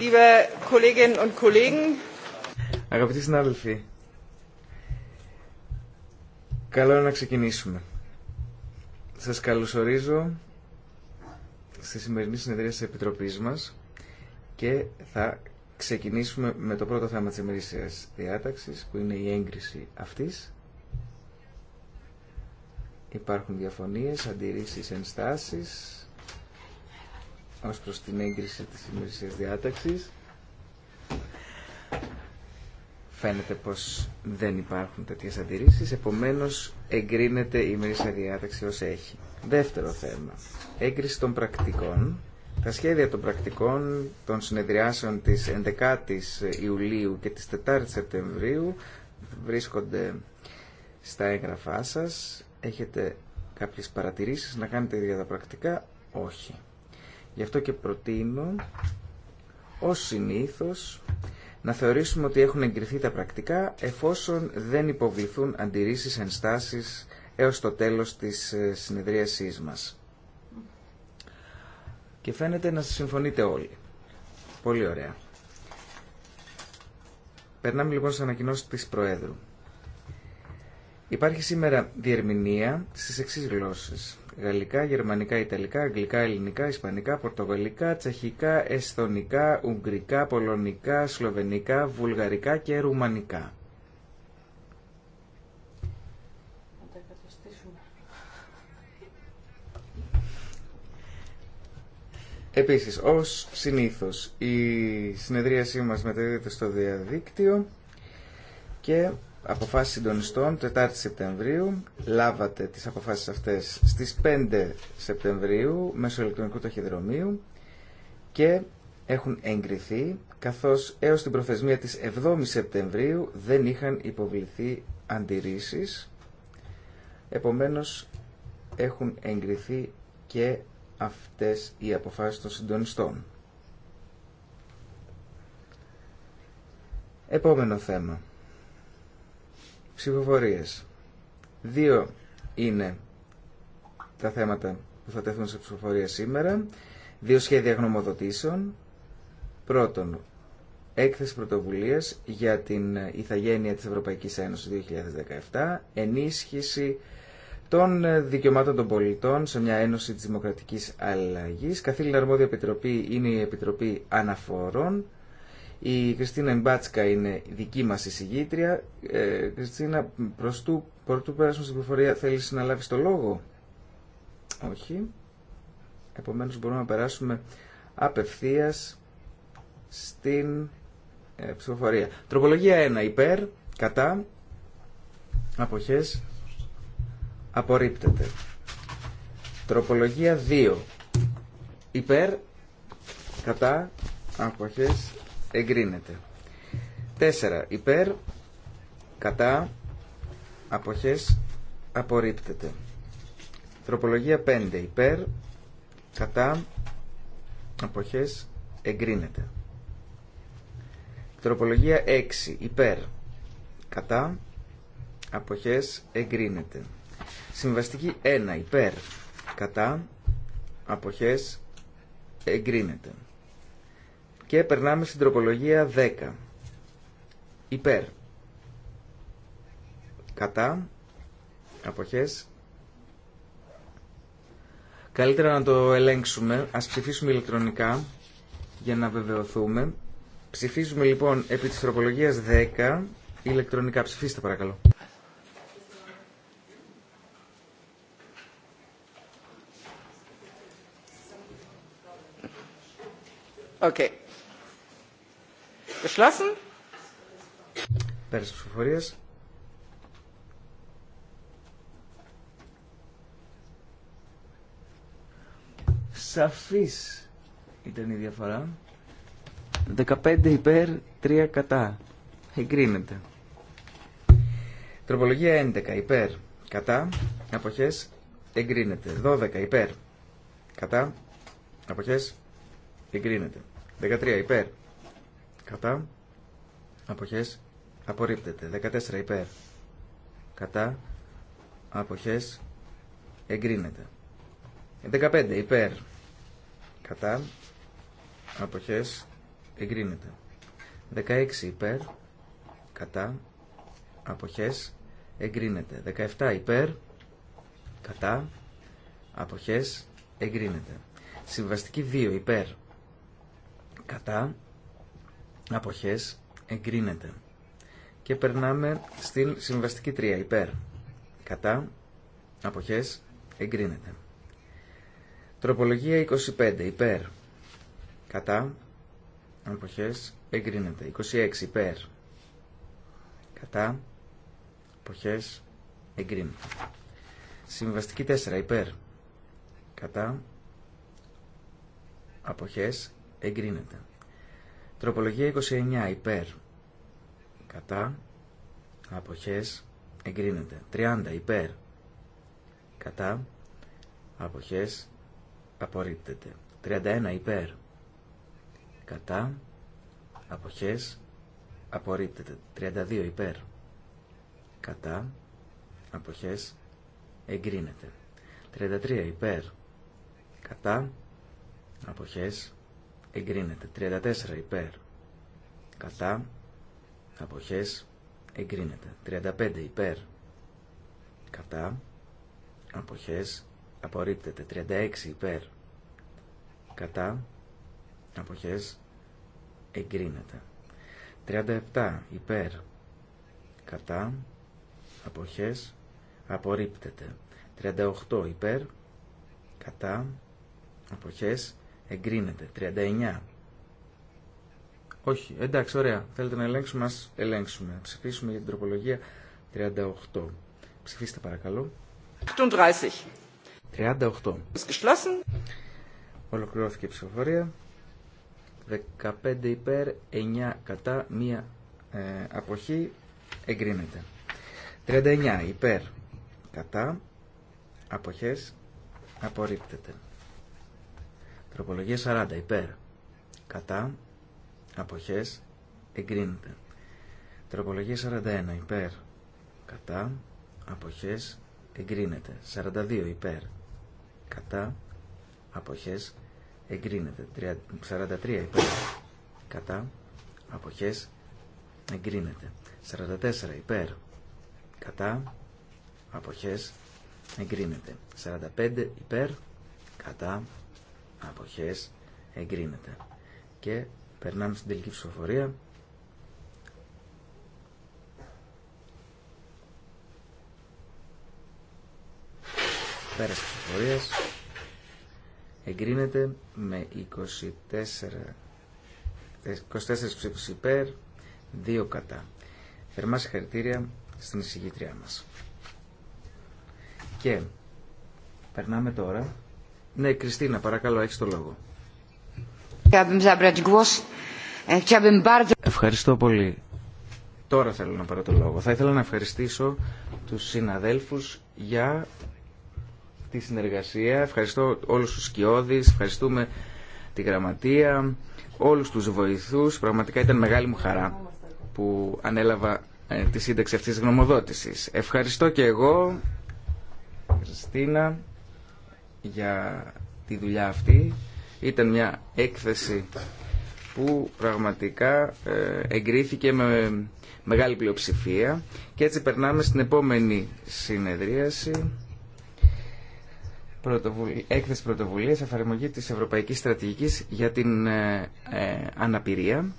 Liebe Αγαπητοί συνάδελφοι, καλό είναι να ξεκινήσουμε. Σας καλωσορίζω στη σημερινή συνεδρία της Επιτροπής μας και θα ξεκινήσουμε με το πρώτο θέμα της ημερήσιας διάταξης που είναι η έγκριση αυτής. Υπάρχουν διαφωνίες, αντιρρήσεις, ενστάσεις ως προς την έγκριση της ημερησίας διάταξης. Φαίνεται πως δεν υπάρχουν τέτοιες αντιρρήσεις, επομένως εγκρίνεται η ημερήσια διάταξη ως έχει. Δεύτερο θέμα, έγκριση των πρακτικών. Τα σχέδια των πρακτικών των συνεδριάσεων της 11ης Ιουλίου και της 4ης Σεπτεμβρίου βρίσκονται στα έγγραφά σας. Έχετε κάποιες παρατηρήσεις να κάνετε για τα πρακτικά. Όχι. Γι' αυτό και προτείνω, ως συνήθως, να θεωρήσουμε ότι έχουν εγκριθεί τα πρακτικά εφόσον δεν υποβληθούν αντιρρήσεις ενστάσεις έως το τέλος της ε, συνεδρίασής μας. Και φαίνεται να συμφωνείτε όλοι. Πολύ ωραία. Περνάμε λοιπόν στις ανακοινώσεις της Προέδρου. Υπάρχει σήμερα διερμηνία στις εξής γλώσσες γαλλικά, γερμανικά, ιταλικά, αγγλικά, ελληνικά, ισπανικά, πορτογαλικά, τσεχικά, εσθονικά, ουγγρικά, πολωνικά, σλοβενικά, βουλγαρικά και ρουμανικά. Επίσης, ως συνήθως, η συνεδρίασή μας μεταδίδεται στο διαδίκτυο και αποφάσεις συντονιστών 4 Σεπτεμβρίου. Λάβατε τις αποφάσεις αυτές στις 5 Σεπτεμβρίου μέσω ηλεκτρονικού ταχυδρομείου και έχουν εγκριθεί καθώς έως την προθεσμία της 7 Σεπτεμβρίου δεν είχαν υποβληθεί αντιρρήσεις. Επομένως έχουν εγκριθεί και αυτές οι αποφάσεις των συντονιστών. Επόμενο θέμα ψηφοφορίε. Δύο είναι τα θέματα που θα τεθούν σε ψηφοφορία σήμερα. Δύο σχέδια γνωμοδοτήσεων. Πρώτον, έκθεση πρωτοβουλίας για την ηθαγένεια της Ευρωπαϊκής Ένωσης 2017, ενίσχυση των δικαιωμάτων των πολιτών σε μια ένωση της δημοκρατικής αλλαγής. Καθήλυνα αρμόδια επιτροπή είναι η Επιτροπή Αναφορών η Κριστίνα Μπάτσκα είναι δική μας εισηγήτρια. Ε, Κριστίνα, προς του, πέρασουμε στην πληροφορία, θέλεις να λάβεις το λόγο. Όχι. Επομένως μπορούμε να περάσουμε απευθείας στην ε, ψηφοφορία. Τροπολογία 1. Υπέρ, κατά, αποχές, απορρίπτεται. Τροπολογία 2. Υπέρ, κατά, αποχές, εγκρίνεται. 4 υπέρ, κατά, αποχές, απορρίπτεται. Τροπολογία 5 υπέρ, κατά, αποχές, εγκρίνεται. Τροπολογία 6 υπέρ, κατά, αποχές, εγκρίνεται. Συμβαστική 1 υπέρ, κατά, αποχές, εγκρίνεται. Και περνάμε στην τροπολογία 10. Υπέρ. Κατά. Αποχές. Καλύτερα να το ελέγξουμε. Ας ψηφίσουμε ηλεκτρονικά για να βεβαιωθούμε. Ψηφίζουμε λοιπόν επί της τροπολογίας 10 ηλεκτρονικά. Ψηφίστε παρακαλώ. Okay. Geschlossen. Πέρασε Σαφής ήταν η διαφορά. 15 υπέρ, 3 κατά. Εγκρίνεται. Τροπολογία 11 υπέρ, κατά. Αποχές εγκρίνεται. 12 υπέρ, κατά. Αποχές εγκρίνεται. 13 υπέρ, Κατά. Αποχές. Απορρίπτεται. 14 υπέρ. Κατά. Αποχές. Εγκρίνεται. 15 υπέρ. Κατά. Αποχές. Εγκρίνεται. 16 υπέρ. Κατά. Αποχές. Εγκρίνεται. 17 υπέρ. Κατά. Αποχές. Εγκρίνεται. Συμβαστική 2 υπέρ. Κατά αποχές εγκρίνεται. Και περνάμε στην συμβαστική 3 υπέρ. Κατά αποχές εγκρίνεται. Τροπολογία 25 υπέρ. Κατά αποχές εγκρίνεται. 26 υπέρ. Κατά αποχές εγκρίνεται. Συμβαστική 4 υπέρ. Κατά αποχές εγκρίνεται. Τροπολογία 29 υπέρ. Κατά. Αποχές. Εγκρίνεται. 30 υπέρ. Κατά. Αποχές. Απορρίπτεται. 31 υπέρ. Κατά. Αποχές. Απορρίπτεται. 32 υπέρ. Κατά. Αποχές. Εγκρίνεται. 33 υπέρ. Κατά. Αποχές εγκρίνεται. 34 υπέρ κατά αποχές εγκρίνεται. 35 υπέρ κατά αποχές απορρίπτεται. 36 υπέρ κατά αποχές εγκρίνεται. 37 υπέρ κατά αποχές απορρίπτεται. 38 υπέρ κατά αποχές εγκρίνεται. 39. Όχι, εντάξει, ωραία. Θέλετε να ελέγξουμε, ας ελέγξουμε. ψηφίσουμε για την τροπολογία 38. Ψηφίστε παρακαλώ. 38. 38. Ολοκληρώθηκε η ψηφοφορία. 15 υπέρ, 9 κατά, μία ε, αποχή εγκρίνεται. 39 υπέρ, κατά, αποχές απορρίπτεται. Τροπολογία 40 υπέρ. Κατά. Αποχές. Εγκρίνεται. Τροπολογία 41 υπέρ. Κατά. Αποχές. Εγκρίνεται. 42 υπέρ. Κατά. Αποχές. Εγκρίνεται. 43 υπέρ. Κατά. Αποχές. Εγκρίνεται. 44 υπέρ. Κατά. Αποχές. Εγκρίνεται. 45 υπέρ. Κατά αποχές εγκρίνεται. Και περνάμε στην τελική ψηφοφορία. Πέρας ψηφοφορίας εγκρίνεται με 24, 24 ψήφους υπέρ, 2 κατά. Θερμά συγχαρητήρια στην εισηγήτριά μας. Και περνάμε τώρα ναι, Κριστίνα, παρακαλώ, έχεις το λόγο. Ευχαριστώ πολύ. Τώρα θέλω να πάρω το λόγο. Θα ήθελα να ευχαριστήσω τους συναδέλφους για τη συνεργασία. Ευχαριστώ όλους τους σκιώδεις, ευχαριστούμε τη γραμματεία, όλους τους βοηθούς. Πραγματικά ήταν μεγάλη μου χαρά που ανέλαβα ε, τη σύνταξη αυτής της γνωμοδότησης. Ευχαριστώ και εγώ, Κριστίνα για τη δουλειά αυτή. Ήταν μια έκθεση που πραγματικά ε, εγκρίθηκε με μεγάλη πλειοψηφία και έτσι περνάμε στην επόμενη συνεδρίαση έκθεση πρωτοβουλίας εφαρμογή της Ευρωπαϊκής Στρατηγικής για την ε, ε, αναπηρία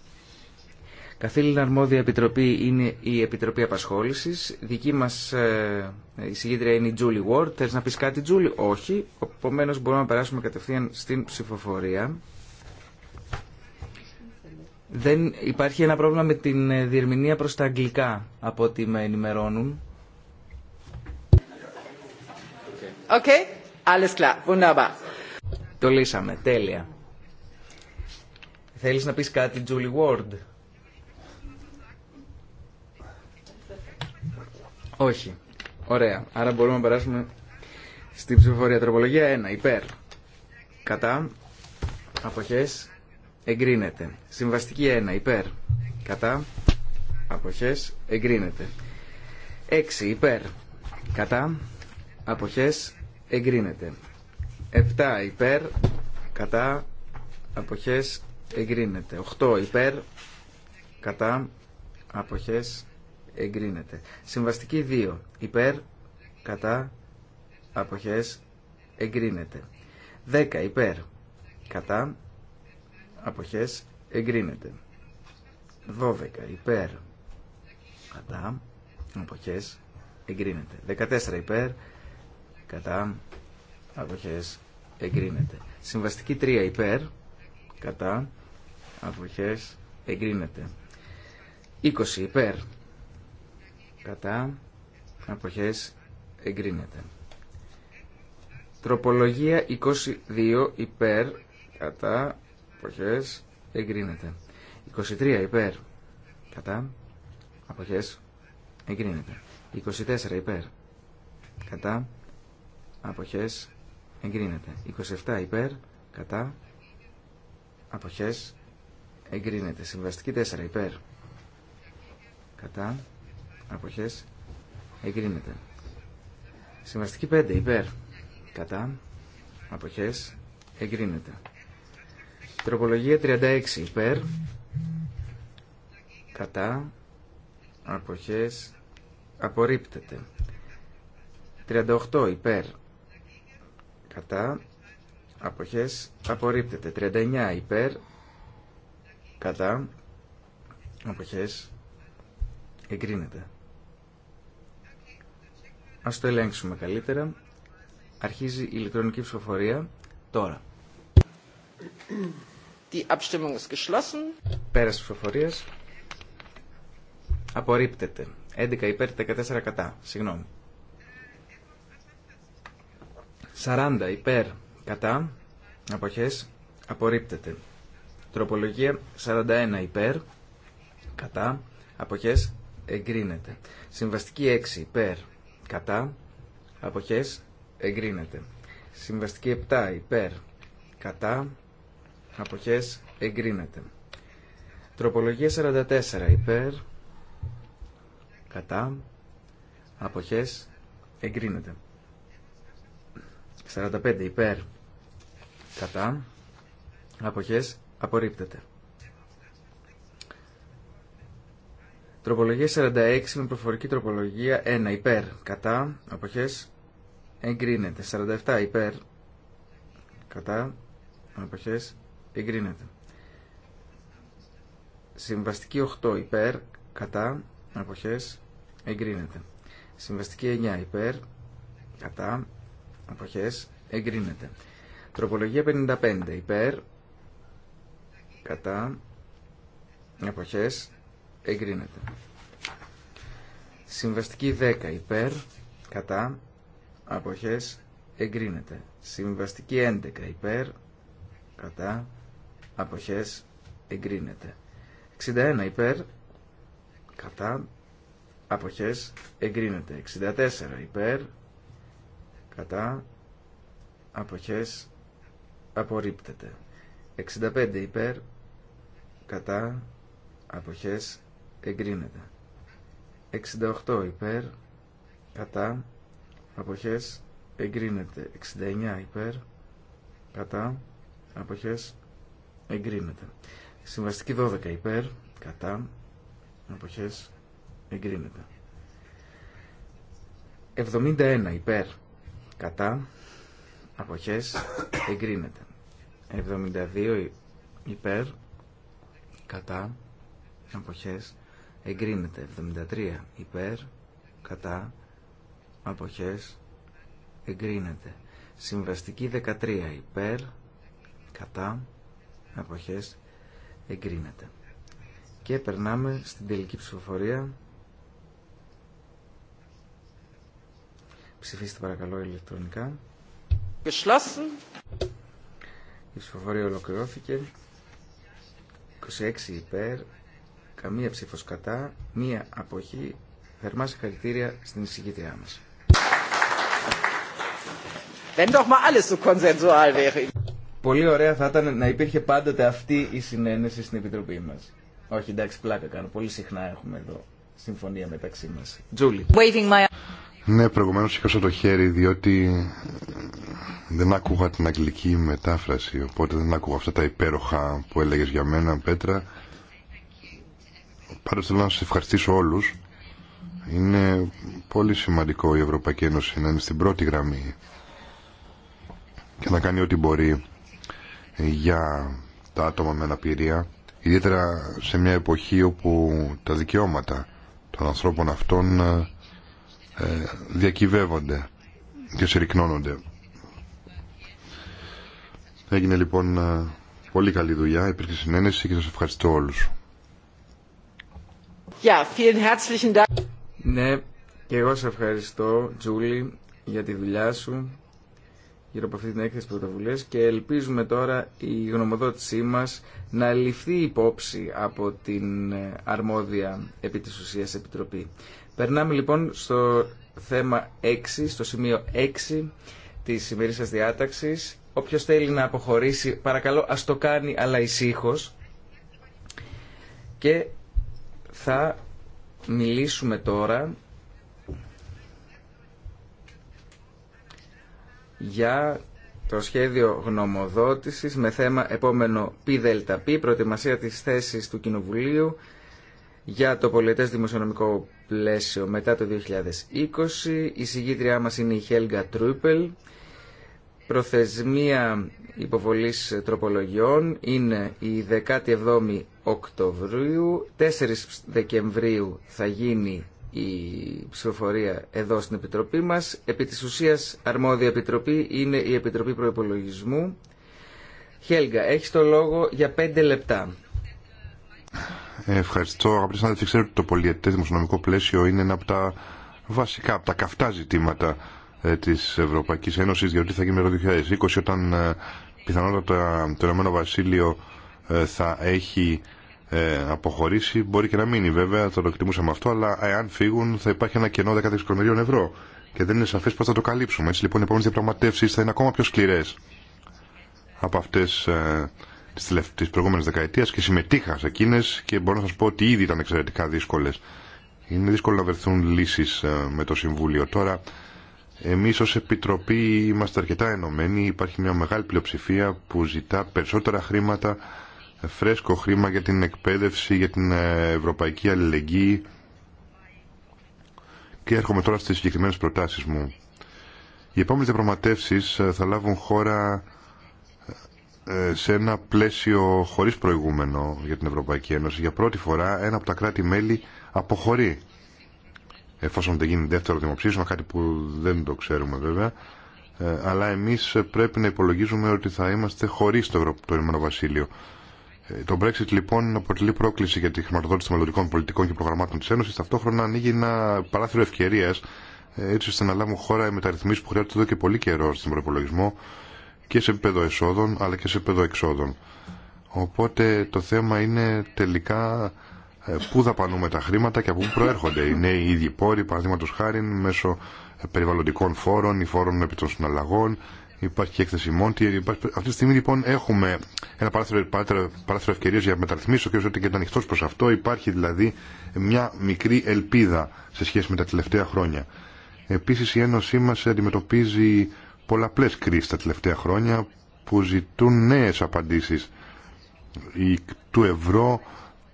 Καθήλυνα αρμόδια επιτροπή είναι η Επιτροπή απασχόληση. Δική μας ε, η συγκέντρια είναι η Τζούλι Βόρτ. Θε να πεις κάτι Τζούλι? Όχι. Οπόμενο μπορούμε να περάσουμε κατευθείαν στην ψηφοφορία. Δεν υπάρχει ένα πρόβλημα με την ε, διερμηνία προς τα αγγλικά από ό,τι με ενημερώνουν. Οκ. Alles klar. Wunderbar. Το λύσαμε. Τέλεια. Θέλεις να πεις κάτι Julie Ward? Όχι. Ωραία. Άρα μπορούμε να περάσουμε στην ψηφοφορία. Τροπολογία 1. Υπέρ. Κατά. αποχε Εγκρίνεται. Συμβαστική 1. Υπέρ. Κατά. αποχε Εγκρίνεται. 6. Υπέρ. Κατά. απόχέ. Εγκρίνεται. 7. Υπέρ. Κατά. απόχέ. Εγκρίνεται. 8. Υπέρ. Κατά. Αποχές εγκρίνεται. Συμβαστική 2. Υπέρ, κατά, αποχές, εγκρίνεται. 10. Υπέρ, κατά, αποχές, εγκρίνεται. 12. Υπέρ, κατά, αποχές, εγκρίνεται. 14. Υπέρ, κατά, αποχές, εγκρίνεται. Συμβαστική 3. Υπέρ, κατά, αποχές, εγκρίνεται. 20. Υπέρ, κατά αποχές εγκρίνεται. Τροπολογία 22 υπέρ κατά αποχές εγκρίνεται. 23 υπέρ κατά αποχές εγκρίνεται. 24 υπέρ κατά αποχές εγκρίνεται. 27 υπέρ κατά αποχές εγκρίνεται. Συμβαστική 4 υπέρ κατά αποχές εγκρίνεται. Συμβαστική 5 υπέρ κατά αποχές εγκρίνεται. Τροπολογία 36 υπέρ κατά αποχές απορρίπτεται. 38 υπέρ κατά αποχές απορρίπτεται. 39 υπέρ κατά αποχές εγκρίνεται. Ας το ελέγξουμε καλύτερα. Αρχίζει η ηλεκτρονική ψηφοφορία τώρα. Die Abstimmung ist geschlossen. Πέρας ψηφοφορίας. Απορρίπτεται. 11 υπέρ, 14 κατά. Συγγνώμη. 40 υπέρ, κατά. Αποχές. Απορρίπτεται. Τροπολογία 41 υπέρ, κατά. Αποχές. Εγκρίνεται. Συμβαστική 6 υπέρ, κατά, αποχές, εγκρίνεται. Συμβαστική 7 υπέρ, κατά, αποχές, εγκρίνεται. Τροπολογία 44 υπέρ, κατά, αποχές, εγκρίνεται. 45 υπέρ, κατά, αποχές, απορρίπτεται. Τροπολογία 46 με προφορική τροπολογία 1 υπέρ. Κατά. Αποχές. Εγκρίνεται. 47 υπέρ. Κατά. Αποχές. Εγκρίνεται. Συμβαστική 8 υπέρ. Κατά. Αποχές. Εγκρίνεται. Συμβαστική 9 υπέρ. Κατά. Αποχές. Εγκρίνεται. Τροπολογία 55 υπέρ. Κατά. Αποχές εγκρίνεται. Συμβαστική 10 υπέρ, κατά, αποχές, εγκρίνεται. Συμβαστική 11 υπέρ, κατά, αποχές, εγκρίνεται. 61 υπέρ, κατά, αποχές, εγκρίνεται. 64 υπέρ, κατά, αποχές, απορρίπτεται. 65 υπέρ, κατά, αποχές, εγκρίνεται 68 υπέρ κατά αποχές εγκρίνεται 69 υπέρ κατά αποχές εγκρίνεται συμβαστική 12 υπέρ κατά αποχές εγκρίνεται 71 υπέρ κατά αποχές εγκρίνεται 72 υπέρ κατά αποχές εγκρίνεται 73 υπέρ κατά αποχές εγκρίνεται συμβαστική 13 υπέρ κατά αποχές εγκρίνεται και περνάμε στην τελική ψηφοφορία ψηφίστε παρακαλώ ηλεκτρονικά Geschlossen. η ψηφοφορία ολοκληρώθηκε 26 υπέρ καμία ψηφο, κατά, μία αποχή. Θερμά συγχαρητήρια στην εισηγήτριά μα. Πολύ ωραία θα ήταν να υπήρχε πάντοτε αυτή η συνένεση στην Επιτροπή μα. Όχι, εντάξει, πλάκα κάνω. Πολύ συχνά έχουμε εδώ συμφωνία μεταξύ μα. Τζούλι. My... Ναι, προηγουμένω σήκωσα το χέρι διότι δεν άκουγα την αγγλική μετάφραση, οπότε δεν άκουγα αυτά τα υπέροχα που έλεγες για μένα, Πέτρα. Πάντως θέλω να σας ευχαριστήσω όλους. Είναι πολύ σημαντικό η Ευρωπαϊκή Ένωση να είναι στην πρώτη γραμμή και να κάνει ό,τι μπορεί για τα άτομα με αναπηρία, ιδιαίτερα σε μια εποχή όπου τα δικαιώματα των ανθρώπων αυτών ε, διακυβεύονται και συρρυκνώνονται. Έγινε λοιπόν ε, πολύ καλή δουλειά, υπήρξε συνένεση και σας ευχαριστώ όλους. Ναι, και εγώ σε ευχαριστώ, Τζούλη, για τη δουλειά σου γύρω από αυτή την έκθεση πρωτοβουλία και ελπίζουμε τώρα η γνωμοδότησή μας να ληφθεί υπόψη από την ε, αρμόδια επί της ουσίας επιτροπή. Περνάμε λοιπόν στο θέμα 6, στο σημείο 6 της σημερινής διάταξης. Όποιος θέλει να αποχωρήσει, παρακαλώ ας το κάνει αλλά ησύχως. Και θα μιλήσουμε τώρα για το σχέδιο γνωμοδότησης με θέμα επόμενο ΠΔΠ, προετοιμασία της θέσης του Κοινοβουλίου για το πολιτές δημοσιονομικό πλαίσιο μετά το 2020. Η συγγήτριά μας είναι η Χέλγα Τρούπελ. Προθεσμία υποβολής τροπολογιών είναι η 17η Οκτωβρίου. 4 Δεκεμβρίου θα γίνει η ψηφοφορία εδώ στην Επιτροπή μας. Επί της ουσίας αρμόδια Επιτροπή είναι η Επιτροπή Προεπολογισμού. Χέλγα, έχεις το λόγο για 5 λεπτά. Ευχαριστώ. Αγαπητοί συνάδελφοι, ξέρω ότι το πολιετέ δημοσιονομικό πλαίσιο είναι ένα από τα βασικά, από τα καυτά ζητήματα ε, της Ευρωπαϊκής Ένωσης, διότι θα γίνει το 2020 όταν ε, πιθανότατα το Ηνωμένο Βασίλειο ε, θα έχει ε, αποχωρήσει. Μπορεί και να μείνει βέβαια, το εκτιμούσαμε αυτό, αλλά εάν φύγουν θα υπάρχει ένα κενό 16 εκατομμυρίων ευρώ. Και δεν είναι σαφέ πώ θα το καλύψουμε. Έτσι λοιπόν οι επόμενε διαπραγματεύσει θα είναι ακόμα πιο σκληρέ από αυτέ ε, τη προηγούμενη δεκαετία και συμμετείχα σε εκείνε και μπορώ να σα πω ότι ήδη ήταν εξαιρετικά δύσκολε. Είναι δύσκολο να βρεθούν λύσει ε, με το Συμβούλιο. Τώρα, εμεί ω Επιτροπή είμαστε αρκετά ενωμένοι. Υπάρχει μια μεγάλη πλειοψηφία που ζητά περισσότερα χρήματα φρέσκο χρήμα για την εκπαίδευση, για την ε, ευρωπαϊκή αλληλεγγύη και έρχομαι τώρα στις συγκεκριμένες προτάσεις μου. Οι επόμενες διαπραγματεύσεις ε, θα λάβουν χώρα ε, σε ένα πλαίσιο χωρίς προηγούμενο για την Ευρωπαϊκή Ένωση. Για πρώτη φορά ένα από τα κράτη-μέλη αποχωρεί. Εφόσον δεν γίνει δεύτερο δημοψήφισμα, κάτι που δεν το ξέρουμε βέβαια. Αλλά εμείς πρέπει να υπολογίζουμε ότι θα είμαστε χωρίς το Ηνωμένο Βασίλειο. Το Brexit λοιπόν αποτελεί πρόκληση για τη χρηματοδότηση των μελλοντικών πολιτικών και προγραμμάτων τη Ένωση. Ταυτόχρονα ανοίγει ένα παράθυρο ευκαιρία ε, έτσι ώστε να λάβουν χώρα οι μεταρρυθμίσει που χρειάζονται εδώ και πολύ καιρό στον προπολογισμό και σε επίπεδο εσόδων αλλά και σε επίπεδο εξόδων. Οπότε το θέμα είναι τελικά ε, πού δαπανούμε τα χρήματα και από πού προέρχονται. Είναι οι ίδιοι πόροι, παραδείγματο χάρη, μέσω ε, περιβαλλοντικών φόρων ή φόρων επί των συναλλαγών υπάρχει και έκθεση Μόντι. Αυτή τη στιγμή λοιπόν έχουμε ένα παράθυρο, παράθυρο ευκαιρία για μεταρρυθμίσει. Ο κ. Ζώτη ήταν ανοιχτό προ αυτό. Υπάρχει δηλαδή μια μικρή ελπίδα σε σχέση με τα τελευταία χρόνια. Επίση η Ένωσή μα αντιμετωπίζει πολλαπλέ κρίσει τα τελευταία χρόνια που ζητούν νέε απαντήσει του ευρώ,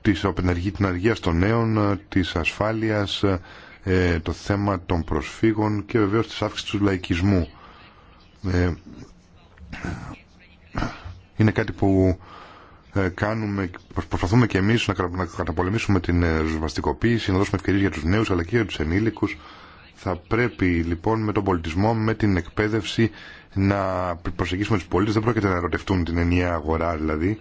της, την των νέων, της ασφάλειας, ε, το θέμα των προσφύγων και βεβαίως της αύξησης του λαϊκισμού. Ε, είναι κάτι που ε, κάνουμε, προσπαθούμε και εμείς να καταπολεμήσουμε την ε, ζωσβαστικοποίηση, να δώσουμε ευκαιρίες για τους νέους αλλά και για τους ενήλικους. Θα πρέπει λοιπόν με τον πολιτισμό, με την εκπαίδευση να προσεγγίσουμε τους πολίτες. Δεν πρόκειται να ερωτευτούν την ενιαία αγορά δηλαδή.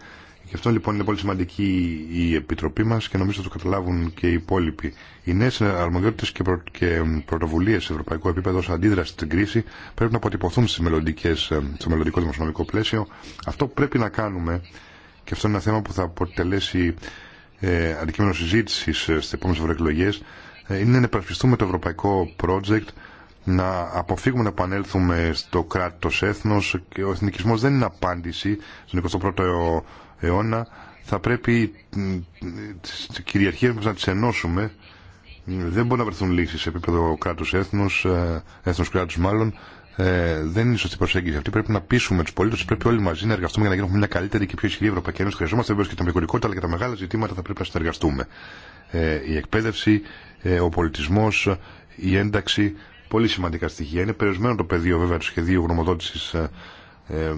Γι' αυτό λοιπόν είναι πολύ σημαντική η Επιτροπή μα και νομίζω ότι το καταλάβουν και οι υπόλοιποι. Οι νέε αρμοδιότητε και, και πρωτοβουλίε σε ευρωπαϊκό επίπεδο ω αντίδραση στην κρίση πρέπει να αποτυπωθούν στις μελλοντικές... στο μελλοντικό δημοσιονομικό πλαίσιο. Αυτό που πρέπει να κάνουμε, και αυτό είναι ένα θέμα που θα αποτελέσει ε, αντικείμενο συζήτηση ε, στι επόμενε ευρωεκλογέ, ε, είναι να υπερασπιστούμε το ευρωπαϊκό project, να αποφύγουμε να επανέλθουμε στο κράτο έθνο. Ο εθνικισμό δεν είναι απάντηση στον 21ο αιώνα θα πρέπει τις κυριαρχίες μας να τις ενώσουμε δεν μπορούν να βρεθούν λύσεις σε επίπεδο κράτους έθνους, ε, έθνους κράτους μάλλον ε, δεν είναι σωστή προσέγγιση αυτή. Πρέπει να πείσουμε του πολίτε, πρέπει όλοι μαζί να εργαστούμε για να γίνουμε μια καλύτερη και πιο ισχυρή Ευρωπαϊκή Ένωση. Χρειαζόμαστε βέβαια και τα μικρολικότητα, αλλά και τα μεγάλα ζητήματα θα πρέπει να συνεργαστούμε. Ε, η εκπαίδευση, ο πολιτισμό, η ένταξη, πολύ σημαντικά στοιχεία. Είναι περιορισμένο το πεδίο βέβαια του σχεδίου γνωμοδότηση ε,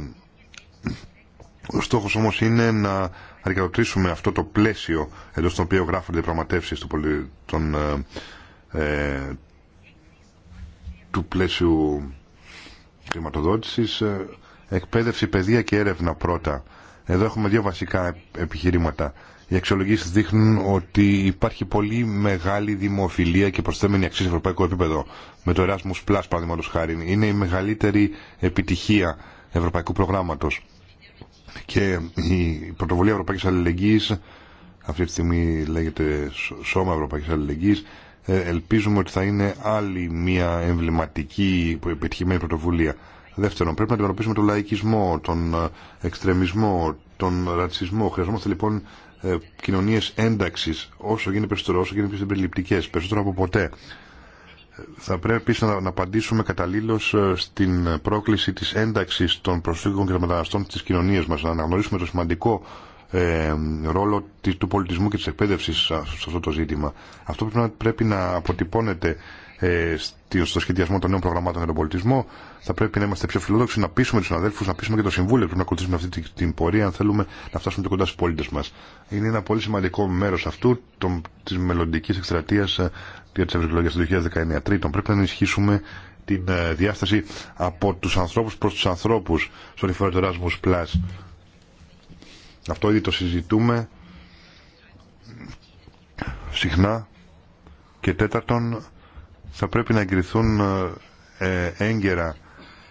ο στόχος όμως είναι να αρκετοκρίσουμε αυτό το πλαίσιο εντός των οποίων γράφονται οι πραγματεύσεις του, των, ε, ε, του πλαίσιου χρηματοδότησης. Ε, εκπαίδευση, παιδεία και έρευνα πρώτα. Εδώ έχουμε δύο βασικά επιχειρήματα. Οι αξιολογήσεις δείχνουν ότι υπάρχει πολύ μεγάλη δημοφιλία και προσθέμενη αξία σε ευρωπαϊκό επίπεδο. Με το Erasmus Plus, χάρη, είναι η μεγαλύτερη επιτυχία ευρωπαϊκού προγράμματος και η πρωτοβουλία Ευρωπαϊκής Αλληλεγγύης αυτή τη στιγμή λέγεται Σώμα Ευρωπαϊκής Αλληλεγγύης ε, ελπίζουμε ότι θα είναι άλλη μια εμβληματική επιτυχημένη πρωτοβουλία. Δεύτερον, πρέπει να αντιμετωπίσουμε τον λαϊκισμό, τον ε, εξτρεμισμό, τον ρατσισμό. Χρειαζόμαστε λοιπόν ε, κοινωνίες ένταξης όσο γίνεται περισσότερο, όσο γίνεται πιο περισσότερο από ποτέ θα πρέπει να απαντήσουμε καταλήλως ε, στην πρόκληση της ένταξης των προσφύγων και των μεταναστών στις κοινωνίες μας, να αναγνωρίσουμε το σημαντικό ε, ρόλο του πολιτισμού και της εκπαίδευσης σε αυτό το ζήτημα. Αυτό πρέπει να, πρέπει να αποτυπώνεται ε, στο σχεδιασμό των νέων προγραμμάτων για τον πολιτισμό. Θα πρέπει να είμαστε πιο φιλόδοξοι, να πείσουμε του συναδέλφου, να πείσουμε και το Συμβούλιο. που να ακολουθήσουμε αυτή την πορεία, αν θέλουμε να φτάσουμε κοντά στους πολίτε μα. Είναι ένα πολύ σημαντικό μέρο αυτού τη μελλοντική για τι ευρωεκλογέ του 2019. Τρίτον, πρέπει να ενισχύσουμε την ε, διάσταση από τους ανθρώπους προς τους ανθρώπους στον αφορά του Erasmus Αυτό ήδη το συζητούμε συχνά και τέταρτον θα πρέπει να εγκριθούν ε, έγκαιρα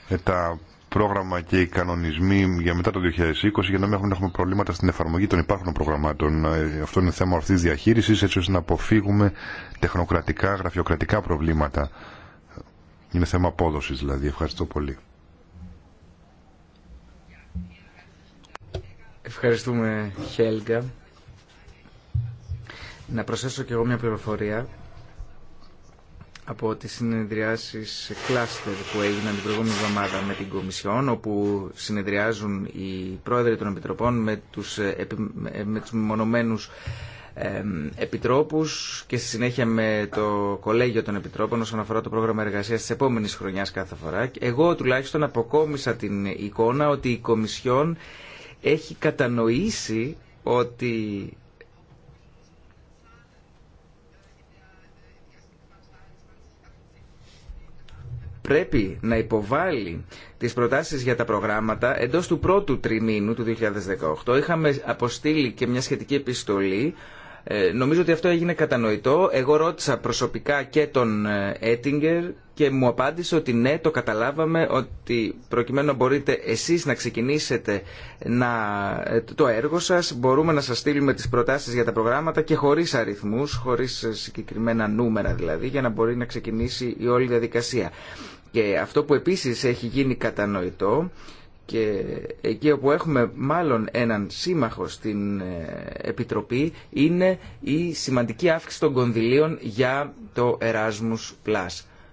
ε, τα πρόγραμμα και οι κανονισμοί για μετά το 2020 για να μην έχουμε προβλήματα στην εφαρμογή των υπάρχουν προγραμμάτων. Ε, αυτό είναι θέμα ορθής διαχείρισης έτσι ώστε να αποφύγουμε τεχνοκρατικά, γραφειοκρατικά προβλήματα. Είναι θέμα απόδοση δηλαδή. Ευχαριστώ πολύ. Ευχαριστούμε Χέλγα. Να προσθέσω και εγώ μια πληροφορία από τις συνεδριάσεις κλάστερ που έγιναν την προηγούμενη εβδομάδα με την Κομισιόν, όπου συνεδριάζουν οι πρόεδροι των Επιτροπών με τους, με τους μονομένους επιτρόπους και στη συνέχεια με το κολέγιο των επιτρόπων όσον αφορά το πρόγραμμα εργασίας της επόμενης χρονιάς κάθε φορά. Εγώ τουλάχιστον αποκόμισα την εικόνα ότι η Κομισιόν έχει κατανοήσει ότι πρέπει να υποβάλει τις προτάσεις για τα προγράμματα εντός του πρώτου τριμήνου του 2018. Είχαμε αποστείλει και μια σχετική επιστολή. Ε, νομίζω ότι αυτό έγινε κατανοητό. Εγώ ρώτησα προσωπικά και τον ε, Έτιγκερ και μου απάντησε ότι ναι, το καταλάβαμε, ότι προκειμένου να μπορείτε εσείς να ξεκινήσετε να, ε, το έργο σας, μπορούμε να σας στείλουμε τις προτάσεις για τα προγράμματα και χωρίς αριθμούς, χωρίς συγκεκριμένα νούμερα δηλαδή, για να μπορεί να ξεκινήσει η όλη διαδικασία. Και αυτό που επίσης έχει γίνει κατανοητό και εκεί όπου έχουμε μάλλον έναν σύμμαχο στην ε, Επιτροπή είναι η σημαντική αύξηση των κονδυλίων για το Erasmus+.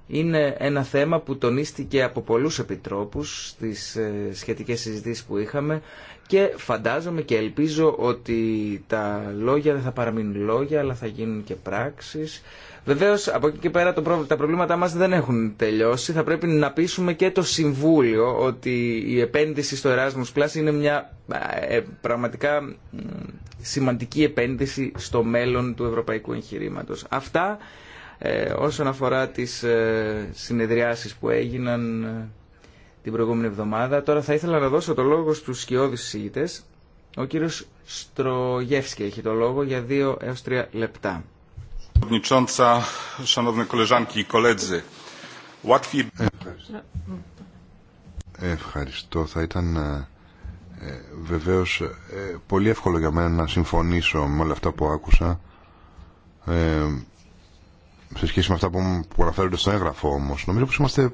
Είναι ένα θέμα που τονίστηκε από πολλούς επιτρόπους στις ε, σχετικές συζητήσεις που είχαμε και φαντάζομαι και ελπίζω ότι τα λόγια δεν θα παραμείνουν λόγια αλλά θα γίνουν και πράξεις. Βεβαίως από εκεί και πέρα τα προβλήματά μας δεν έχουν τελειώσει. Θα πρέπει να πείσουμε και το Συμβούλιο ότι η επένδυση στο Erasmus Plus είναι μια ε, πραγματικά σημαντική επένδυση στο μέλλον του ευρωπαϊκού εγχειρήματος. Αυτά ε, όσον αφορά τις ε, συνεδριάσεις που έγιναν ε, την προηγούμενη εβδομάδα. Τώρα θα ήθελα να δώσω το λόγο στους σκιώδεις συζήτητες. Ο κύριος Στρογεύσκη έχει το λόγο για δύο έως τρία λεπτά. Ευχαριστώ. Θα ήταν ε, ε βεβαίως ε, πολύ εύκολο για μένα να συμφωνήσω με όλα αυτά που άκουσα ε, σε σχέση με αυτά που, που αναφέρονται στο έγγραφο όμως. Νομίζω πως είμαστε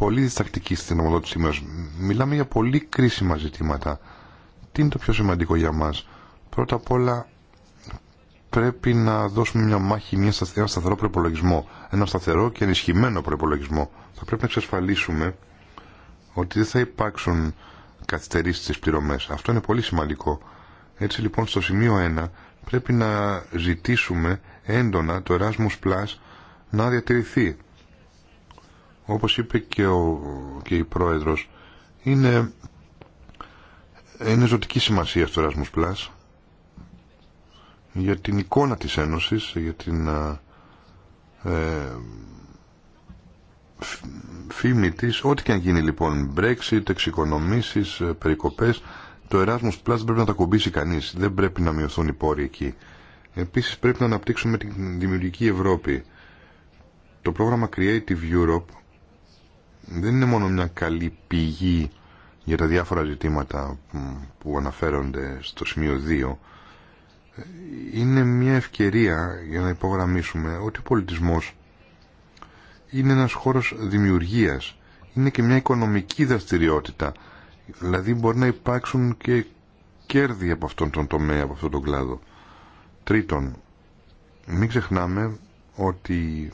πολύ διστακτική στην ομοδότησή μα, Μιλάμε για πολύ κρίσιμα ζητήματα. Τι είναι το πιο σημαντικό για μα. Πρώτα απ' όλα πρέπει να δώσουμε μια μάχη, μια ένα σταθερό προπολογισμό. Ένα σταθερό και ενισχυμένο προπολογισμό. Θα πρέπει να εξασφαλίσουμε ότι δεν θα υπάρξουν καθυστερήσει στι πληρωμέ. Αυτό είναι πολύ σημαντικό. Έτσι λοιπόν στο σημείο 1 πρέπει να ζητήσουμε έντονα το Erasmus Plus να διατηρηθεί όπως είπε και, ο, και η πρόεδρος, είναι, είναι ζωτική σημασία στο Erasmus Plus για την εικόνα της Ένωσης, για την ε, ε, φήμη της, ό,τι και αν γίνει λοιπόν, Brexit, εξοικονομήσεις, ε, περικοπές, το Erasmus Plus πρέπει να τα κομπήσει κανείς, δεν πρέπει να μειωθούν οι πόροι εκεί. Επίσης πρέπει να αναπτύξουμε την δημιουργική Ευρώπη. Το πρόγραμμα Creative Europe δεν είναι μόνο μια καλή πηγή για τα διάφορα ζητήματα που αναφέρονται στο σημείο 2 είναι μια ευκαιρία για να υπογραμμίσουμε ότι ο πολιτισμός είναι ένας χώρος δημιουργίας είναι και μια οικονομική δραστηριότητα δηλαδή μπορεί να υπάρξουν και κέρδη από αυτόν τον τομέα από αυτόν τον κλάδο τρίτον μην ξεχνάμε ότι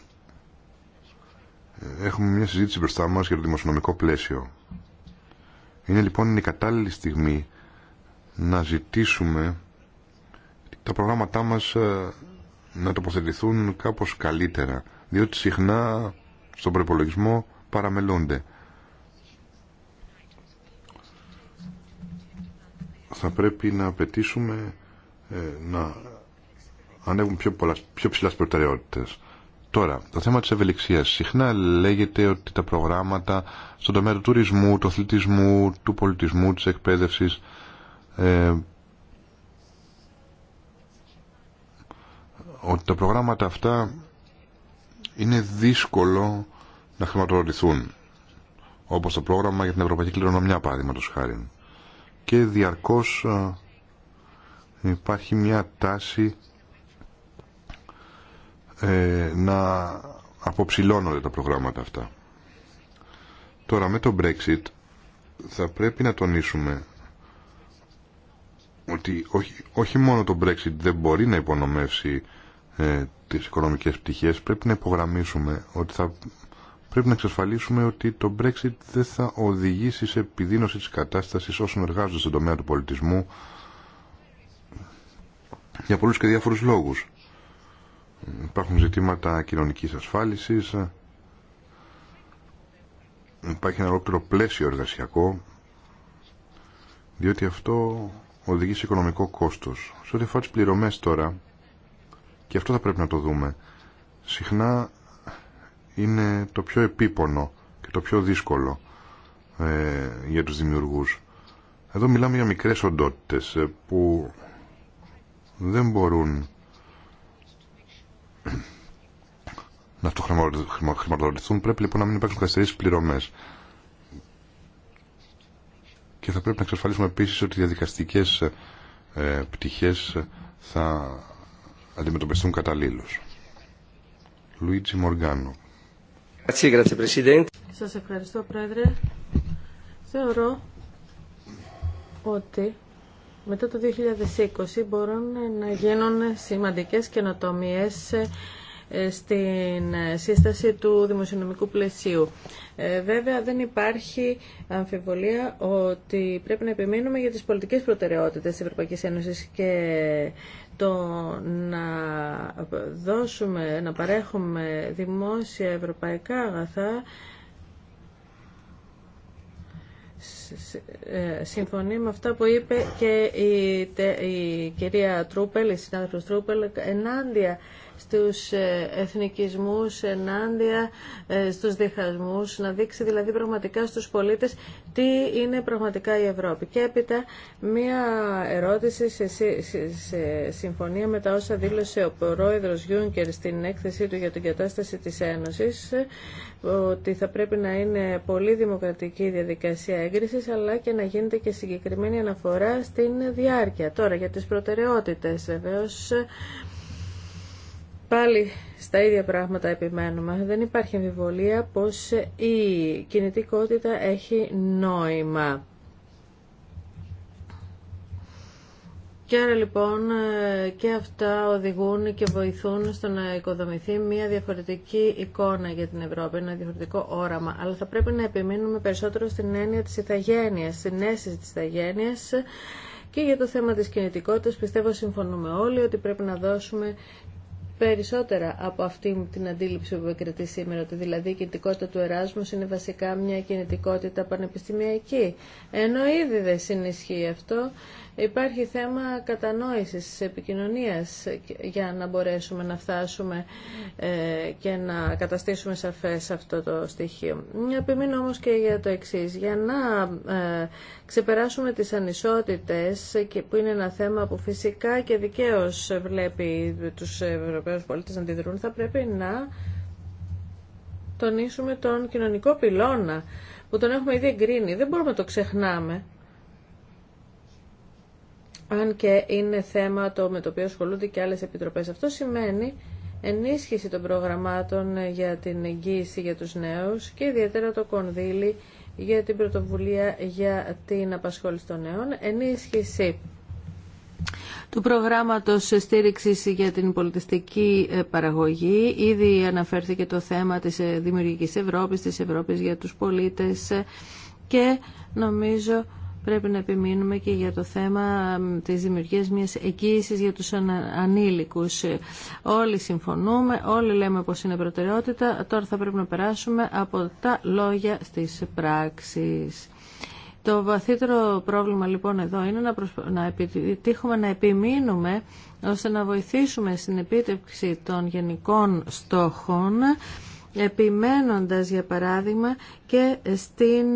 Έχουμε μια συζήτηση μπροστά μα για το δημοσιονομικό πλαίσιο. Είναι λοιπόν η κατάλληλη στιγμή να ζητήσουμε τα προγράμματά μας ε, να τοποθετηθούν κάπως καλύτερα, διότι συχνά στον προπολογισμό παραμελούνται. Θα πρέπει να απαιτήσουμε ε, να ανέβουν πιο, πολλά, πιο ψηλά προτεραιότητες. Τώρα, το θέμα της ευελιξίας. Συχνά λέγεται ότι τα προγράμματα στον τομέα του τουρισμού, του αθλητισμού, του πολιτισμού, της εκπαίδευσης ε, ότι τα προγράμματα αυτά είναι δύσκολο να χρηματοδοτηθούν όπως το πρόγραμμα για την Ευρωπαϊκή Κληρονομιά παραδείγματος χάρη και διαρκώς ε, υπάρχει μια τάση ε, να αποψηλώνονται τα προγράμματα αυτά. Τώρα με το Brexit θα πρέπει να τονίσουμε ότι όχι, όχι μόνο το Brexit δεν μπορεί να υπονομεύσει ε, τις οικονομικές πτυχές, πρέπει να υπογραμμίσουμε ότι θα πρέπει να εξασφαλίσουμε ότι το Brexit δεν θα οδηγήσει σε επιδείνωση της κατάστασης όσων εργάζονται στον τομέα του πολιτισμού για πολλούς και διάφορους λόγους. Υπάρχουν ζητήματα κοινωνικής ασφάλισης, υπάρχει ένα ολόκληρο πλαίσιο εργασιακό, διότι αυτό οδηγεί σε οικονομικό κόστος. Σε ό,τι αφορά τις πληρωμές τώρα, και αυτό θα πρέπει να το δούμε, συχνά είναι το πιο επίπονο και το πιο δύσκολο ε, για τους δημιουργούς. Εδώ μιλάμε για μικρές οντότητες ε, που δεν μπορούν να αυτοχρηματοδοτηθούν, πρέπει λοιπόν να μην υπάρχουν καθυστερήσει πληρωμέ. Και θα πρέπει να εξασφαλίσουμε επίση ότι οι διαδικαστικέ ε, ε πτυχέ ε, θα αντιμετωπιστούν καταλήλω. Λουίτζι Μοργάνο. Σα ευχαριστώ, Πρόεδρε. Θεωρώ ότι μετά το 2020 μπορούν να γίνουν σημαντικές καινοτομίες ε, στην σύσταση του δημοσιονομικού πλαισίου. Ε, βέβαια δεν υπάρχει αμφιβολία ότι πρέπει να επιμείνουμε για τις πολιτικές προτεραιότητες της Ευρωπαϊκής Ένωσης και το να δώσουμε, να παρέχουμε δημόσια ευρωπαϊκά αγαθά συμφωνεί με αυτά που είπε και η, η κυρία Τρούπελ, η συνάδελφος Τρούπελ, ενάντια στους ε, εθνικισμούς ενάντια ε, στους διχασμούς, να δείξει δηλαδή πραγματικά στους πολίτες τι είναι πραγματικά η Ευρώπη. Και έπειτα μία ερώτηση σε, συμφωνία με τα όσα δήλωσε ο πρόεδρος Γιούνκερ στην έκθεσή του για την κατάσταση της Ένωσης ότι θα πρέπει να είναι πολύ δημοκρατική η διαδικασία έγκρισης αλλά και να γίνεται και συγκεκριμένη αναφορά στην διάρκεια. Τώρα για τις προτεραιότητες βεβαίως Πάλι στα ίδια πράγματα επιμένουμε. Δεν υπάρχει αμφιβολία πως η κινητικότητα έχει νόημα. Και άρα λοιπόν και αυτά οδηγούν και βοηθούν στο να οικοδομηθεί μια διαφορετική εικόνα για την Ευρώπη, ένα διαφορετικό όραμα. Αλλά θα πρέπει να επιμείνουμε περισσότερο στην έννοια της ηθαγένειας, στην αίσθηση της ηθαγένειας και για το θέμα της κινητικότητας πιστεύω συμφωνούμε όλοι ότι πρέπει να δώσουμε περισσότερα από αυτή την αντίληψη που επικρατεί σήμερα, ότι δηλαδή η κινητικότητα του εράσμου είναι βασικά μια κινητικότητα πανεπιστημιακή. Ενώ ήδη δεν συνισχύει αυτό, Υπάρχει θέμα κατανόησης, επικοινωνίας για να μπορέσουμε να φτάσουμε ε, και να καταστήσουμε σαφές αυτό το στοιχείο. Επιμείνω όμως και για το εξής. Για να ε, ξεπεράσουμε τις ανισότητες και που είναι ένα θέμα που φυσικά και δικαίως βλέπει τους Ευρωπαίους πολίτες να αντιδρούν, θα πρέπει να τονίσουμε τον κοινωνικό πυλώνα που τον έχουμε ήδη εγκρίνει. Δεν μπορούμε να το ξεχνάμε αν και είναι θέμα το με το οποίο ασχολούνται και άλλες επιτροπές. Αυτό σημαίνει ενίσχυση των προγραμμάτων για την εγγύηση για τους νέους και ιδιαίτερα το κονδύλι για την πρωτοβουλία για την απασχόληση των νέων, ενίσχυση του προγράμματος στήριξης για την πολιτιστική ε, παραγωγή. Ήδη αναφέρθηκε το θέμα της ε, δημιουργικής Ευρώπης, της Ευρώπης για τους πολίτες ε, και νομίζω πρέπει να επιμείνουμε και για το θέμα της δημιουργίας μιας εγγύησης για τους ανήλικους. Όλοι συμφωνούμε, όλοι λέμε πως είναι προτεραιότητα. Τώρα θα πρέπει να περάσουμε από τα λόγια στις πράξεις. Το βαθύτερο πρόβλημα λοιπόν εδώ είναι να, να επιτύχουμε να επιμείνουμε ώστε να βοηθήσουμε στην επίτευξη των γενικών στόχων επιμένοντας για παράδειγμα και στην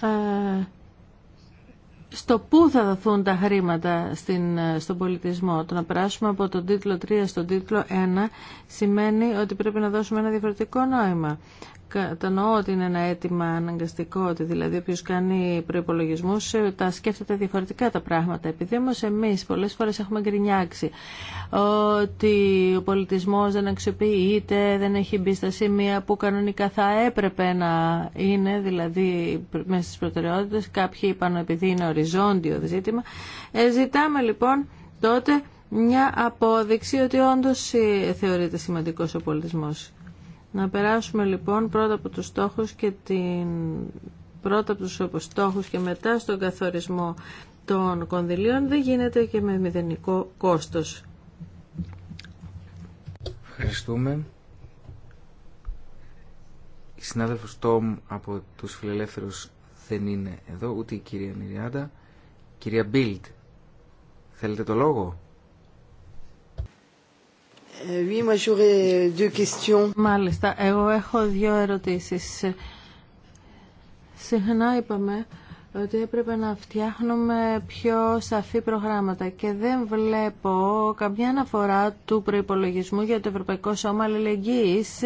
Ε, στο πού θα δοθούν τα χρήματα στην, στον πολιτισμό. Το να περάσουμε από τον τίτλο 3 στον τίτλο 1 σημαίνει ότι πρέπει να δώσουμε ένα διαφορετικό νόημα. Κατανοώ ότι είναι ένα αίτημα αναγκαστικό, ότι δηλαδή όποιος κάνει προϋπολογισμούς ε, τα σκέφτεται διαφορετικά τα πράγματα. Επειδή όμω εμείς πολλές φορές έχουμε γκρινιάξει ότι ο πολιτισμός δεν αξιοποιείται, δεν έχει μπει στα σημεία που κανονικά θα έπρεπε να είναι, δηλαδή μέσα στις προτεραιότητες, κάποιοι είπαν επειδή είναι οριζόντιο ζήτημα. Ε, ζητάμε λοιπόν τότε μια απόδειξη ότι όντως ε, θεωρείται σημαντικός ο πολιτισμός. Να περάσουμε λοιπόν πρώτα από τους στόχους και την πρώτα από τους στόχους και μετά στον καθορισμό των κονδυλίων δεν γίνεται και με μηδενικό κόστος. Ευχαριστούμε. Η συνάδελφος Τόμ από τους φιλελεύθερους δεν είναι εδώ, ούτε η κυρία Νηριάντα. Κυρία Μπίλτ, θέλετε το λόγο? Euh, Μάλιστα, εγώ έχω δύο ερωτήσεις. Συχνά είπαμε ότι έπρεπε να φτιάχνουμε πιο σαφή προγράμματα και δεν βλέπω καμιά αναφορά του προϋπολογισμού για το Ευρωπαϊκό Σώμα Αλληλεγγύης.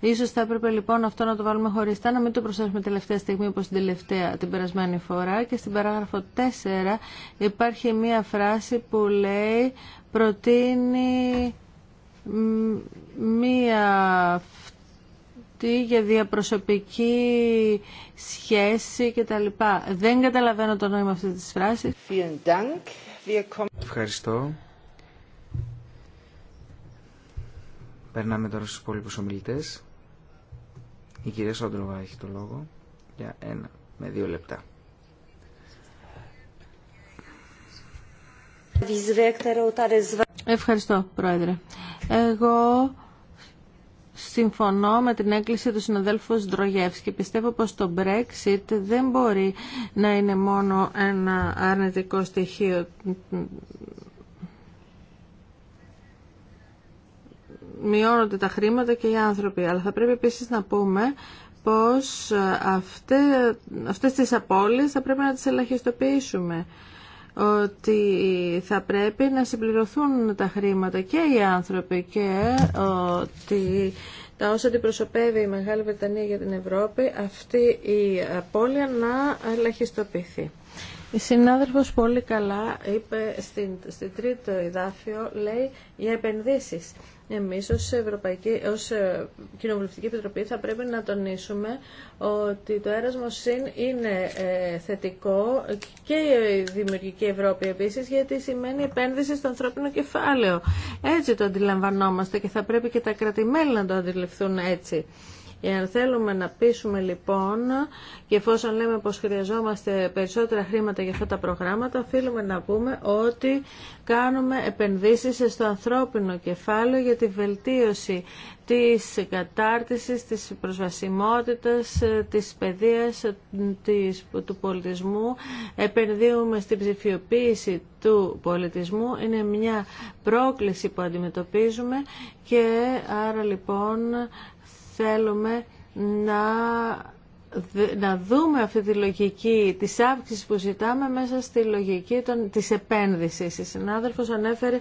Ίσως θα έπρεπε λοιπόν αυτό να το βάλουμε χωριστά, να μην το προσθέσουμε τελευταία στιγμή όπως την τελευταία την περασμένη φορά. Και στην παράγραφο 4 υπάρχει μία φράση που λέει προτείνει μία αυτή για διαπροσωπική σχέση λοιπά. Δεν καταλαβαίνω το νόημα αυτής της φράσης. Ευχαριστώ. Περνάμε τώρα στους υπόλοιπους ομιλητές. Η κυρία Σόντροβα έχει το λόγο για ένα με δύο λεπτά. Ευχαριστώ, Πρόεδρε. Εγώ συμφωνώ με την έκκληση του συναδέλφου και Πιστεύω πως το Brexit δεν μπορεί να είναι μόνο ένα αρνητικό στοιχείο μειώνονται τα χρήματα και οι άνθρωποι. Αλλά θα πρέπει επίσης να πούμε πως αυτές τις απώλειες θα πρέπει να τις ελαχιστοποιήσουμε ότι θα πρέπει να συμπληρωθούν τα χρήματα και οι άνθρωποι και ότι τα όσα αντιπροσωπεύει η Μεγάλη Βρετανία για την Ευρώπη αυτή η απώλεια να ελαχιστοποιηθεί. Η συνάδελφος πολύ καλά είπε στην, στην τρίτο εδάφιο, λέει, για επενδύσεις. Εμείς ως, Ευρωπαϊκή, ως ε, Κοινοβουλευτική Επιτροπή θα πρέπει να τονίσουμε ότι το έρασμο ΣΥΝ είναι ε, θετικό και η Δημιουργική Ευρώπη επίσης γιατί σημαίνει επένδυση στο ανθρώπινο κεφάλαιο. Έτσι το αντιλαμβανόμαστε και θα πρέπει και τα κρατημέλη να το αντιληφθούν έτσι. Εάν θέλουμε να πείσουμε λοιπόν και εφόσον λέμε πως χρειαζόμαστε περισσότερα χρήματα για αυτά τα προγράμματα, οφείλουμε να πούμε ότι κάνουμε επενδύσεις στο ανθρώπινο κεφάλαιο για τη βελτίωση της κατάρτισης, της προσβασιμότητας, της παιδείας, της, του πολιτισμού. Επενδύουμε στην ψηφιοποίηση του πολιτισμού. Είναι μια πρόκληση που αντιμετωπίζουμε και άρα λοιπόν θέλουμε να να δούμε αυτή τη λογική της αύξησης που ζητάμε μέσα στη λογική των, της επένδυσης. Η συνάδελφος ανέφερε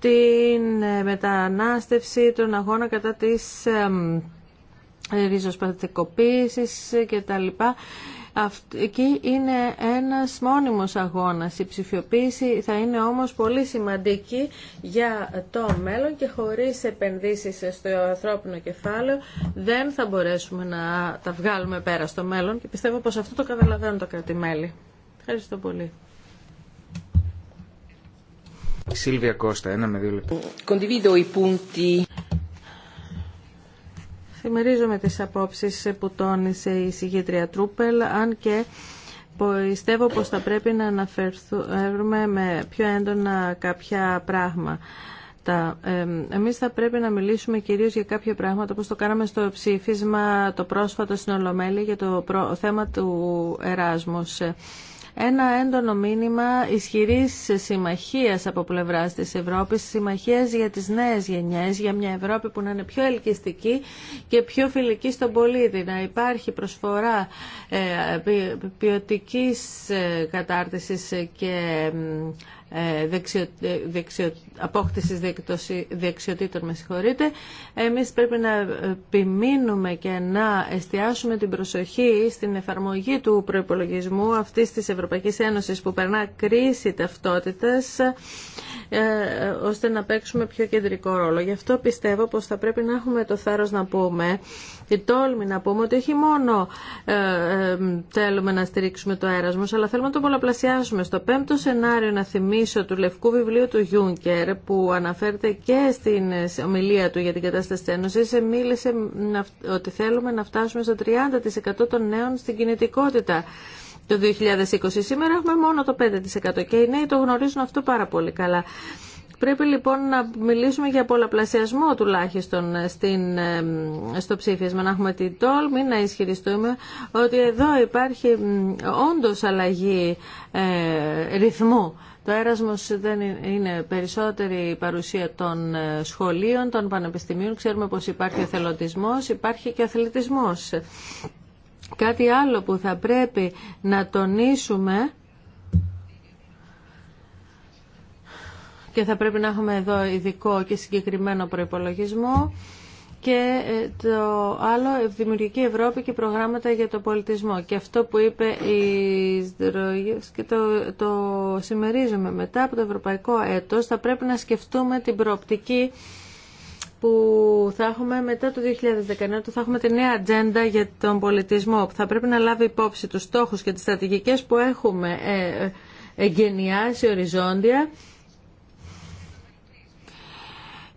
την ε, μετανάστευση, τον αγώνα κατά της ε, κτλ. και τα λοιπά. Εκεί είναι ένας μόνιμος αγώνας. Η ψηφιοποίηση θα είναι όμως πολύ σημαντική για το μέλλον και χωρίς επενδύσεις στο ανθρώπινο κεφάλαιο δεν θα μπορέσουμε να τα βγάλουμε πέρα στο μέλλον και πιστεύω πως αυτό το καταλαβαίνουν τα κρατημέλη. Ευχαριστώ πολύ. Σίλβια ένα με δύο λεπτά. Συμμερίζομαι τις απόψεις που τόνισε η συγγήτρια Τρούπελ, αν και πιστεύω πως θα πρέπει να αναφερθούμε με πιο έντονα κάποια πράγματα. Εμείς θα πρέπει να μιλήσουμε κυρίως για κάποια πράγματα όπως το κάναμε στο ψήφισμα το πρόσφατο στην Ολομέλη για το θέμα του Εράσμους ένα έντονο μήνυμα ισχυρής συμμαχίας από πλευράς της Ευρώπης, συμμαχίας για τις νέες γενιές, για μια Ευρώπη που να είναι πιο ελκυστική και πιο φιλική στον πολίτη, να υπάρχει προσφορά ε, ποιοτικής ε, κατάρτισης και ε, δεξιο, ε, δεξιο, απόκτησης δεξιοτήτων, με συγχωρείτε. Εμείς πρέπει να επιμείνουμε και να εστιάσουμε την προσοχή στην εφαρμογή του προϋπολογισμού αυτής της Ευρωπαϊκής Ένωσης που περνά κρίση ταυτότητας ε, ώστε να παίξουμε πιο κεντρικό ρόλο. Γι' αυτό πιστεύω πως θα πρέπει να έχουμε το θάρρος να πούμε η τόλμη να πούμε ότι όχι μόνο ε, ε θέλουμε να στηρίξουμε το έρασμος, αλλά θέλουμε να το πολλαπλασιάσουμε. Στο πέμπτο σενάριο, να θυμίσω, του λευκού βιβλίου του Γιούνκερ, που αναφέρεται και στην ομιλία του για την κατάσταση της Ένωσης, ε, μίλησε ότι θέλουμε να φτάσουμε στο 30% των νέων στην κινητικότητα το 2020. Σήμερα έχουμε μόνο το 5% και οι νέοι το γνωρίζουν αυτό πάρα πολύ καλά. Πρέπει λοιπόν να μιλήσουμε για πολλαπλασιασμό τουλάχιστον στην, στο ψήφισμα. Να έχουμε την τόλμη να ισχυριστούμε ότι εδώ υπάρχει όντως αλλαγή ε, ρυθμού. Το έρασμος δεν είναι περισσότερη παρουσία των ε, σχολείων, των πανεπιστημίων. Ξέρουμε πως υπάρχει εθελοντισμός, υπάρχει και αθλητισμός. Κάτι άλλο που θα πρέπει να τονίσουμε και θα πρέπει να έχουμε εδώ ειδικό και συγκεκριμένο προϋπολογισμό και ε, το άλλο Δημιουργική Ευρώπη και προγράμματα για τον πολιτισμό. Και αυτό που είπε η και το, το συμμερίζουμε μετά από το ευρωπαϊκό έτος θα πρέπει να σκεφτούμε την προοπτική που θα έχουμε μετά το 2019 θα έχουμε τη νέα ατζέντα για τον πολιτισμό που θα πρέπει να λάβει υπόψη τους στόχους και τις στρατηγικές που έχουμε ε, ε, εγγενιάσει οριζόντια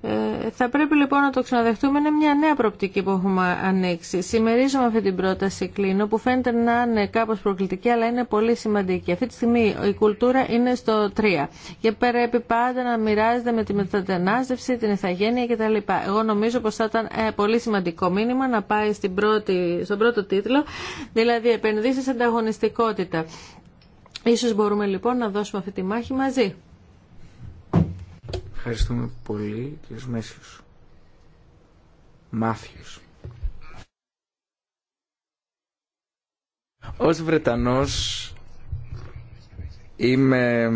ε, θα πρέπει λοιπόν να το ξαναδεχτούμε. Είναι μια νέα προοπτική που έχουμε ανοίξει. Συμμερίζομαι αυτή την πρόταση κλείνω που φαίνεται να είναι κάπω προκλητική αλλά είναι πολύ σημαντική. Αυτή τη στιγμή η κουλτούρα είναι στο 3 και πρέπει πάντα να μοιράζεται με τη μετατενάστευση, την ηθαγένεια κτλ. Εγώ νομίζω πω θα ήταν ε, πολύ σημαντικό μήνυμα να πάει στην πρώτη, στον πρώτο τίτλο, δηλαδή επενδύσεις ανταγωνιστικότητα. Ίσως μπορούμε λοιπόν να δώσουμε αυτή τη μάχη μαζί. Ευχαριστούμε πολύ, κύριο Μέσιος. Μάθιος. Ως Βρετανός είμαι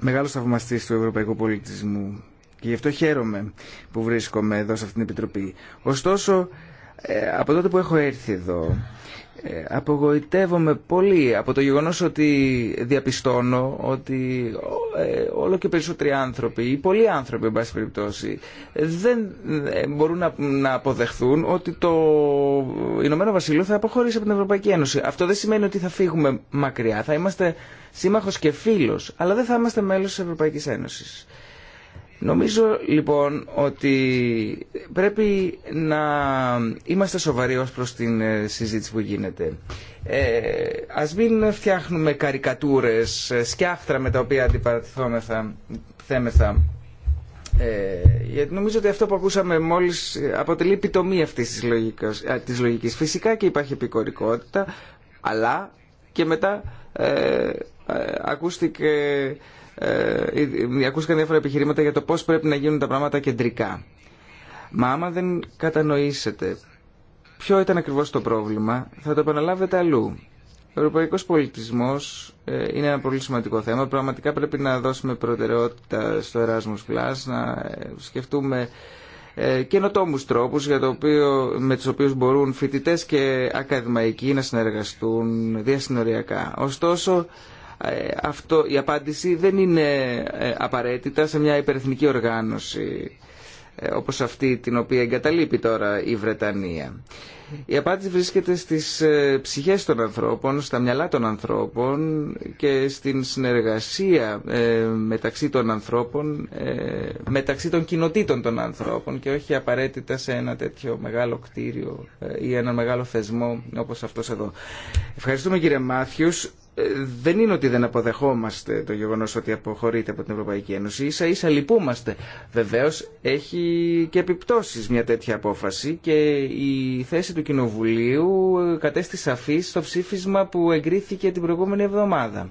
μεγάλος θαυμαστής του ευρωπαϊκού πολιτισμού και γι' αυτό χαίρομαι που βρίσκομαι εδώ σε αυτήν την Επιτροπή. Ωστόσο, ε, από τότε που έχω έρθει εδώ, ε, απογοητεύομαι πολύ από το γεγονός ότι διαπιστώνω ότι ε, όλο και περισσότεροι άνθρωποι ή πολλοί άνθρωποι εν πάση περιπτώσει δεν ε, μπορούν να αποδεχθούν ότι το Ηνωμένο Βασίλειο θα αποχωρήσει από την Ευρωπαϊκή Ένωση. Αυτό δεν σημαίνει ότι θα φύγουμε μακριά. Θα είμαστε σύμμαχος και φίλος, αλλά δεν θα είμαστε μέλος της Ευρωπαϊκής Ένωσης. Νομίζω λοιπόν ότι πρέπει να είμαστε σοβαροί ως προς την ε, συζήτηση που γίνεται. Ε, ας μην φτιάχνουμε καρικατούρες, ε, σκιάχτρα με τα οποία αντιπαρατηθόμεθα, θέμεθα. Ε, γιατί νομίζω ότι αυτό που ακούσαμε μόλις αποτελεί επιτομή αυτής της λογικής. Ε, της λογικής. Φυσικά και υπάρχει επικορικότητα, αλλά και μετά ε, ακούστηκε ε, ακούστηκαν διάφορα επιχειρήματα για το πώς πρέπει να γίνουν τα πράγματα κεντρικά. Μα άμα δεν κατανοήσετε ποιο ήταν ακριβώς το πρόβλημα, θα το επαναλάβετε αλλού. Ο ευρωπαϊκός πολιτισμός ε, είναι ένα πολύ σημαντικό θέμα. Πραγματικά πρέπει να δώσουμε προτεραιότητα στο Erasmus Plus, να ε, σκεφτούμε ε, καινοτόμους τρόπους για το οποίο, με τους οποίους μπορούν φοιτητές και ακαδημαϊκοί να συνεργαστούν διασυνοριακά. Ωστόσο, ε, αυτό, η απάντηση δεν είναι ε, απαραίτητα σε μια υπερεθνική οργάνωση ε, όπως αυτή την οποία εγκαταλείπει τώρα η Βρετανία. Η απάντηση βρίσκεται στις ψυχές των ανθρώπων, στα μυαλά των ανθρώπων και στην συνεργασία μεταξύ των ανθρώπων, μεταξύ των κοινοτήτων των ανθρώπων και όχι απαραίτητα σε ένα τέτοιο μεγάλο κτίριο ή ένα μεγάλο θεσμό όπως αυτός εδώ. Ευχαριστούμε κύριε Μάθιους. Ε, δεν είναι ότι δεν αποδεχόμαστε το γεγονός ότι αποχωρείται από την Ευρωπαϊκή Ένωση. Ίσα ίσα λυπούμαστε. Βεβαίως έχει και επιπτώσεις μια τέτοια απόφαση και η θέση του Κοινοβουλίου κατέστη σαφή στο ψήφισμα που εγκρίθηκε την προηγούμενη εβδομάδα.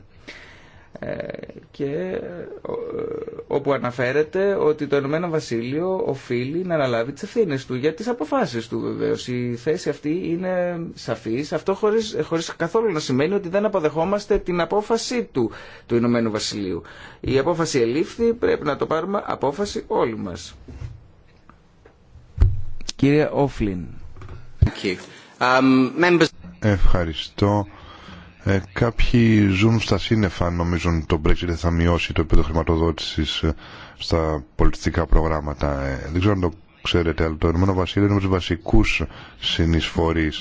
Ε, και ε, όπου αναφέρεται ότι το Ηνωμένο Βασίλειο οφείλει να αναλάβει τις ευθύνε του για τις αποφάσεις του βεβαίως. Η θέση αυτή είναι σαφής, αυτό χωρίς, χωρίς καθόλου να σημαίνει ότι δεν αποδεχόμαστε την απόφαση του, του Ηνωμένου Βασιλείου. Η απόφαση ελήφθη, πρέπει να το πάρουμε απόφαση όλοι μας. Κύριε Όφλιν. Um, Ευχαριστώ ε, κάποιοι ζουν στα σύννεφα νομίζουν ότι το Brexit θα μειώσει το επίπεδο χρηματοδότηση ε, στα πολιτιστικά προγράμματα. Ε, δεν ξέρω αν το ξέρετε, αλλά το Ηνωμένο Βασίλειο είναι από του βασικού συνεισφορεί.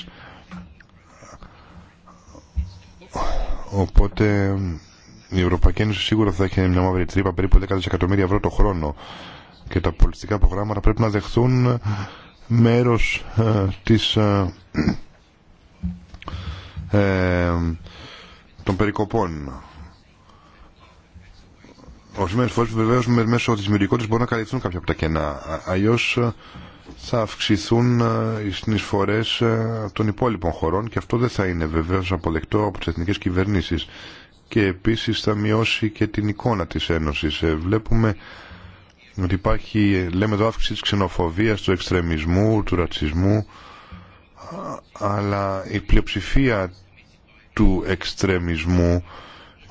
Οπότε η Ευρωπαϊκή Ένωση σίγουρα θα έχει μια μαύρη τρύπα περίπου 10 δισεκατομμύρια ευρώ το χρόνο και τα πολιτιστικά προγράμματα πρέπει να δεχθούν μέρος ε, της ε, των περικοπών. Ορισμένε φορέ βεβαίω μέσω τη μυρικότητα μπορούν να καλυφθούν κάποια από τα κενά. Αλλιώ ε, θα αυξηθούν ε, οι συνεισφορέ ε, των υπόλοιπων χωρών και αυτό δεν θα είναι βεβαίω αποδεκτό από τι εθνικέ κυβερνήσει. Και επίση θα μειώσει και την εικόνα τη Ένωση. Βλέπουμε ότι υπάρχει, λέμε εδώ, αύξηση τη ξενοφοβία, του εξτρεμισμού, του ρατσισμού αλλά η πλειοψηφία του εξτρεμισμού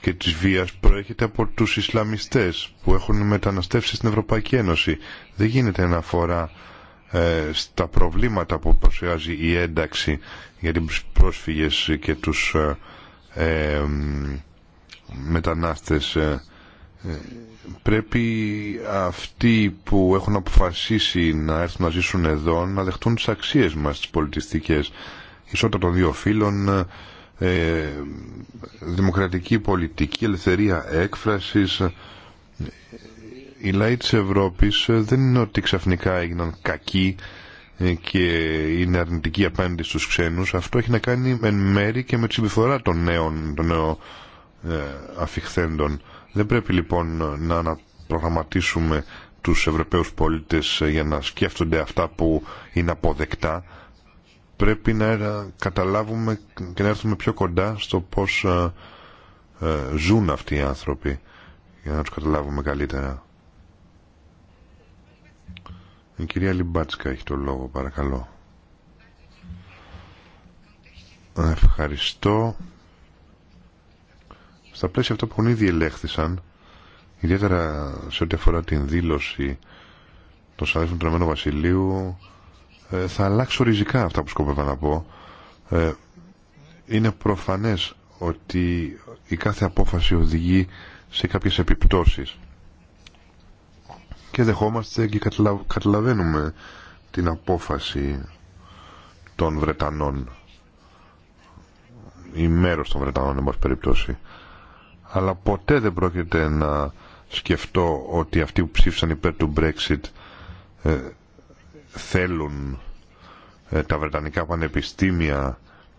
και της βίας προέρχεται από τους Ισλαμιστές που έχουν μεταναστεύσει στην Ευρωπαϊκή Ένωση. Δεν γίνεται αναφορά ε, στα προβλήματα που προσφυγάζει η ένταξη για τους πρόσφυγες και τους ε, ε μετανάστες. Ε, ε, πρέπει αυτοί που έχουν αποφασίσει να έρθουν να ζήσουν εδώ να δεχτούν τις αξίες μας, τις πολιτιστικές. Ισότητα των δύο φύλων, ε, δημοκρατική πολιτική, ελευθερία έκφρασης. Οι λαοί της Ευρώπης ε, δεν είναι ότι ξαφνικά έγιναν κακοί ε, και είναι αρνητική απέναντι στους ξένους. Αυτό έχει να κάνει με μέρη και με τη συμπεριφορά των νέων, των νέων αφιχθέντων. Δεν πρέπει λοιπόν να αναπρογραμματίσουμε τους Ευρωπαίους πολίτες για να σκέφτονται αυτά που είναι αποδεκτά πρέπει να ε, καταλάβουμε και να έρθουμε πιο κοντά στο πώς ε, ε, ζουν αυτοί οι άνθρωποι για να τους καταλάβουμε καλύτερα. Η κυρία Λιμπάτσκα έχει το λόγο, παρακαλώ. Ευχαριστώ. Στα πλαίσια αυτά που έχουν ήδη ελέγχθησαν, ιδιαίτερα σε ό,τι αφορά την δήλωση των Σαδέφων του Βασιλείου, ε, θα αλλάξω ριζικά αυτά που σκοπεύα να πω. Ε, είναι προφανές ότι η κάθε απόφαση οδηγεί σε κάποιες επιπτώσεις και δεχόμαστε και καταλαβαίνουμε την απόφαση των Βρετανών ή μέρος των Βρετανών εν πάση περιπτώσει αλλά ποτέ δεν πρόκειται να σκεφτώ ότι αυτοί που ψήφισαν υπέρ του Brexit ε, θέλουν ε, τα Βρετανικά πανεπιστήμια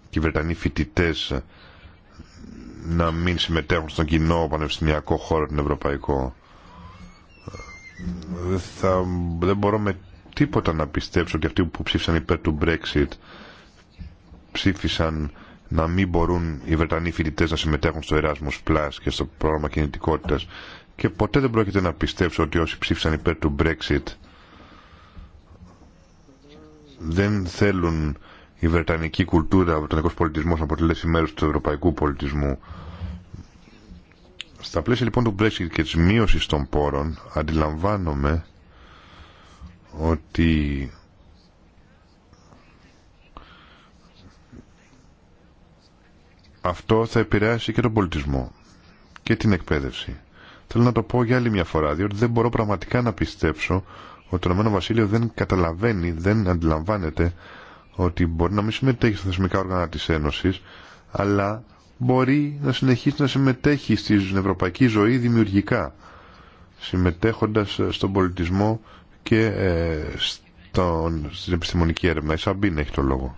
και οι Βρετανοί φοιτητέ να μην συμμετέχουν στον κοινό πανεπιστημιακό χώρο τον ευρωπαϊκό. Ε, δεν μπορώ με τίποτα να πιστέψω ότι αυτοί που ψήφισαν υπέρ του Brexit ψήφισαν να μην μπορούν οι Βρετανοί φοιτητέ να συμμετέχουν στο Erasmus Plus και στο πρόγραμμα κινητικότητας και ποτέ δεν πρόκειται να πιστέψω ότι όσοι ψήφισαν υπέρ του Brexit δεν θέλουν η βρετανική κουλτούρα, ο βρετανικός πολιτισμός να αποτελέσει μέρος του ευρωπαϊκού πολιτισμού. Στα πλαίσια λοιπόν του Brexit και τη μείωση των πόρων αντιλαμβάνομαι ότι αυτό θα επηρεάσει και τον πολιτισμό και την εκπαίδευση. Θέλω να το πω για άλλη μια φορά, διότι δεν μπορώ πραγματικά να πιστέψω ότι το Ηνωμένο Βασίλειο δεν καταλαβαίνει, δεν αντιλαμβάνεται ότι μπορεί να μην συμμετέχει στα θεσμικά όργανα της Ένωσης, αλλά μπορεί να συνεχίσει να συμμετέχει στην ευρωπαϊκή ζωή δημιουργικά, συμμετέχοντας στον πολιτισμό και ε, στον, στην επιστημονική έρευνα. Η Σαμπίν έχει το λόγο.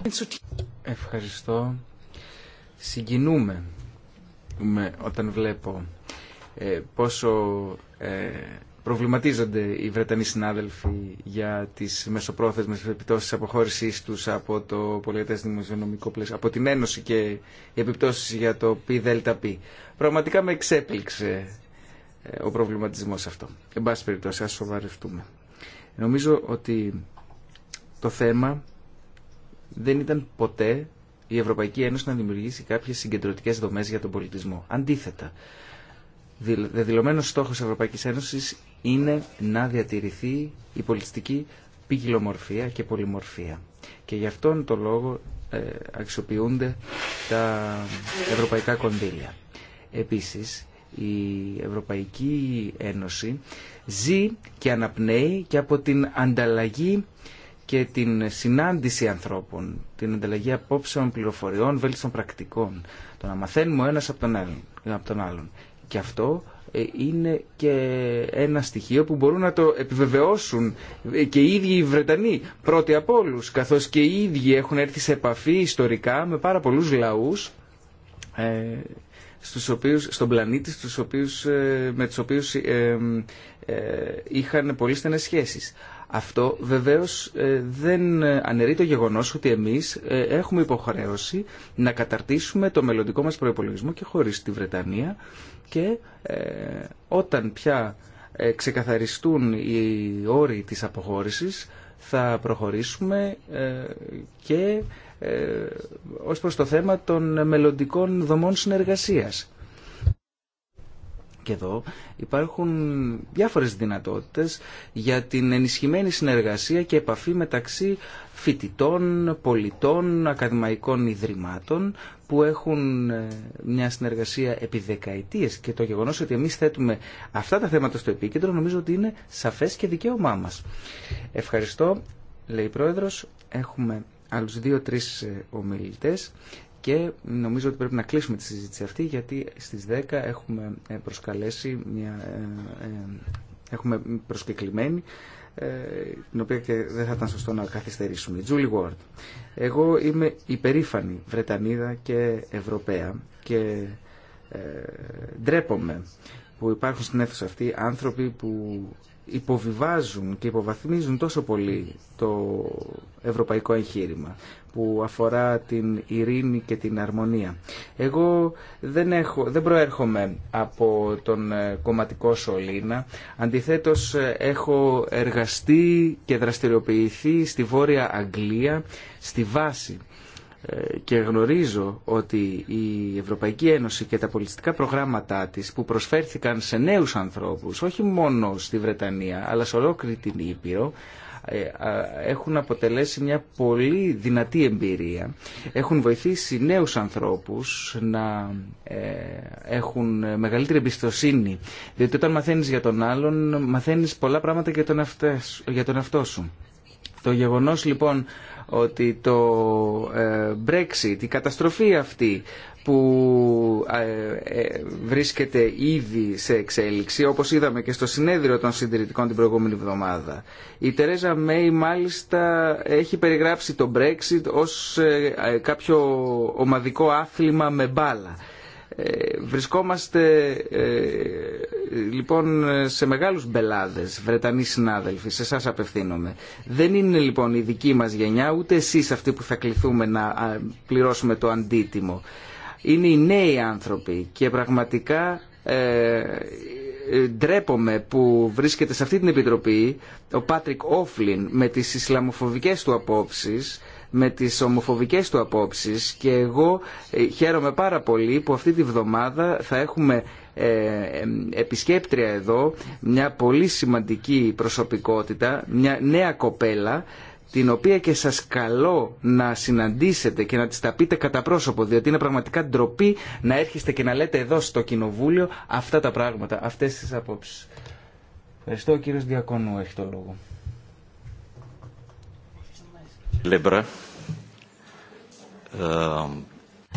Ευχαριστώ. Συγκινούμε όταν βλέπω ε, πόσο ε, προβληματίζονται οι Βρετανοί συνάδελφοι για τις μεσοπρόθεσμες επιπτώσεις αποχώρησής τους από το δημοσιονομικό πλαίσιο, από την Ένωση και οι επιπτώσεις για το ΠΔΠ. Πραγματικά με εξέπληξε ε, ο προβληματισμός αυτό. Εν πάση περιπτώσει, ας σοβαρευτούμε. Νομίζω ότι το θέμα δεν ήταν ποτέ η Ευρωπαϊκή Ένωση να δημιουργήσει κάποιες συγκεντρωτικές δομές για τον πολιτισμό. Αντίθετα, στόχο στόχος Ευρωπαϊκής Ένωσης είναι να διατηρηθεί η πολιτιστική ποικιλομορφία και πολυμορφία. Και γι' αυτόν τον λόγο ε, αξιοποιούνται τα ευρωπαϊκά κονδύλια. Επίσης, η Ευρωπαϊκή Ένωση ζει και αναπνέει και από την ανταλλαγή και την συνάντηση ανθρώπων, την ανταλλαγή απόψεων, πληροφοριών, βέλτιστων πρακτικών, το να μαθαίνουμε ο ένας από τον άλλον. Και αυτό ε, είναι και ένα στοιχείο που μπορούν να το επιβεβαιώσουν ε, και οι ίδιοι οι Βρετανοί πρώτοι από όλου, καθώς και οι ίδιοι έχουν έρθει σε επαφή ιστορικά με πάρα πολλούς λαούς ε, στους οποίους, στον πλανήτη στους οποίους, ε, με τους οποίους ε, είχαν πολύ στενές σχέσεις. Αυτό βεβαίως ε, δεν αναιρεί το γεγονός ότι εμείς ε, έχουμε υποχρέωση να καταρτήσουμε το μελλοντικό μας προϋπολογισμό και χωρίς τη Βρετανία και ε, όταν πια ξεκαθαριστούν οι όροι της αποχώρησης θα προχωρήσουμε και ως προς το θέμα των μελλοντικών δομών συνεργασίας και εδώ υπάρχουν διάφορες δυνατότητες για την ενισχυμένη συνεργασία και επαφή μεταξύ φοιτητών, πολιτών, ακαδημαϊκών ιδρυμάτων που έχουν ε, μια συνεργασία επί δεκαετίες και το γεγονός ότι εμείς θέτουμε αυτά τα θέματα στο επίκεντρο νομίζω ότι είναι σαφές και δικαίωμά μας. Ευχαριστώ, λέει η Πρόεδρος. Έχουμε άλλους δύο-τρεις ε, ομιλητές. Και νομίζω ότι πρέπει να κλείσουμε τη συζήτηση αυτή γιατί στις 10 έχουμε ε, προσκαλέσει μια, ε, ε, έχουμε προσκεκλημένη ε, την οποία και δεν θα ήταν σωστό να καθυστερήσουμε. Julie Ward. Εγώ είμαι υπερήφανη Βρετανίδα και Ευρωπαία και ντρέπομαι που υπάρχουν στην αίθουσα αυτή άνθρωποι που υποβιβάζουν και υποβαθμίζουν τόσο πολύ το ευρωπαϊκό εγχείρημα που αφορά την ειρήνη και την αρμονία. Εγώ δεν, έχω, δεν προέρχομαι από τον ε, κομματικό σωλήνα. Αντιθέτως ε, έχω εργαστεί και δραστηριοποιηθεί στη Βόρεια Αγγλία, στη βάση ε, και γνωρίζω ότι η Ευρωπαϊκή Ένωση και τα πολιτιστικά προγράμματά της που προσφέρθηκαν σε νέους ανθρώπους, όχι μόνο στη Βρετανία αλλά σε ολόκληρη την Ήπειρο, ε, έχουν αποτελέσει μια πολύ δυνατή εμπειρία. Έχουν βοηθήσει νέους ανθρώπους να ε, έχουν μεγαλύτερη εμπιστοσύνη. Διότι όταν μαθαίνεις για τον άλλον, μαθαίνεις πολλά πράγματα για τον, αυτές, για τον αυτό σου. Το γεγονός λοιπόν ότι το ε, Brexit, η καταστροφή αυτή που ε, ε, βρίσκεται ήδη σε εξέλιξη, όπως είδαμε και στο συνέδριο των συντηρητικών την προηγούμενη εβδομάδα. Η Τερέζα Μέη μάλιστα έχει περιγράψει το Brexit ως κάποιο ομαδικό άθλημα με μπάλα. Ε, βρισκόμαστε ε, λοιπόν σε μεγάλους μπελάδες, Βρετανοί συνάδελφοι, σε εσάς απευθύνομαι. Δεν είναι λοιπόν η δική μας γενιά, ούτε εσείς αυτοί που θα κληθούμε να πληρώσουμε το αντίτιμο. Είναι οι νέοι άνθρωποι και πραγματικά ε, ε, ντρέπομαι που βρίσκεται σε αυτή την επιτροπή ο Πάτρικ Όφλιν με τις ισλαμοφοβικές του απόψεις με τις ομοφοβικές του απόψεις και εγώ ε, χαίρομαι πάρα πολύ που αυτή τη βδομάδα θα έχουμε ε, επισκέπτρια εδώ μια πολύ σημαντική προσωπικότητα, μια νέα κοπέλα την οποία και σας καλώ να συναντήσετε και να της τα πείτε κατά πρόσωπο, διότι είναι πραγματικά ντροπή να έρχεστε και να λέτε εδώ στο Κοινοβούλιο αυτά τα πράγματα, αυτές τις απόψεις. Ευχαριστώ, ο κύριος Διακονού έχει το λόγο.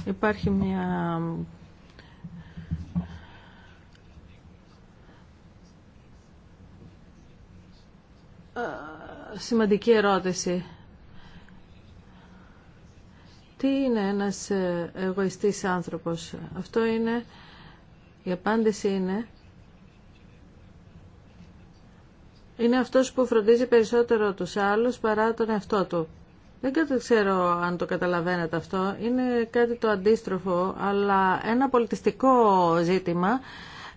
Υπάρχει μια σημαντική ερώτηση. Τι είναι ένας εγωιστής άνθρωπος. Αυτό είναι, η απάντηση είναι, είναι αυτός που φροντίζει περισσότερο τους άλλους παρά τον εαυτό του. Δεν ξέρω αν το καταλαβαίνετε αυτό. Είναι κάτι το αντίστροφο, αλλά ένα πολιτιστικό ζήτημα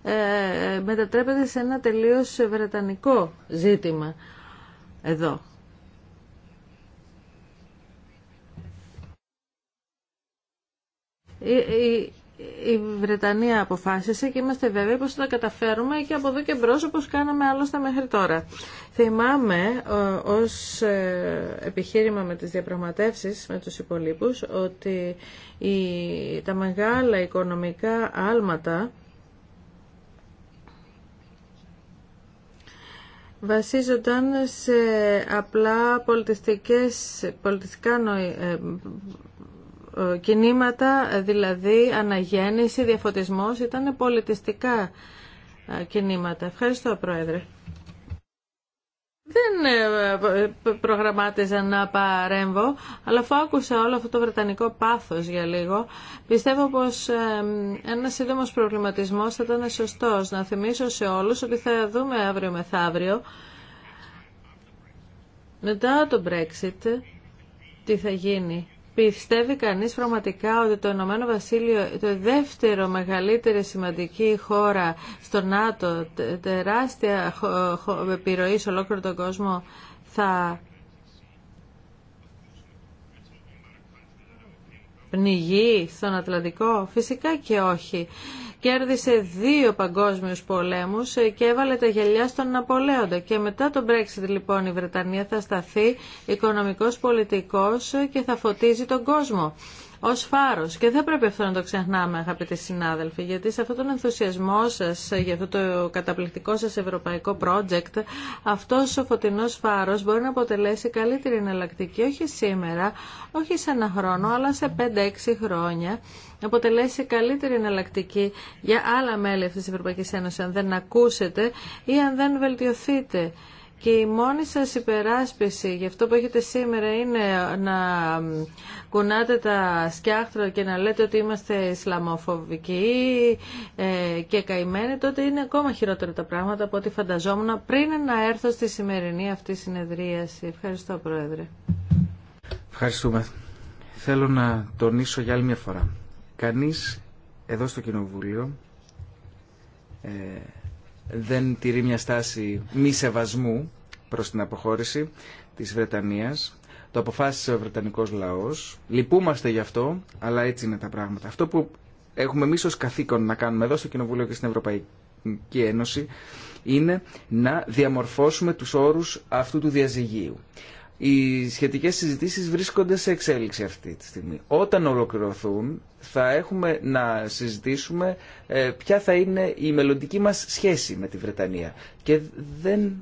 ε, μετατρέπεται σε ένα τελείως βρετανικό ζήτημα εδώ η Βρετανία αποφάσισε και είμαστε βέβαιοι πως θα τα καταφέρουμε και από εδώ και μπρος όπως κάναμε άλλωστε μέχρι τώρα. Θυμάμαι ως ε, επιχείρημα με τις διαπραγματεύσεις με τους υπολείπους ότι η, τα μεγάλα οικονομικά άλματα βασίζονταν σε απλά πολιτιστικές, πολιτιστικά νοη, ε, κινήματα, δηλαδή αναγέννηση, διαφωτισμός, ήταν πολιτιστικά κινήματα. Ευχαριστώ, Πρόεδρε. Δεν ε, προγραμμάτιζα να παρέμβω, αλλά αφού άκουσα όλο αυτό το βρετανικό πάθος για λίγο, πιστεύω πως ε, ένα σύντομο προβληματισμός θα ήταν σωστός. Να θυμίσω σε όλους ότι θα δούμε αύριο μεθαύριο, μετά το Brexit, τι θα γίνει. Πιστεύει κανείς πραγματικά ότι το Ηνωμένο Βασίλειο, το δεύτερο μεγαλύτερη σημαντική χώρα στο ΝΑΤΟ, τεράστια επιρροή σε ολόκληρο τον κόσμο, θα πνιγεί στον Ατλαντικό. Φυσικά και όχι κέρδισε δύο παγκόσμιους πολέμους ε, και έβαλε τα γελιά στον Ναπολέοντα. Και μετά τον Brexit λοιπόν η Βρετανία θα σταθεί οικονομικός, πολιτικός ε, και θα φωτίζει τον κόσμο ω φάρο. Και δεν πρέπει αυτό να το ξεχνάμε, αγαπητοί συνάδελφοι, γιατί σε αυτόν τον ενθουσιασμό σα, ε, για αυτό το καταπληκτικό σα ευρωπαϊκό project, αυτό ο φωτεινό φάρο μπορεί να αποτελέσει καλύτερη εναλλακτική, όχι σήμερα, όχι σε ένα χρόνο, αλλά σε 5-6 χρόνια να αποτελέσει καλύτερη εναλλακτική για άλλα μέλη αυτής της Ευρωπαϊκής Ένωσης αν δεν ακούσετε ή αν δεν βελτιωθείτε. Και η μόνη σας υπεράσπιση για αυτό που έχετε σήμερα είναι να κουνάτε τα σκιάχτρα και να λέτε ότι είμαστε ισλαμοφοβικοί ε, και καημένοι, τότε είναι ακόμα χειρότερα τα πράγματα από ό,τι φανταζόμουν πριν να έρθω στη σημερινή αυτή συνεδρίαση. Ευχαριστώ, Πρόεδρε. Ευχαριστούμε. Θέλω να τονίσω για άλλη μια φορά κανείς εδώ στο Κοινοβούλιο ε, δεν τηρεί μια στάση μη σεβασμού προς την αποχώρηση της Βρετανίας. Το αποφάσισε ο Βρετανικός λαός. Λυπούμαστε γι' αυτό, αλλά έτσι είναι τα πράγματα. Αυτό που έχουμε εμείς ως καθήκον να κάνουμε εδώ στο Κοινοβούλιο και στην Ευρωπαϊκή Ένωση είναι να διαμορφώσουμε τους όρους αυτού του διαζυγίου. Οι σχετικές συζητήσεις βρίσκονται σε εξέλιξη αυτή τη στιγμή. Όταν ολοκληρωθούν θα έχουμε να συζητήσουμε ε, ποια θα είναι η μελλοντική μας σχέση με τη Βρετανία. Και δεν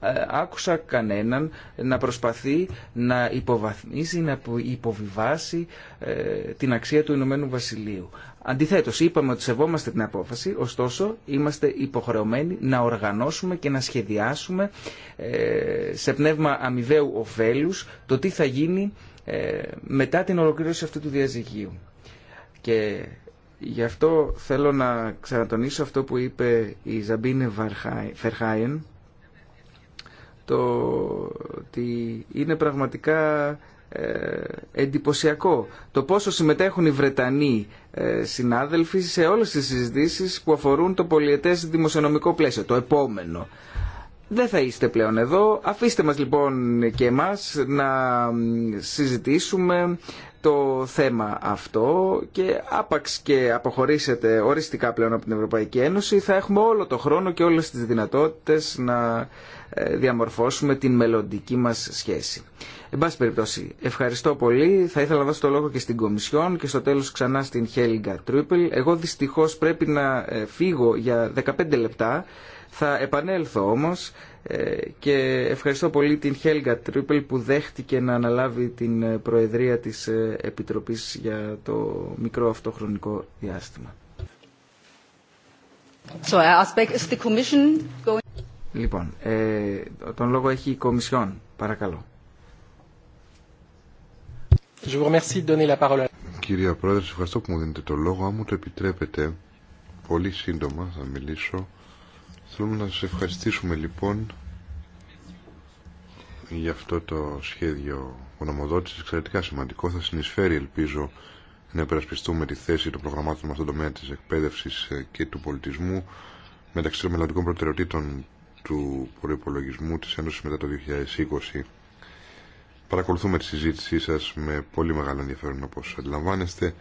ε, άκουσα κανέναν να προσπαθεί να υποβαθμίσει, να υποβιβάσει ε, την αξία του Ηνωμένου Βασιλείου. Αντιθέτως, είπαμε ότι σεβόμαστε την απόφαση, ωστόσο είμαστε υποχρεωμένοι να οργανώσουμε και να σχεδιάσουμε ε, σε πνεύμα αμοιβαίου ωφέλους το τι θα γίνει μετά την ολοκλήρωση αυτού του διαζυγίου. Και γι' αυτό θέλω να ξανατονίσω αυτό που είπε η Ζαμπίνε Φερχάιεν, το ότι είναι πραγματικά ε, εντυπωσιακό το πόσο συμμετέχουν οι Βρετανοί ε, συνάδελφοι σε όλες τις συζητήσεις που αφορούν το πολιετές δημοσιονομικό πλαίσιο, το επόμενο. Δεν θα είστε πλέον εδώ. Αφήστε μας λοιπόν και εμάς να συζητήσουμε το θέμα αυτό και άπαξ και αποχωρήσετε οριστικά πλέον από την Ευρωπαϊκή Ένωση θα έχουμε όλο το χρόνο και όλες τις δυνατότητες να ε, διαμορφώσουμε την μελλοντική μας σχέση. Εν πάση περιπτώσει, ευχαριστώ πολύ. Θα ήθελα να δώσω το λόγο και στην Κομισιόν και στο τέλος ξανά στην Χέλιγκα Τρούπελ. Εγώ δυστυχώς πρέπει να ε, φύγω για 15 λεπτά θα επανέλθω όμως ε, και ευχαριστώ πολύ την Χέλγα Τρίπελ που δέχτηκε να αναλάβει την ε, Προεδρία της ε, Επιτροπής για το μικρό αυτοχρονικό διάστημα. So Λοιπόν, τον λόγο έχει η Κομισιόν. Παρακαλώ. Je vous remercie de donner Κυρία Πρόεδρε, ευχαριστώ που μου δίνετε το λόγο. Αν μου το επιτρέπετε, πολύ σύντομα θα μιλήσω Θέλουμε να σας ευχαριστήσουμε λοιπόν για αυτό το σχέδιο γνωμοδότησης εξαιρετικά σημαντικό. Θα συνεισφέρει ελπίζω να επερασπιστούμε τη θέση των προγραμμάτων μας στον τομέα της εκπαίδευσης και του πολιτισμού μεταξύ των μελλοντικών προτεραιοτήτων του προϋπολογισμού της Ένωσης μετά το 2020. Παρακολουθούμε τη συζήτησή σας με πολύ μεγάλο ενδιαφέρον όπως αντιλαμβάνεστε.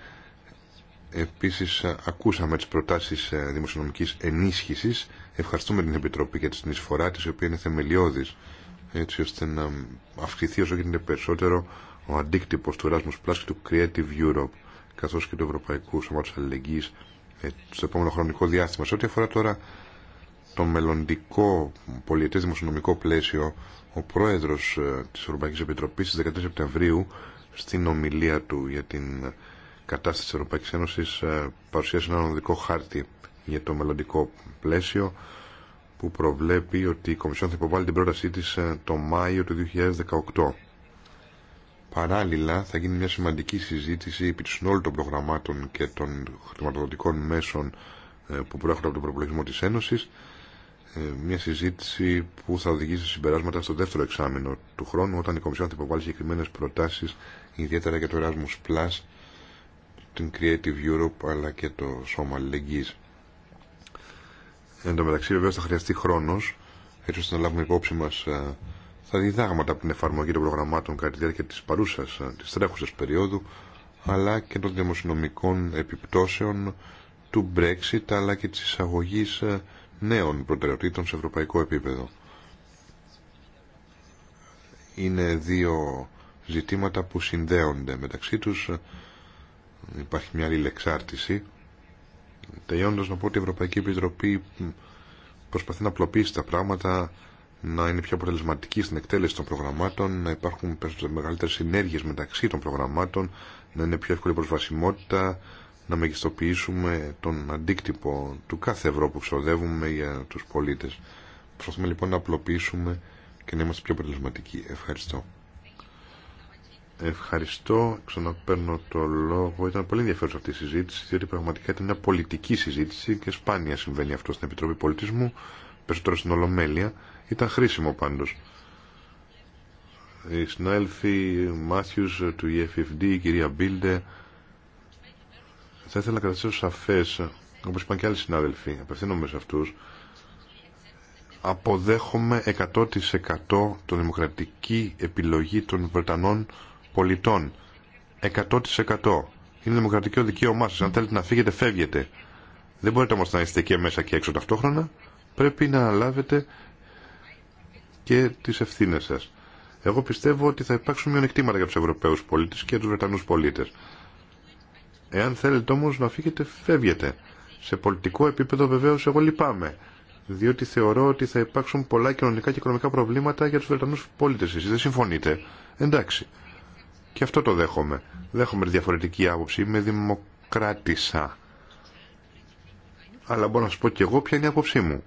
Επίσης ε, ακούσαμε τις προτάσεις ε, δημοσιονομικής ενίσχυσης. Ευχαριστούμε την Επιτροπή για την συνεισφορά της, η οποία είναι θεμελιώδης, έτσι ώστε να αυξηθεί όσο γίνεται περισσότερο ο αντίκτυπος του Erasmus Plus και του Creative Europe, καθώς και του Ευρωπαϊκού Σώματος Αλληλεγγύης ε, στο επόμενο χρονικό διάστημα. Σε ό,τι αφορά τώρα το μελλοντικό πολιετές δημοσιονομικό πλαίσιο, ο πρόεδρος της Ευρωπαϊκής Επιτροπής στις 13 Σεπτεμβρίου, στην ομιλία του για την κατάσταση της Ευρωπαϊκής Ένωσης ε, παρουσίασε έναν οδικό χάρτη για το μελλοντικό πλαίσιο που προβλέπει ότι η Κομισιόν θα υποβάλει την πρότασή της ε, το Μάιο του 2018. Παράλληλα θα γίνει μια σημαντική συζήτηση επί του συνόλου των προγραμμάτων και των χρηματοδοτικών μέσων ε, που προέρχονται από τον προπολογισμό της Ένωσης μια συζήτηση που θα οδηγήσει συμπεράσματα στο δεύτερο εξάμεινο του χρόνου όταν η Κομισιόν θα υποβάλει συγκεκριμένε προτάσεις ιδιαίτερα για το Erasmus Plus την Creative Europe αλλά και το Σώμα Αλληλεγγύης. Εν τω μεταξύ βεβαίω θα χρειαστεί χρόνος έτσι ώστε να λάβουμε υπόψη μας ε, τα διδάγματα από την εφαρμογή των προγραμμάτων κατά τη διάρκεια της παρούσας, ε, της τρέχουσας περίοδου αλλά και των δημοσιονομικών επιπτώσεων του Brexit αλλά και της εισαγωγή ε, νέων προτεραιοτήτων σε ευρωπαϊκό επίπεδο. Είναι δύο ζητήματα που συνδέονται μεταξύ τους υπάρχει μια άλλη λεξάρτηση. Τελειώνοντας να πω ότι η Ευρωπαϊκή Επιτροπή προσπαθεί να απλοποιήσει τα πράγματα, να είναι πιο αποτελεσματική στην εκτέλεση των προγραμμάτων, να υπάρχουν μεγαλύτερε συνέργειες μεταξύ των προγραμμάτων, να είναι πιο εύκολη προσβασιμότητα, να μεγιστοποιήσουμε τον αντίκτυπο του κάθε ευρώ που ξοδεύουμε για τους πολίτες. Προσπαθούμε λοιπόν να απλοποιήσουμε και να είμαστε πιο αποτελεσματικοί. Ευχαριστώ. Ευχαριστώ. ξαναπέρνω το λόγο. Ήταν πολύ ενδιαφέρουσα αυτή η συζήτηση, διότι πραγματικά ήταν μια πολιτική συζήτηση και σπάνια συμβαίνει αυτό στην Επιτροπή Πολιτισμού, περισσότερο στην Ολομέλεια. Ήταν χρήσιμο πάντως. Οι συνάδελφοι Μάθιους του EFFD, η κυρία Μπίλντε, θα ήθελα να κρατήσω σαφές, όπως είπαν και άλλοι συνάδελφοι, απευθύνομαι σε αυτούς, αποδέχομαι 100% το δημοκρατική επιλογή των Βρετανών πολιτών. 100% είναι δημοκρατικό δικαίωμά σα. Αν θέλετε να φύγετε, φεύγετε. Δεν μπορείτε όμω να είστε και μέσα και έξω ταυτόχρονα. Πρέπει να αναλάβετε και τι ευθύνε σα. Εγώ πιστεύω ότι θα υπάρξουν μειονεκτήματα για του Ευρωπαίου πολίτε και του Βρετανού πολίτε. Εάν θέλετε όμω να φύγετε, φεύγετε. Σε πολιτικό επίπεδο βεβαίω εγώ λυπάμαι. Διότι θεωρώ ότι θα υπάρξουν πολλά κοινωνικά και οικονομικά προβλήματα για του Βρετανού πολίτε. Εσεί δεν συμφωνείτε. Εντάξει. Και αυτό το δέχομαι. Δέχομαι διαφορετική άποψη. Είμαι δημοκράτησα. Αλλά μπορώ να σας πω και εγώ ποια είναι η άποψή μου.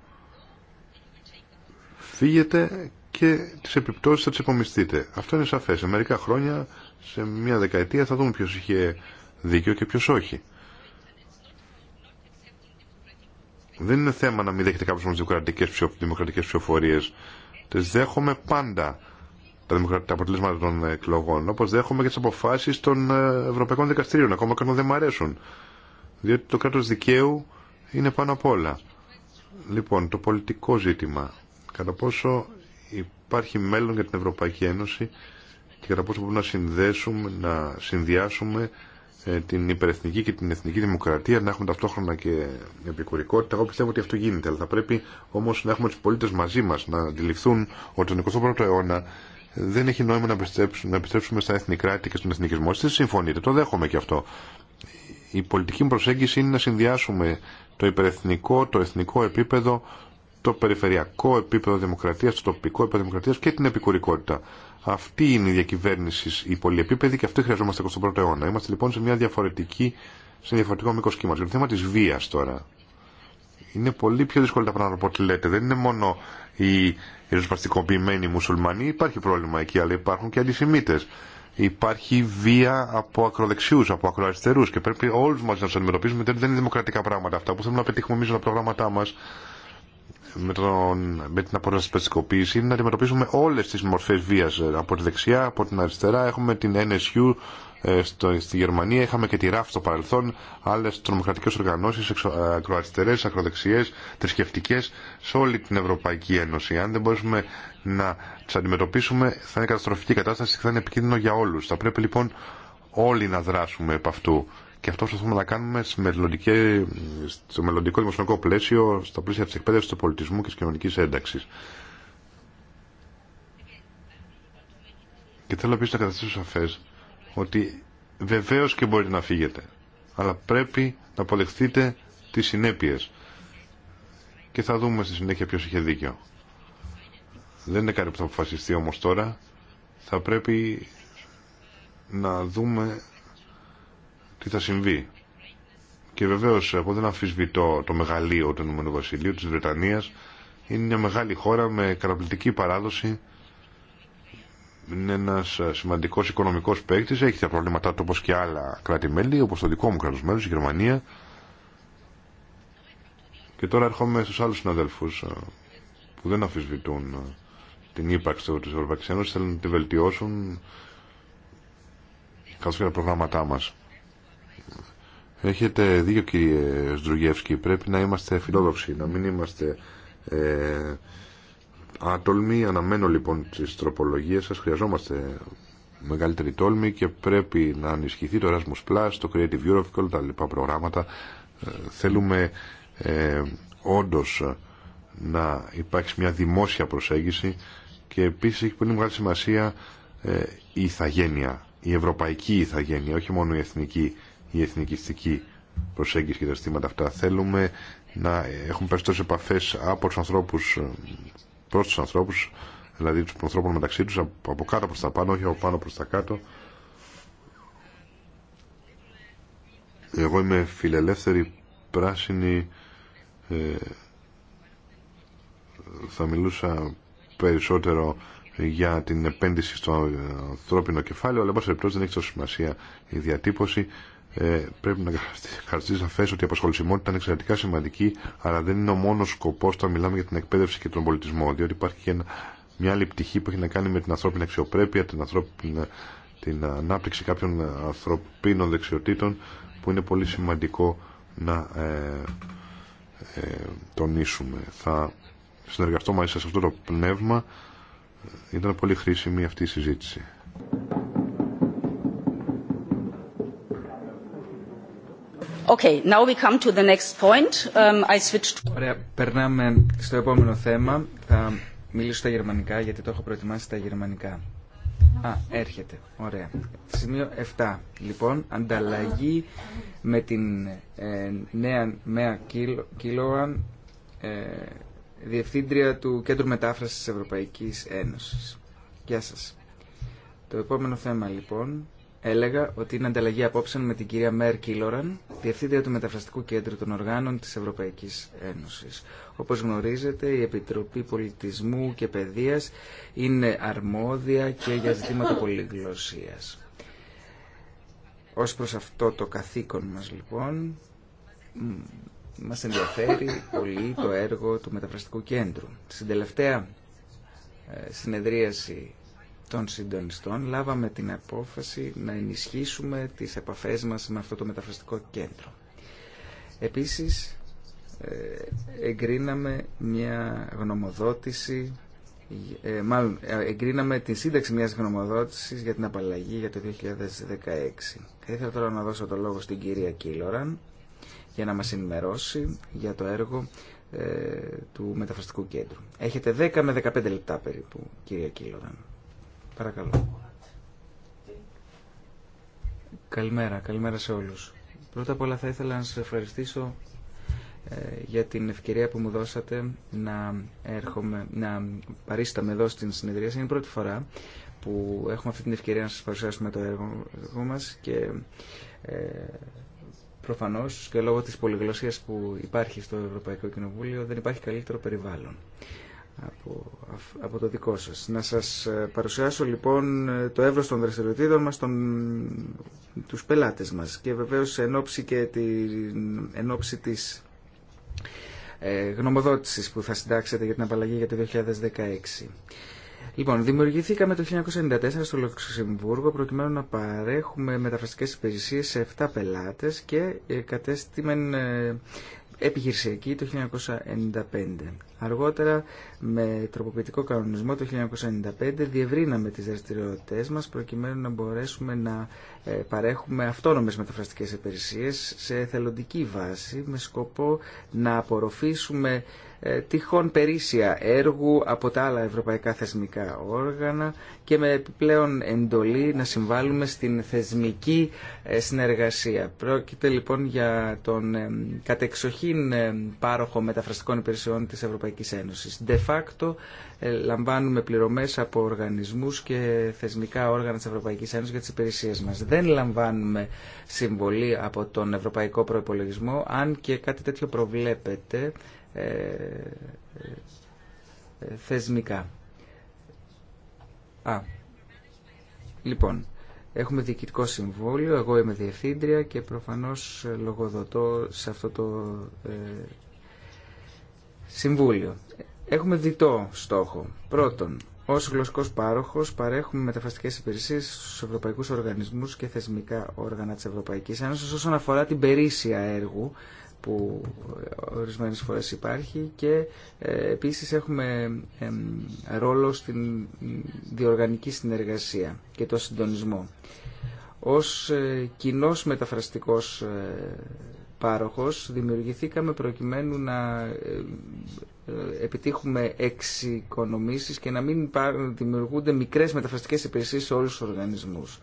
Φύγετε και τις επιπτώσεις θα τις επομιστείτε. Αυτό είναι σαφές. Σε μερικά χρόνια, σε μια δεκαετία θα δούμε ποιος είχε δίκιο και ποιος όχι. Δεν είναι θέμα να μην δέχεται κάποιο μόνο δημοκρατικές δημοκρατικέ ψηφοφορίε. Τι δέχομαι πάντα τα, τα αποτελέσματα των εκλογών. Όπω δέχομαι και τι αποφάσει των ε, Ευρωπαϊκών Δικαστηρίων, ακόμα και αν δεν μου αρέσουν. Διότι το κράτο δικαίου είναι πάνω απ' όλα. Λοιπόν, το πολιτικό ζήτημα. Κατά πόσο υπάρχει μέλλον για την Ευρωπαϊκή Ένωση και κατά πόσο μπορούμε να συνδέσουμε, να συνδυάσουμε ε, την υπερεθνική και την εθνική δημοκρατία, να έχουμε ταυτόχρονα και επικουρικότητα. Εγώ πιστεύω ότι αυτό γίνεται, αλλά θα πρέπει όμω να έχουμε του πολίτε μαζί μα να αντιληφθούν ότι τον 21ο αιώνα δεν έχει νόημα να επιστρέψουμε, να στα εθνικά κράτη και στον εθνικισμό. Εσείς συμφωνείτε, το δέχομαι και αυτό. Η πολιτική μου προσέγγιση είναι να συνδυάσουμε το υπερεθνικό, το εθνικό επίπεδο, το περιφερειακό επίπεδο δημοκρατίας, το τοπικό επίπεδο δημοκρατίας και την επικουρικότητα. Αυτή είναι η διακυβέρνηση, η πολυεπίπεδη και αυτή χρειαζόμαστε 21ο αιώνα. Είμαστε λοιπόν σε μια διαφορετική, σε διαφορετικό μήκο κύματο. Το θέμα τη βία τώρα. Είναι πολύ πιο δύσκολο τα πράγματα από ό,τι λέτε. Δεν είναι μόνο η ριζοσπαστικοποιημένοι μουσουλμανοί. Υπάρχει πρόβλημα εκεί, αλλά υπάρχουν και αντισημιτε. Υπάρχει βία από ακροδεξιού, από ακροαριστερού και πρέπει όλου μα να του αντιμετωπίζουμε. Δεν είναι δημοκρατικά πράγματα αυτά που θέλουμε να πετύχουμε εμεί τα προγράμματά μα με, τον, με την απορρασπιστικοποίηση είναι να αντιμετωπίσουμε όλε τι μορφέ βία ε, από τη δεξιά, από την αριστερά. Έχουμε την NSU ε, στο, στη Γερμανία. Είχαμε και τη ΡΑΦ στο παρελθόν, άλλε τρομοκρατικέ οργανώσει, ε, ακροαριστερέ, ακροδεξιέ, θρησκευτικέ, σε όλη την Ευρωπαϊκή Ένωση. Αν δεν μπορέσουμε να τι αντιμετωπίσουμε, θα είναι καταστροφική κατάσταση και θα είναι επικίνδυνο για όλου. Θα πρέπει λοιπόν όλοι να δράσουμε επ' αυτού. Και αυτό προσπαθούμε να κάνουμε στο μελλοντικό δημοσιονομικό πλαίσιο, στα πλαίσια τη εκπαίδευση του πολιτισμού και τη κοινωνική ένταξη. Και θέλω επίση να καταστήσω σαφέ ότι βεβαίως και μπορείτε να φύγετε, αλλά πρέπει να αποδεχθείτε τις συνέπειες. Και θα δούμε στη συνέχεια ποιος είχε δίκιο. Δεν είναι κάτι που θα αποφασιστεί όμως τώρα. Θα πρέπει να δούμε τι θα συμβεί. Και βεβαίως εγώ δεν αμφισβητώ το μεγαλείο του Ηνωμένου Βασιλείου, της Βρετανίας Είναι μια μεγάλη χώρα με καταπληκτική παράδοση είναι ένα ε, σημαντικό οικονομικό παίκτη, έχει τα προβλήματά του όπως και άλλα κράτη-μέλη, όπως το δικό μου κράτος μέλος, η Γερμανία. Και τώρα έρχομαι στου άλλους συναδέλφου ε, που δεν αφισβητούν ε, την ύπαρξη τη Ευρωπαϊκή Ένωση, θέλουν να τη βελτιώσουν καθώ και τα προγράμματά μας. Έχετε δίκιο κύριε Σντρουγεύσκη, πρέπει να είμαστε φιλόδοξοι, να μην είμαστε ε, άτολμη. Αναμένω λοιπόν τι τροπολογίε, σα Χρειαζόμαστε μεγαλύτερη τόλμη και πρέπει να ανισχυθεί το Erasmus Plus, το Creative Europe και όλα τα λοιπά προγράμματα. Ε, θέλουμε ε, όντως ε, να υπάρξει μια δημόσια προσέγγιση και επίση έχει πολύ μεγάλη σημασία ε, η ηθαγένεια, η ευρωπαϊκή ηθαγένεια, όχι μόνο η εθνική, η εθνικιστική προσέγγιση και τα στήματα αυτά. Θέλουμε να έχουμε περισσότερες επαφέ από του ανθρώπου προς τους ανθρώπους, δηλαδή τους ανθρώπων μεταξύ τους, από κάτω προς τα πάνω, όχι από πάνω προς τα κάτω. Εγώ είμαι φιλελεύθερη, πράσινη, ε, θα μιλούσα περισσότερο για την επένδυση στο ανθρώπινο κεφάλαιο, αλλά εν πάση δεν έχει τόσο σημασία η διατύπωση ε, πρέπει να να σαφέ ότι η απασχολησιμότητα είναι εξαιρετικά σημαντική, αλλά δεν είναι ο μόνο σκοπό όταν μιλάμε για την εκπαίδευση και τον πολιτισμό, διότι υπάρχει και μια άλλη πτυχή που έχει να κάνει με την ανθρώπινη αξιοπρέπεια, την, ανθρώπινη, την ανάπτυξη κάποιων ανθρωπίνων δεξιοτήτων, που είναι πολύ σημαντικό να ε, ε, τονίσουμε. Θα συνεργαστώ μαζί σας σε αυτό το πνεύμα. Ε, ήταν πολύ χρήσιμη αυτή η συζήτηση. Ωραία, περνάμε στο επόμενο θέμα. Θα μιλήσω στα γερμανικά γιατί το έχω προετοιμάσει στα γερμανικά. Α, έρχεται. Ωραία. Σημείο 7. Λοιπόν, ανταλλαγή με την ε, νέα Μέα Κίλοαν, ε, διευθύντρια του Κέντρου Μετάφρασης Ευρωπαϊκής Ένωσης. Γεια σας. Το επόμενο θέμα λοιπόν έλεγα ότι είναι ανταλλαγή απόψεων με την κυρία Μέρ Κίλωραν, Διευθύντρια του Μεταφραστικού Κέντρου των Οργάνων της Ευρωπαϊκής Ένωσης. Όπως γνωρίζετε, η Επιτροπή Πολιτισμού και Παιδείας είναι αρμόδια και για ζητήματα πολυγλωσσίας. Ως προς αυτό το καθήκον μας λοιπόν, μας ενδιαφέρει πολύ το έργο του Μεταφραστικού Κέντρου. Στην τελευταία ε, συνεδρίαση των συντονιστών λάβαμε την απόφαση να ενισχύσουμε τις επαφές μας με αυτό το μεταφραστικό κέντρο. Επίσης, ε, εγκρίναμε μια γνωμοδότηση, ε, μάλλον ε, εγκρίναμε την σύνταξη μιας γνωμοδότησης για την απαλλαγή για το 2016. Θα ήθελα τώρα να δώσω το λόγο στην κυρία Κίλωραν για να μας ενημερώσει για το έργο του μεταφραστικού κέντρου. Έχετε 10 με 15 λεπτά περίπου, κυρία Κίλωραν. Παρακαλώ. Καλημέρα, καλημέρα σε όλους. Πρώτα απ' όλα θα ήθελα να σας ευχαριστήσω ε, για την ευκαιρία που μου δώσατε να, έρχομαι, να παρίσταμε εδώ στην συνεδρία. Είναι η πρώτη φορά που έχουμε αυτή την ευκαιρία να σας παρουσιάσουμε το έργο μας και ε, προφανώς και λόγω της πολυγλωσσίας που υπάρχει στο Ευρωπαϊκό Κοινοβούλιο δεν υπάρχει καλύτερο περιβάλλον από, από το δικό σας. Να σας ε, παρουσιάσω λοιπόν ε, το εύρος των δραστηριοτήτων μας, των, τους πελάτες μας και βεβαίως εν ώψη, και την, εν της ε, γνωμοδότησης που θα συντάξετε για την απαλλαγή για το 2016. Λοιπόν, δημιουργηθήκαμε το 1994 στο Λουξεμβούργο προκειμένου να παρέχουμε μεταφραστικές υπηρεσίες σε 7 πελάτες και ε, κατέστημεν επιχειρησιακή το 1995. Αργότερα, με τροποποιητικό κανονισμό το 1995, διευρύναμε τις δραστηριότητες μας προκειμένου να μπορέσουμε να ε, παρέχουμε αυτόνομες μεταφραστικές υπηρεσίες σε εθελοντική βάση με σκοπό να απορροφήσουμε ε, τυχόν περίσσια έργου από τα άλλα ευρωπαϊκά θεσμικά όργανα και με επιπλέον εντολή να συμβάλλουμε στην θεσμική ε, συνεργασία. Πρόκειται λοιπόν για τον ε, κατεξοχήν πάροχο μεταφραστικών υπηρεσιών της Ευρωπαϊκής Ένωσης. De facto λαμβάνουμε πληρωμές από οργανισμούς και θεσμικά όργανα της Ευρωπαϊκής Ένωσης για τις υπηρεσίες μας. Δεν λαμβάνουμε συμβολή από τον Ευρωπαϊκό Προϋπολογισμό, αν και κάτι τέτοιο προβλέπεται ε, ε, θεσμικά. Α, λοιπόν, έχουμε διοικητικό συμβόλιο, εγώ είμαι διευθύντρια και προφανώς λογοδοτώ σε αυτό το ε, συμβούλιο. Έχουμε διτό στόχο. Πρώτον, ως γλωσσικός πάροχος παρέχουμε μεταφραστικέ υπηρεσίε στου ευρωπαϊκούς οργανισμούς και θεσμικά όργανα της Ευρωπαϊκής Ένωση όσον αφορά την περίσσια έργου, που ε, ορισμένες φορές υπάρχει και ε, επίσης έχουμε ρόλο στην διοργανική συνεργασία και το συντονισμό. Ως ε, κοινός μεταφραστικός πάροχος δημιουργηθήκαμε προκειμένου να επιτύχουμε εξοικονομήσεις και να μην δημιουργούνται μικρές μεταφραστικές υπηρεσίες σε όλους τους οργανισμούς.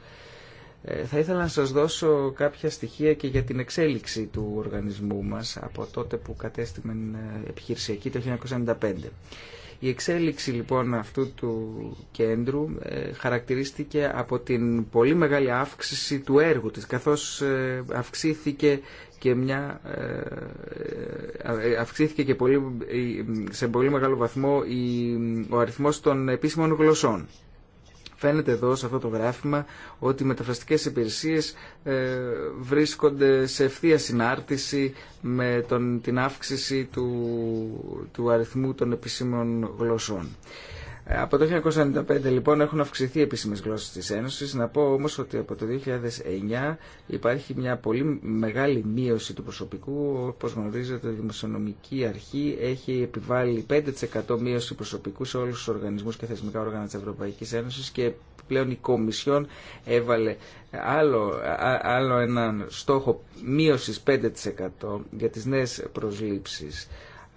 Ε, θα ήθελα να σας δώσω κάποια στοιχεία και για την εξέλιξη του οργανισμού μας από τότε που κατέστημε ε, επιχειρησιακή το 1995. Η εξέλιξη λοιπόν αυτού του κέντρου ε, χαρακτηρίστηκε από την πολύ μεγάλη αύξηση του έργου της καθώς αυξήθηκε και μια, αυξήθηκε και πολύ, σε πολύ μεγάλο βαθμό ο αριθμός των επίσημων γλωσσών. Φαίνεται εδώ σε αυτό το γράφημα ότι οι μεταφραστικές υπηρεσίες ε, βρίσκονται σε ευθεία συνάρτηση με τον, την αύξηση του, του αριθμού των επισήμων γλωσσών. Ε, από το 1995 λοιπόν έχουν αυξηθεί οι επίσημες γλώσσες της Ένωσης. Να πω όμως ότι από το 2009 υπάρχει μια πολύ μεγάλη μείωση του προσωπικού. Όπως γνωρίζετε η Δημοσιονομική Αρχή έχει επιβάλει 5% μείωση προσωπικού σε όλους τους οργανισμούς και θεσμικά όργανα της Ευρωπαϊκής Ένωσης και πλέον η Κομισιόν έβαλε άλλο, άλλο έναν στόχο μείωσης 5% για τις νέες προσλήψεις.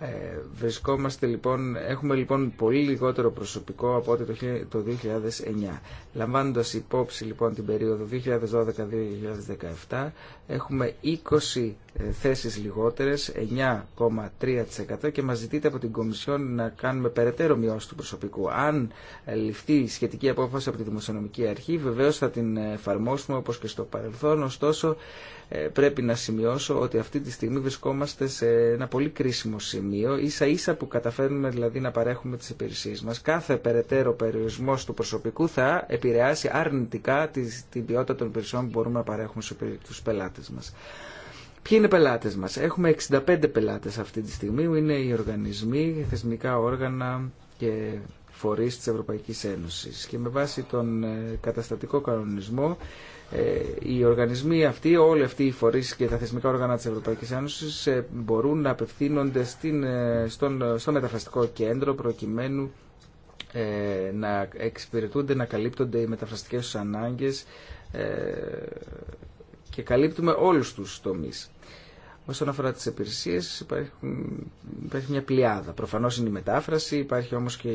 Ε, βρισκόμαστε λοιπόν, έχουμε λοιπόν πολύ λιγότερο προσωπικό από ό,τι το 2009. Λαμβάνοντας υπόψη λοιπόν την περίοδο 2012-2017 έχουμε 20 ε, θέσεις λιγότερες, 9,3% και μας ζητείται από την Κομισιόν να κάνουμε περαιτέρω μειώσει του προσωπικού. Αν ε, ληφθεί σχετική απόφαση από τη Δημοσιονομική Αρχή βεβαίως θα την ε, εφαρμόσουμε όπως και στο παρελθόν, ωστόσο ε, πρέπει να σημειώσω ότι αυτή τη στιγμή βρισκόμαστε σε ένα πολύ κρίσιμο σημείο, ίσα ίσα που καταφέρνουμε δηλαδή να παρέχουμε τις υπηρεσίες μας. Κάθε περαιτέρω περιορισμός του προσωπικού θα επηρεάσει αρνητικά την ποιότητα των υπηρεσιών που μπορούμε να παρέχουμε στους πελάτες μας. Ποιοι είναι οι πελάτες μας. Έχουμε 65 πελάτες αυτή τη στιγμή, είναι οι οργανισμοί, θεσμικά όργανα και φορείς της Ευρωπαϊκής Ένωσης. Και με βάση τον ε, καταστατικό κανονισμό, ε, οι οργανισμοί αυτοί, όλοι αυτοί οι φορείς και τα θεσμικά όργανα της Ευρωπαϊκής Ένωσης ε, μπορούν να απευθύνονται στην, στον, στο μεταφραστικό κέντρο προκειμένου να εξυπηρετούνται, να καλύπτονται οι μεταφραστικές τους ανάγκες και καλύπτουμε όλους τους τομείς. Όσον αφορά τις υπηρεσίε, υπάρχει μια πλειάδα. Προφανώς είναι η μετάφραση, υπάρχει όμως και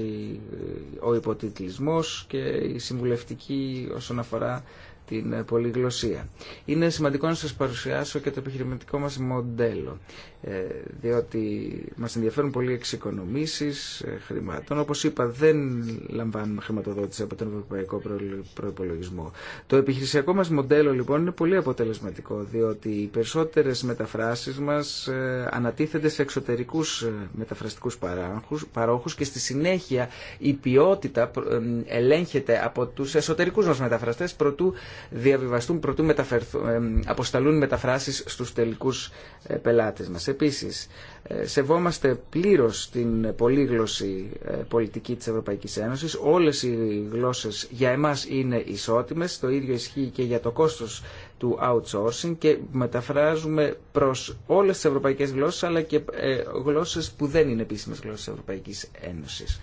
ο υποτιτλισμός και η συμβουλευτική όσον αφορά την ε, πολυγλωσία. Είναι σημαντικό να σας παρουσιάσω και το επιχειρηματικό μας μοντέλο, ε, διότι μας ενδιαφέρουν πολύ εξοικονομήσεις ε, χρημάτων. Όπως είπα, δεν λαμβάνουμε χρηματοδότηση από τον Ευρωπαϊκό Προϋπολογισμό. Το επιχειρησιακό μας μοντέλο, λοιπόν, είναι πολύ αποτελεσματικό, διότι οι περισσότερες μεταφράσεις μας ανατίθενται σε εξωτερικούς μεταφραστικούς παρόχους και στη συνέχεια η ποιότητα ελέγχεται από τους εσωτερικούς μας μεταφραστές προτού διαβιβαστούν προτού ε, αποσταλούν μεταφράσεις στους τελικούς ε, πελάτες μας. Επίσης, ε, σεβόμαστε πλήρως την πολύγλωση πολιτική της Ευρωπαϊκής Ένωσης. Όλες οι γλώσσες για εμάς είναι ισότιμες. Το ίδιο ισχύει και για το κόστος του outsourcing και μεταφράζουμε προς όλες τις ευρωπαϊκές γλώσσες αλλά και γλώσσες που δεν είναι επίσημες γλώσσες της Ευρωπαϊκής Ένωσης.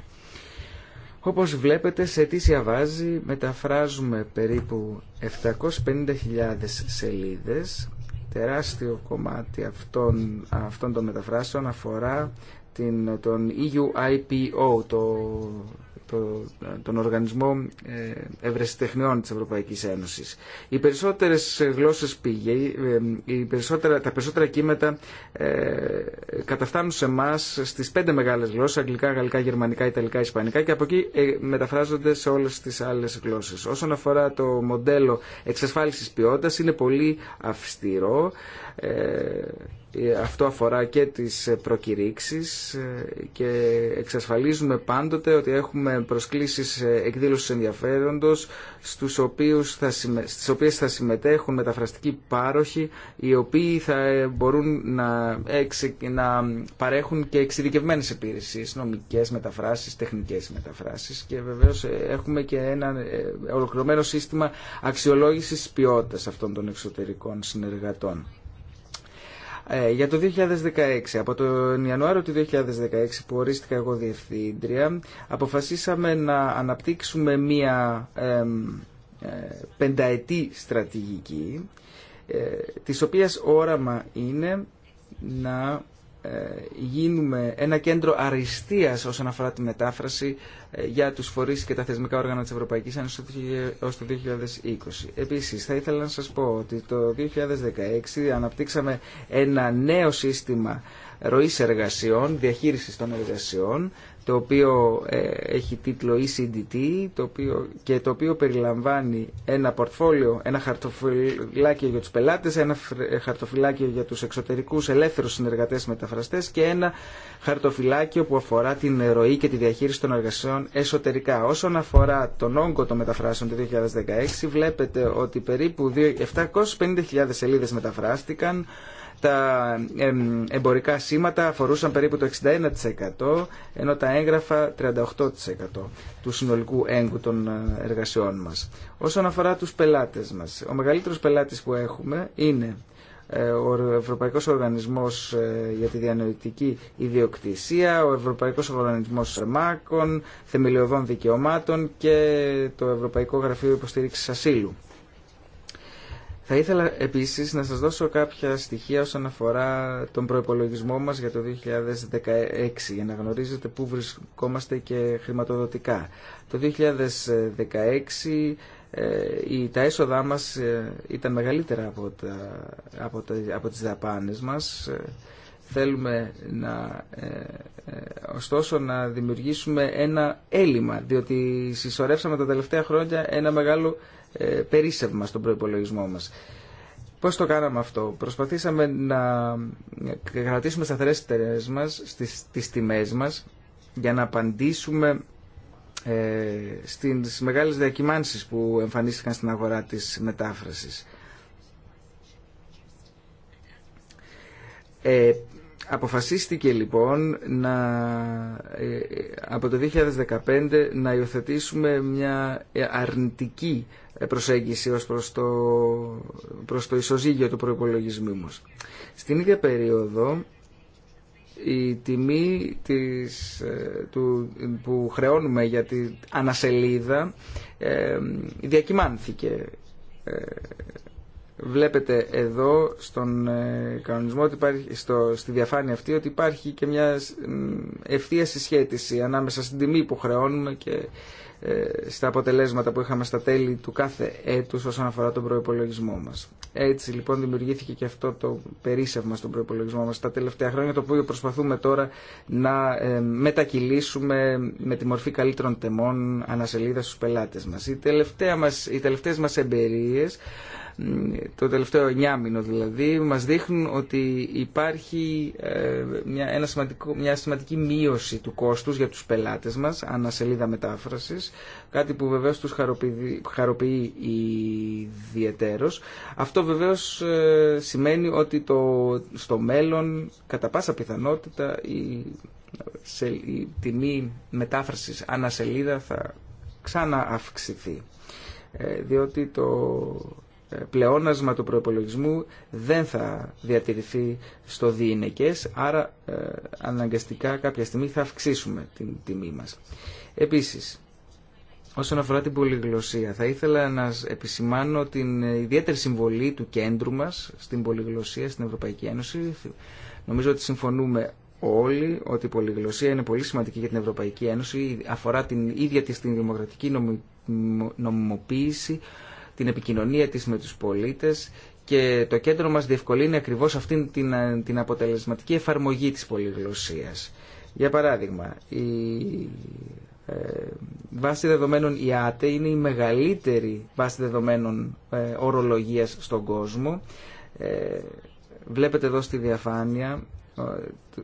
Όπως βλέπετε σε αιτήσια βάζη μεταφράζουμε περίπου 750.000 σελίδες. Τεράστιο κομμάτι αυτών, αυτών των μεταφράσεων αφορά την, τον EUIPO, το το, τον Οργανισμό ε, Ευρεσιτεχνιών της Ευρωπαϊκής Ένωσης. Οι περισσότερες γλώσσες πήγε, ε, οι περισσότερα, τα περισσότερα κύματα ε, καταφτάνουν σε εμά στις πέντε μεγάλες γλώσσες, αγγλικά, γαλλικά, γερμανικά, ιταλικά, ισπανικά και από εκεί ε, μεταφράζονται σε όλες τις άλλες γλώσσες. Όσον αφορά το μοντέλο εξασφάλισης ποιότητας είναι πολύ αυστηρό. Ε, αυτό αφορά και τις προκηρύξεις ε, και εξασφαλίζουμε πάντοτε ότι έχουμε προσκλήσεις ε, εκδήλωσης ενδιαφέροντος στους οποίους θα, στις οποίες θα συμμετέχουν μεταφραστικοί πάροχοι οι οποίοι θα μπορούν να, να παρέχουν και εξειδικευμένε επίρρησεις νομικές μεταφράσεις, τεχνικές μεταφράσεις και βεβαίως έχουμε και ένα ολοκληρωμένο σύστημα αξιολόγησης ποιότητας αυτών των εξωτερικών συνεργατών. Ε, για το 2016, από τον Ιανουάριο του 2016 που ορίστηκα εγώ διευθύντρια, αποφασίσαμε να αναπτύξουμε μία ε, πενταετή στρατηγική, ε, της οποίας όραμα είναι να ε, γίνουμε ένα κέντρο αριστείας όσον αφορά τη μετάφραση ε, για τους φορείς και τα θεσμικά όργανα της Ευρωπαϊκής Ένωσης ως το 2020. Επίσης, θα ήθελα να σας πω ότι το 2016 αναπτύξαμε ένα νέο σύστημα ροής εργασιών, διαχείρισης των εργασιών, το οποίο ε, έχει τίτλο ECDT το οποίο, και το οποίο περιλαμβάνει ένα πορτφόλιο, ένα χαρτοφυλάκιο για τους πελάτες, ένα ε, χαρτοφυλάκιο για τους εξωτερικούς ελεύθερους συνεργατές μεταφραστές και ένα χαρτοφυλάκιο που αφορά την ροή και τη διαχείριση των εργασιών εσωτερικά. Όσον αφορά τον όγκο των μεταφράσεων του 2016 βλέπετε ότι περίπου 750.000 σελίδες μεταφράστηκαν τα εμπορικά σήματα αφορούσαν περίπου το 61% ενώ τα έγγραφα 38% του συνολικού έγκου των ε, εργασιών μας. Όσον αφορά τους πελάτες μας, ο μεγαλύτερος πελάτης που έχουμε είναι ε, ο Ευρωπαϊκός Οργανισμός ε, για τη Διανοητική Ιδιοκτησία, ο Ευρωπαϊκός Οργανισμός σερμάκων, Θεμελιωδών Δικαιωμάτων και το Ευρωπαϊκό Γραφείο Υποστήριξης Ασύλου. Θα ήθελα επίσης να σας δώσω κάποια στοιχεία όσον αφορά τον προϋπολογισμό μας για το 2016, για να γνωρίζετε πού βρισκόμαστε και χρηματοδοτικά. Το 2016 ε, τα έσοδά μας ε, ήταν μεγαλύτερα από, τα, από, τα, τις δαπάνες μας. Ε, θέλουμε να, ωστόσο να δημιουργήσουμε ένα έλλειμμα, διότι συσσωρεύσαμε τα τελευταία χρόνια ένα μεγάλο ε, περίσσευμα στον προϋπολογισμό μας. Πώς το κάναμε αυτό. Προσπαθήσαμε να κρατήσουμε σταθερές τις μας, στις, τιμές μας, για να απαντήσουμε ε, στις μεγάλες διακυμάνσεις που εμφανίστηκαν στην αγορά της μετάφρασης. Ε, αποφασίστηκε λοιπόν να, ε, ε, από το 2015 να υιοθετήσουμε μια αρνητική ε, προσέγγιση ως προς το, προς το ισοζύγιο του προϋπολογισμού μας. Στην ίδια περίοδο η τιμή της, ε, του, που χρεώνουμε για την ανασελίδα ε, διακυμάνθηκε. Ε, βλέπετε εδώ στον ε, κανονισμό, ότι υπάρχει, στο, στη διαφάνεια αυτή, ότι υπάρχει και μια ευθεία συσχέτιση ανάμεσα στην τιμή που χρεώνουμε και ε, στα αποτελέσματα που είχαμε στα τέλη του κάθε έτους όσον αφορά τον προϋπολογισμό μας. Έτσι λοιπόν δημιουργήθηκε και αυτό το περίσσευμα στον προϋπολογισμό μας τα τελευταία χρόνια το οποίο προσπαθούμε τώρα να ε, μετακυλήσουμε με τη μορφή καλύτερων τεμών ανασελίδα στους πελάτες μας. Οι, μας, οι τελευταίες μας εμπειρίες το τελευταίο 9 δηλαδή, μας δείχνουν ότι υπάρχει ε, μια, ένα σημαντικό, μια σημαντική μείωση του κόστους για τους πελάτες μας, ανασελίδα μετάφρασης, κάτι που βεβαίως τους χαροποιεί, χαροποιεί ιδιαιτέρως. Αυτό βεβαίως ε, σημαίνει ότι το, στο μέλλον, κατά πάσα πιθανότητα, η, η τιμή μετάφρασης ανασελίδα θα ξανααυξηθεί ε, διότι το πλεόνασμα του προπολογισμού δεν θα διατηρηθεί στο διηνεκές, άρα ε, αναγκαστικά κάποια στιγμή θα αυξήσουμε την τιμή μας. Επίσης, όσον αφορά την πολυγλωσία, θα ήθελα να επισημάνω την ιδιαίτερη συμβολή του κέντρου μας στην πολυγλωσία στην Ευρωπαϊκή Ένωση. Νομίζω ότι συμφωνούμε όλοι ότι η πολυγλωσία είναι πολύ σημαντική για την Ευρωπαϊκή Ένωση, αφορά την ίδια της δημοκρατική νομιμοποίηση, την επικοινωνία της με τους πολίτες και το κέντρο μας διευκολύνει ακριβώς αυτήν την, την αποτελεσματική εφαρμογή της πολυγλωσσίας. Για παράδειγμα, η ε, βάση δεδομένων ΙΑΤΕ είναι η μεγαλύτερη βάση δεδομένων ε, ορολογίας στον κόσμο. Ε, βλέπετε εδώ στη διαφάνεια ε,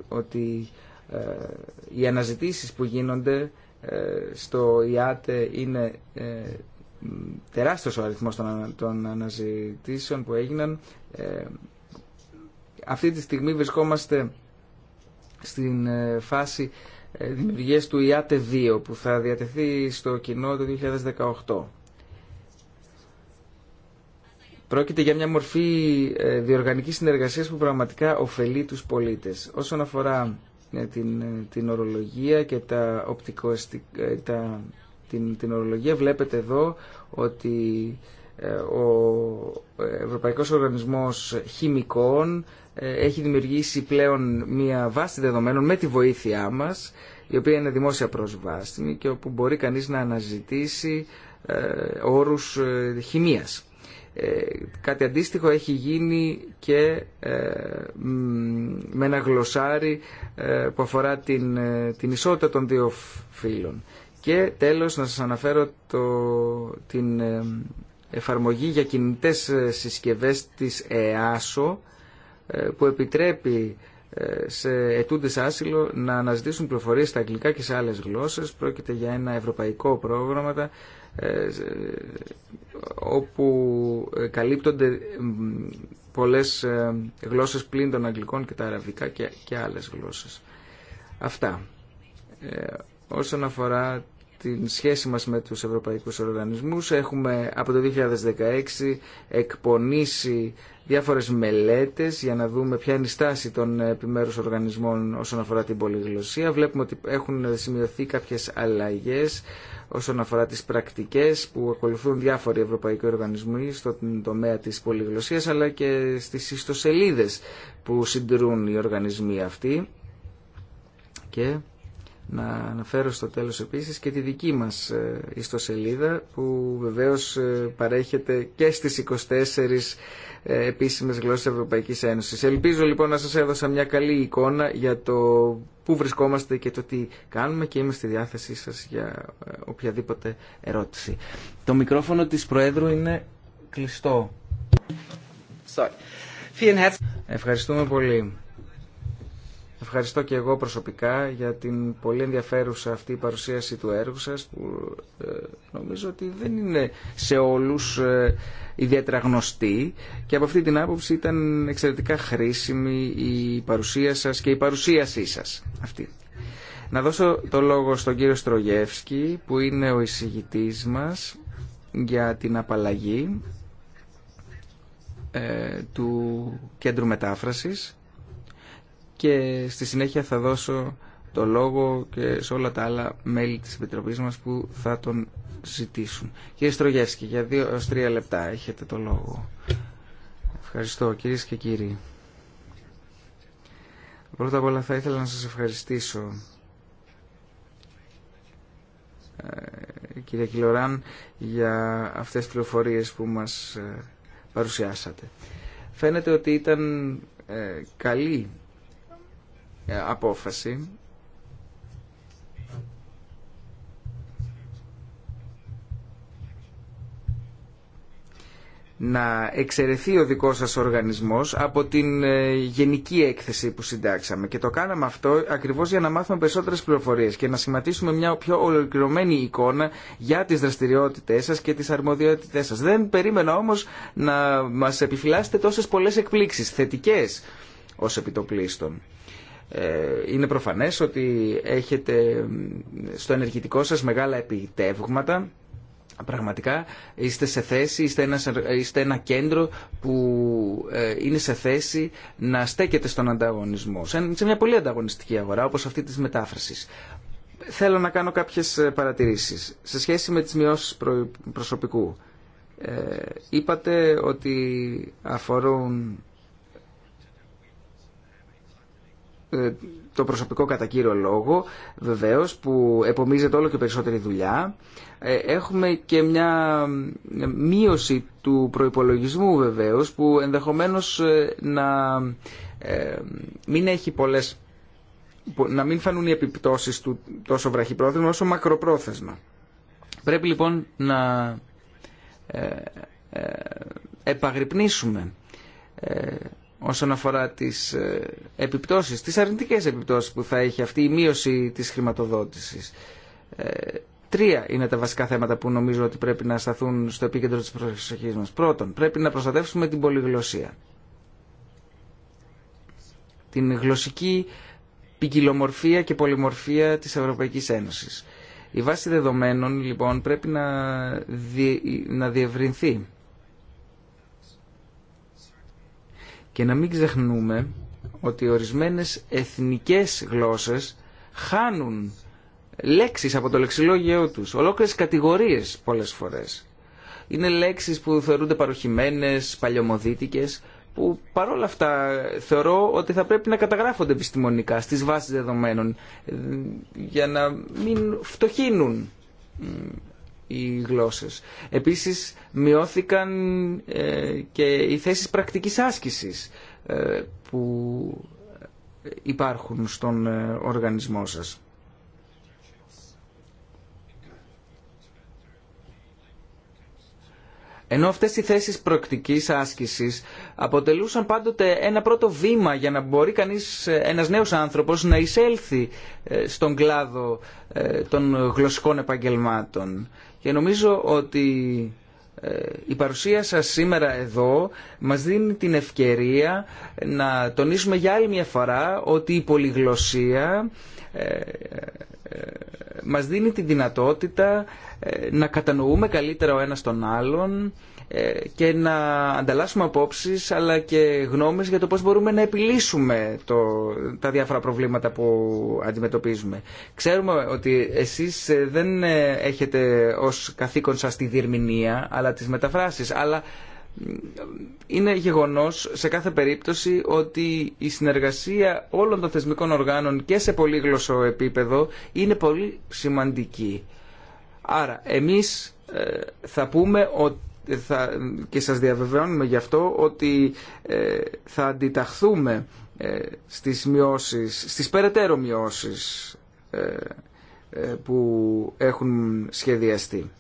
ότι ε, οι αναζητήσεις που γίνονται ε, στο ΙΑΤΕ είναι τεράστιος ο αριθμός των αναζητήσεων που έγιναν. Ε, αυτή τη στιγμή βρισκόμαστε στην ε, φάση ε, δημιουργίας του ΙΑΤΕ 2 που θα διατεθεί στο κοινό το 2018. Πρόκειται για μια μορφή διοργανικής συνεργασίας που πραγματικά ωφελεί τους πολίτες. Όσον αφορά την, την ορολογία και τα, οπτικοαισθη την, την ορολογία βλέπετε εδώ ότι ε, ο ε, Ευρωπαϊκός Οργανισμός Χημικών ε, έχει δημιουργήσει πλέον μια βάση δεδομένων με τη βοήθειά μας η οποία είναι δημόσια προσβάσιμη και όπου μπορεί κανείς να αναζητήσει όρους χημίας. Κάτι αντίστοιχο έχει γίνει και με ένα γλωσσάρι που αφορά την, την ισότητα των δύο φύλων. Και τέλος να σας αναφέρω το, την ε, εφαρμογή για κινητές ε, συσκευές της ΕΑΣΟ ε, που επιτρέπει σε ετούντες άσυλο να αναζητήσουν πληροφορίες στα αγγλικά και σε άλλες γλώσσες. Πρόκειται για ένα ευρωπαϊκό πρόγραμμα όπου καλύπτονται πολλές γλώσσες πλήν των αγγλικών και τα αραβικά και άλλες γλώσσες. Αυτά. Όσον αφορά την σχέση μας με τους ευρωπαϊκούς οργανισμούς. Έχουμε από το 2016 εκπονήσει διάφορες μελέτες για να δούμε ποια είναι η στάση των επιμέρους οργανισμών όσον αφορά την πολυγλωσία. Βλέπουμε ότι έχουν σημειωθεί κάποιες αλλαγές όσον αφορά τις πρακτικές που ακολουθούν διάφοροι ευρωπαϊκοί οργανισμοί στον τομέα της πολυγλωσίας αλλά και στις ιστοσελίδες που συντηρούν οι οργανισμοί αυτοί. Και να αναφέρω στο τέλος επίσης και τη δική μας ε, ιστοσελίδα που βεβαίως ε, παρέχεται και στις 24 ε, επίσημες γλώσσες Ευρωπαϊκής Ένωσης. Ελπίζω λοιπόν να σας έδωσα μια καλή εικόνα για το πού βρισκόμαστε και το τι κάνουμε και είμαι στη διάθεσή σας για οποιαδήποτε ερώτηση. Το μικρόφωνο της Προέδρου είναι κλειστό. Sorry. Ευχαριστούμε πολύ. Ευχαριστώ και εγώ προσωπικά για την πολύ ενδιαφέρουσα αυτή παρουσίαση του έργου σας που ε, νομίζω ότι δεν είναι σε όλους ε, ιδιαίτερα γνωστή και από αυτή την άποψη ήταν εξαιρετικά χρήσιμη η παρουσία σας και η παρουσίασή σας αυτή. Να δώσω το λόγο στον κύριο Στρογεύσκη που είναι ο εισηγητής μας για την απαλλαγή ε, του Κέντρου Μετάφρασης και στη συνέχεια θα δώσω το λόγο και σε όλα τα άλλα μέλη της Επιτροπής μας που θα τον ζητήσουν. Κύριε Στρογεύσκη, για δύο έως τρία λεπτά έχετε το λόγο. Ευχαριστώ κυρίες και κύριοι. Πρώτα απ' όλα θα ήθελα να σας ευχαριστήσω κύριε Κιλοράν για αυτές τις πληροφορίες που μας ε, παρουσιάσατε. Φαίνεται ότι ήταν ε, καλή ε, απόφαση να εξαιρεθεί ο δικός σας οργανισμός από την ε, γενική έκθεση που συντάξαμε και το κάναμε αυτό ακριβώς για να μάθουμε περισσότερες πληροφορίες και να σχηματίσουμε μια πιο ολοκληρωμένη εικόνα για τις δραστηριότητές σας και τις αρμοδιότητές σας. Δεν περίμενα όμως να μας επιφυλάσσετε τόσες πολλές εκπλήξεις θετικές ως επιτοπλίστων. Ε, είναι προφανές ότι έχετε στο ενεργητικό σας μεγάλα επιτεύγματα Πραγματικά είστε σε θέση, είστε ένα, είστε ένα κέντρο που ε, είναι σε θέση να στέκεται στον ανταγωνισμό, σε μια πολύ ανταγωνιστική αγορά όπως αυτή της μετάφρασης. Θέλω να κάνω κάποιες ε, παρατηρήσεις. Σε σχέση με τις μειώσεις προσωπικού, είπατε ότι αφορούν Ε, το προσωπικό κατά κύριο λόγο βεβαίως που επομίζεται όλο και περισσότερη δουλειά ε, έχουμε και μια μείωση του προϋπολογισμού βεβαίως που ενδεχομένως ε, να μην έχει πολλές να μην φανούν οι επιπτώσεις του τόσο βραχυπρόθεσμα όσο μακροπρόθεσμα πρέπει λοιπόν να επαγρυπνήσουμε όσον αφορά τις ε, επιπτώσεις, τις αρνητικές επιπτώσεις που θα έχει αυτή η μείωση της χρηματοδότησης. Ε, τρία είναι τα βασικά θέματα που νομίζω ότι πρέπει να σταθούν στο επίκεντρο της προσοχής μας. Πρώτον, πρέπει να προστατεύσουμε την πολυγλωσία. Την γλωσσική ποικιλομορφία και πολυμορφία της Ευρωπαϊκής Ένωσης. Η βάση δεδομένων, λοιπόν, πρέπει να, να διευρυνθεί Και να μην ξεχνούμε ότι ορισμένες εθνικές γλώσσες χάνουν λέξεις από το λεξιλόγιο τους, ολόκληρες κατηγορίες πολλές φορές. Είναι λέξεις που θεωρούνται παροχημένες, παλιωμοδίτικες, που παρόλα αυτά θεωρώ ότι θα πρέπει να καταγράφονται επιστημονικά στις βάσεις δεδομένων ε, για να μην φτωχύνουν οι γλώσσες. Επίσης μειώθηκαν ε, και οι θέσεις πρακτικής άσκησης ε, που υπάρχουν στον ε, οργανισμό σας. Ενώ αυτές οι θέσεις πρακτικής άσκησης αποτελούσαν πάντοτε ένα πρώτο βήμα για να μπορεί κανείς, ένας νέος άνθρωπος να εισέλθει στον κλάδο των γλωσσικών επαγγελμάτων. Και νομίζω ότι ε, η παρουσία σας σήμερα εδώ μας δίνει την ευκαιρία να τονίσουμε για άλλη μια φορά ότι η πολυγλωσία ε, ε, μας δίνει τη δυνατότητα να κατανοούμε καλύτερα ο ένας τον άλλον ε, και να ανταλλάσσουμε απόψεις αλλά και γνώμες για το πώς μπορούμε να επιλύσουμε το, τα διάφορα προβλήματα που αντιμετωπίζουμε. Ξέρουμε ότι εσείς ε, δεν ε, έχετε ως καθήκον σας τη διερμηνία αλλά τις μεταφράσεις, αλλά είναι γεγονός σε κάθε περίπτωση ότι η συνεργασία όλων των θεσμικών οργάνων και σε πολύγλωσσο επίπεδο είναι πολύ σημαντική. Άρα εμείς θα πούμε ότι θα, και σας διαβεβαιώνουμε γι' αυτό ότι ε, θα αντιταχθούμε ε, στις μειώσεις, στις περαιτέρω μειώσεις ε, ε, που έχουν σχεδιαστεί.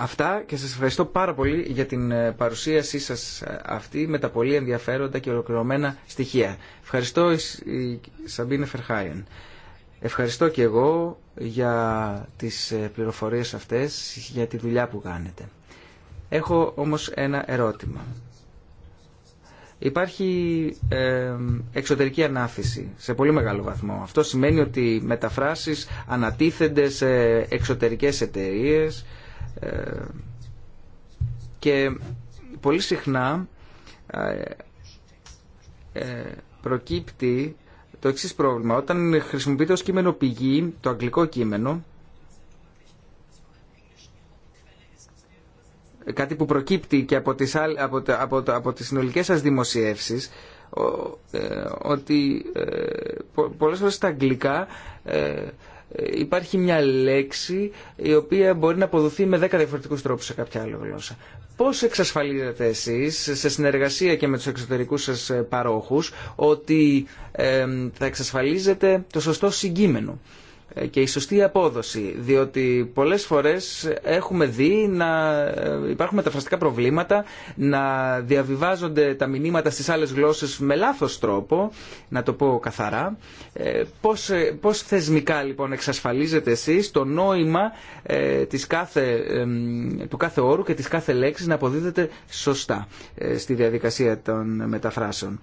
Αυτά και σας ευχαριστώ πάρα πολύ για την παρουσίασή σας αυτή με τα πολύ ενδιαφέροντα και ολοκληρωμένα στοιχεία. Ευχαριστώ η Σαμπίνε Φερχάιεν. Ευχαριστώ και εγώ για τις ε, πληροφορίες αυτές, για τη δουλειά που κάνετε. Έχω όμως ένα ερώτημα. Υπάρχει ε, εξωτερική ανάφηση σε πολύ μεγάλο βαθμό. Αυτό σημαίνει ότι μεταφράσεις ανατίθενται σε εξωτερικές εταιρείες ε, και πολύ συχνά προκύπτει το εξή πρόβλημα. Όταν χρησιμοποιείται ως κείμενο πηγή, το αγγλικό κείμενο, κάτι που προκύπτει και από τις, από, από, από τις συνολικές σας δημοσιεύσεις, ε, ότι ε, πολλές φορές τα αγγλικά ε, υπάρχει μια λέξη η οποία μπορεί να αποδοθεί με 10 διαφορετικούς τρόπους σε κάποια άλλη γλώσσα. Πώς εξασφαλίζετε εσείς σε συνεργασία και με τους εξωτερικούς σας παρόχους ότι θα εξασφαλίζετε το σωστό συγκείμενο. Ε, και η σωστή απόδοση, διότι πολλές φορές έχουμε δει να ε, υπάρχουν μεταφραστικά προβλήματα, να διαβιβάζονται τα μηνύματα στις άλλες γλώσσες με λάθος τρόπο, να το πω καθαρά. Ε, πώς, πώς θεσμικά λοιπόν εξασφαλίζετε εσείς το νόημα της κάθε, του κάθε όρου και της κάθε λέξης να αποδίδεται σωστά στη διαδικασία των μεταφράσεων.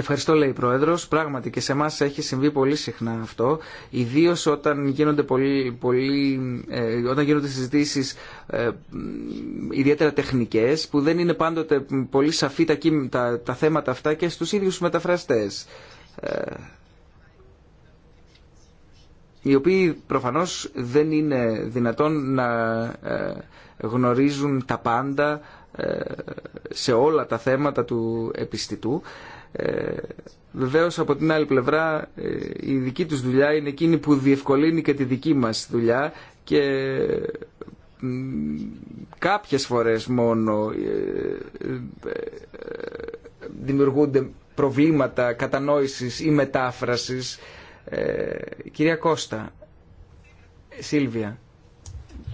Ευχαριστώ, λέει η Πρόεδρο. Πράγματι και σε εμά έχει συμβεί πολύ συχνά αυτό. Ιδίω όταν γίνονται, πολύ, πολύ, ε, γίνονται συζητήσει ε, ιδιαίτερα τεχνικέ, που δεν είναι πάντοτε πολύ σαφή τα, τα, τα θέματα αυτά και στου ίδιου μεταφραστέ. Ε, οι οποίοι προφανώς δεν είναι δυνατόν να ε, γνωρίζουν τα πάντα σε όλα τα θέματα του επιστητού. Ε, βεβαίως από την άλλη πλευρά ε, η δική τους δουλειά είναι εκείνη που διευκολύνει και τη δική μας δουλειά και κάποιες φορές μόνο ε, δημιουργούνται προβλήματα κατανόησης ή μετάφρασης. Κυρία Κώστα, Σίλβια,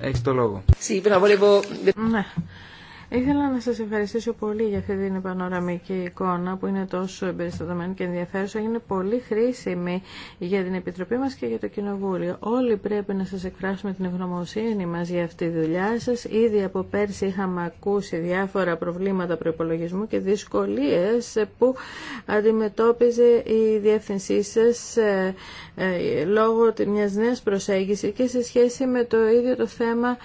έχεις το λόγο. Ναι. Ήθελα να σας ευχαριστήσω πολύ για αυτή την πανοραμική εικόνα που είναι τόσο εμπεριστατωμένη και ενδιαφέρουσα. Είναι πολύ χρήσιμη για την Επιτροπή μας και για το Κοινοβούλιο. Όλοι πρέπει να σας εκφράσουμε την ευγνωμοσύνη μας για αυτή τη δουλειά σας. Ήδη από πέρσι είχαμε ακούσει διάφορα προβλήματα προπολογισμού και δυσκολίες που αντιμετώπιζε η διεύθυνσή σας ε, ε, λόγω μιας νέας προσέγγισης και σε σχέση με το ίδιο το θέμα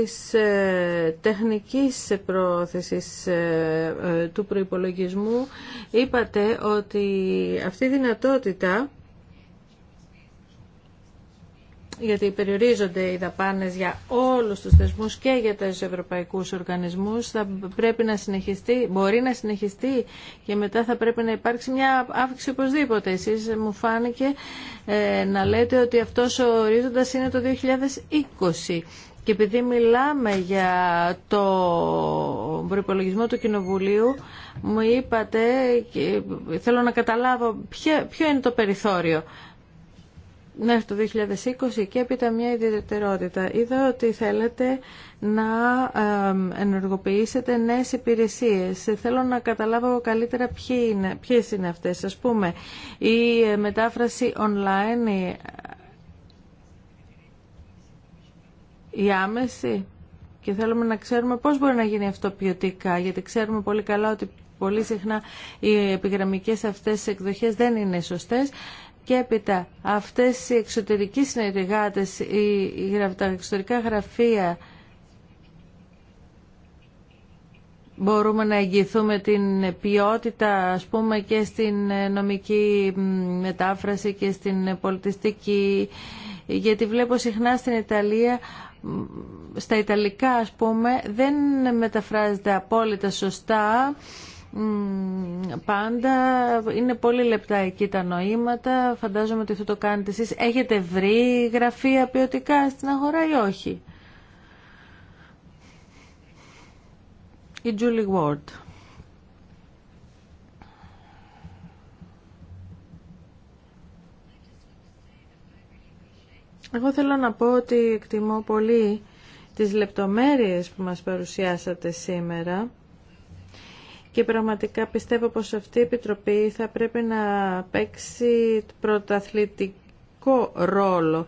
της ε, τεχνικής πρόθεσης ε, ε, του προϋπολογισμού είπατε ότι αυτή η δυνατότητα γιατί περιορίζονται οι δαπάνες για όλους τους θεσμούς και για τους ευρωπαϊκούς οργανισμούς θα πρέπει να συνεχιστεί, μπορεί να συνεχιστεί και μετά θα πρέπει να υπάρξει μια αύξηση οπωσδήποτε. Εσείς μου φάνηκε να λέτε ότι αυτός ο ορίζοντας είναι το 2020 και επειδή μιλάμε για το προπολογισμό του Κοινοβουλίου, μου είπατε, θέλω να καταλάβω ποιο, είναι το περιθώριο. Ναι, το 2020 και έπειτα μια ιδιαιτερότητα. Είδα ότι θέλετε να ενεργοποιήσετε νέες υπηρεσίες. Θέλω να καταλάβω καλύτερα ποιες είναι, ποιες είναι αυτές. Ας πούμε, η μετάφραση online, η άμεση και θέλουμε να ξέρουμε πώς μπορεί να γίνει αυτό ποιοτικά, γιατί ξέρουμε πολύ καλά ότι πολύ συχνά οι επιγραμμικές αυτές εκδοχές δεν είναι σωστές και έπειτα αυτές οι εξωτερικοί συνεργάτες, οι, τα εξωτερικά γραφεία μπορούμε να εγγυηθούμε την ποιότητα ας πούμε και στην νομική μετάφραση και στην πολιτιστική γιατί βλέπω συχνά στην Ιταλία στα Ιταλικά ας πούμε δεν μεταφράζεται απόλυτα σωστά πάντα είναι πολύ λεπτά εκεί τα νοήματα φαντάζομαι ότι αυτό το κάνετε εσείς έχετε βρει γραφεία ποιοτικά στην αγορά ή όχι η Julie Ward Εγώ θέλω να πω ότι εκτιμώ πολύ τις λεπτομέρειες που μας παρουσιάσατε σήμερα και πραγματικά πιστεύω πως αυτή η Επιτροπή θα πρέπει να παίξει πρωταθλητικό ρόλο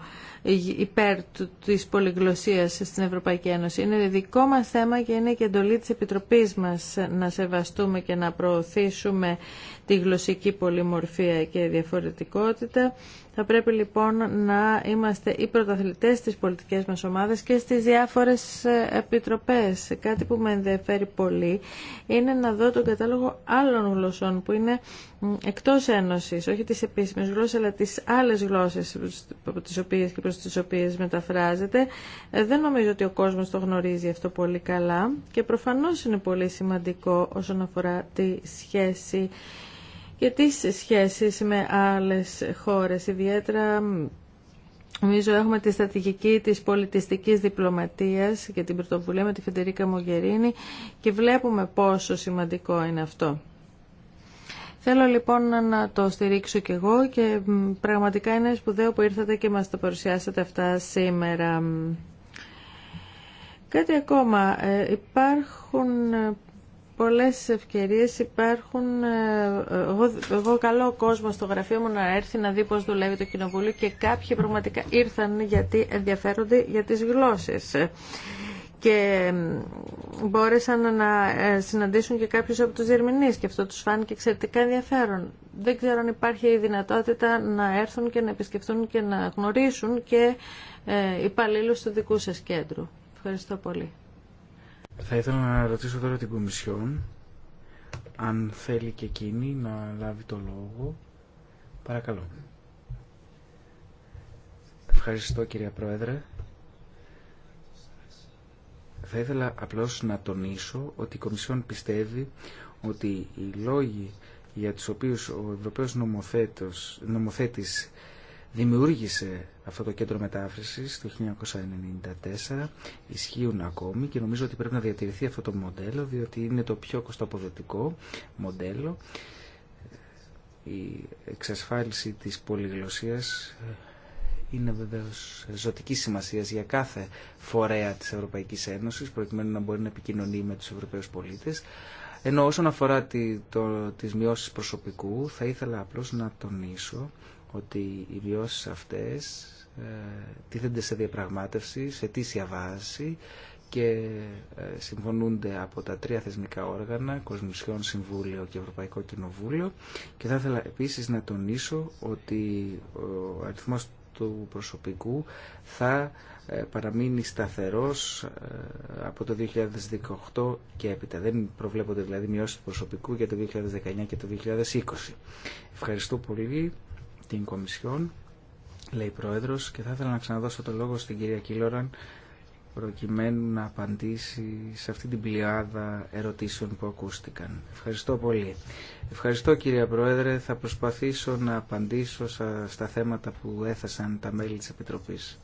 υπέρ της πολυγλωσσίας στην Ευρωπαϊκή Ένωση. Είναι δικό μας θέμα και είναι και εντολή της Επιτροπής μας να σεβαστούμε και να προωθήσουμε τη γλωσσική πολυμορφία και διαφορετικότητα. Θα πρέπει λοιπόν να είμαστε οι πρωταθλητές στις πολιτικές μας ομάδες και στις διάφορες ε, επιτροπές. Κάτι που με ενδιαφέρει πολύ είναι να δω τον κατάλογο άλλων γλωσσών που είναι εκτός ένωσης, όχι τις επίσημες γλώσσες, αλλά τις άλλες γλώσσες από τις οποίες και προς τις οποίες μεταφράζεται. Ε, δεν νομίζω ότι ο κόσμος το γνωρίζει αυτό πολύ καλά και προφανώς είναι πολύ σημαντικό όσον αφορά τη σχέση και τις σχέσεις με άλλες χώρες, ιδιαίτερα Νομίζω έχουμε τη στρατηγική της πολιτιστικής διπλωματίας και την πρωτοβουλία με τη Φεντερίκα Μογερίνη και βλέπουμε πόσο σημαντικό είναι αυτό. Θέλω λοιπόν να το στηρίξω και εγώ και πραγματικά είναι σπουδαίο που ήρθατε και μας το παρουσιάσατε αυτά σήμερα. Κάτι ακόμα. Ε, υπάρχουν ε, πολλές ευκαιρίες υπάρχουν. Ε, εγώ, εγώ καλώ κόσμο στο γραφείο μου να έρθει να δει πώς δουλεύει το κοινοβούλιο και κάποιοι πραγματικά ήρθαν γιατί ενδιαφέρονται για τις γλώσσες και μπόρεσαν να ε, συναντήσουν και κάποιους από τους διερμηνείς και αυτό τους φάνηκε εξαιρετικά ενδιαφέρον. Δεν ξέρω αν υπάρχει η δυνατότητα να έρθουν και να επισκεφτούν και να γνωρίσουν και ε, υπαλλήλους του δικού σας κέντρου. Ευχαριστώ πολύ. Θα ήθελα να ρωτήσω τώρα την Κομισιόν αν θέλει και εκείνη να λάβει το λόγο. Παρακαλώ. Ευχαριστώ κυρία Πρόεδρε. Θα ήθελα απλώς να τονίσω ότι η Κομισιόν πιστεύει ότι οι λόγοι για τους οποίους ο Ευρωπαίος νομοθέτης δημιούργησε αυτό το κέντρο μετάφρασης το 1994 ισχύουν ακόμη και νομίζω ότι πρέπει να διατηρηθεί αυτό το μοντέλο διότι είναι το πιο κοστοποδοτικό μοντέλο η εξασφάλιση της πολυγλωσσίας ε, είναι βεβαίως ζωτική σημασία για κάθε φορέα της Ευρωπαϊκής Ένωσης προκειμένου να μπορεί να επικοινωνεί με τους Ευρωπαίους πολίτες ενώ όσον αφορά τη, το, τις μειώσεις προσωπικού θα ήθελα απλώς να τονίσω ότι οι μειώσεις αυτές ε, τίθενται σε διαπραγμάτευση, σε τήσια βάση και ε, συμφωνούνται από τα τρία θεσμικά όργανα, Κοσμισιόν, Συμβούλιο και Ευρωπαϊκό Κοινοβούλιο και θα ήθελα επίσης να τονίσω ότι ο αριθμός του προσωπικού θα ε, παραμείνει σταθερός από το 2018 και έπειτα. Δεν προβλέπονται δηλαδή μειώσεις του προσωπικού για το 2019 και το 2020. Ευχαριστώ πολύ την Κομισιόν, λέει Πρόεδρος, και θα ήθελα να ξαναδώσω το λόγο στην κυρία Κίλωραν, προκειμένου να απαντήσει σε αυτή την πλειάδα ερωτήσεων που ακούστηκαν. Ευχαριστώ πολύ. Ευχαριστώ κυρία Πρόεδρε. Θα προσπαθήσω να απαντήσω στα θέματα που έθεσαν τα μέλη της Επιτροπής.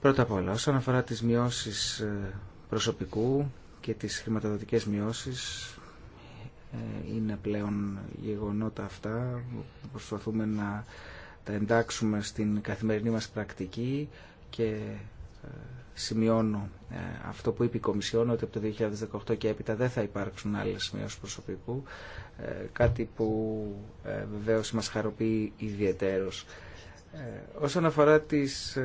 Πρώτα απ' όλα, όσον αφορά τις μειώσεις ε, προσωπικού και τις χρηματοδοτικές μειώσεις, ε, είναι πλέον γεγονότα αυτά. Προσπαθούμε να τα εντάξουμε στην καθημερινή μας πρακτική και ε, σημειώνω ε, αυτό που είπε η Κομισιόν ότι από το 2018 και έπειτα δεν θα υπάρξουν άλλες σημειώσεις προσωπικού κάτι που βεβαίως μας χαροποιεί ιδιαίτερος. Όσον αφορά τις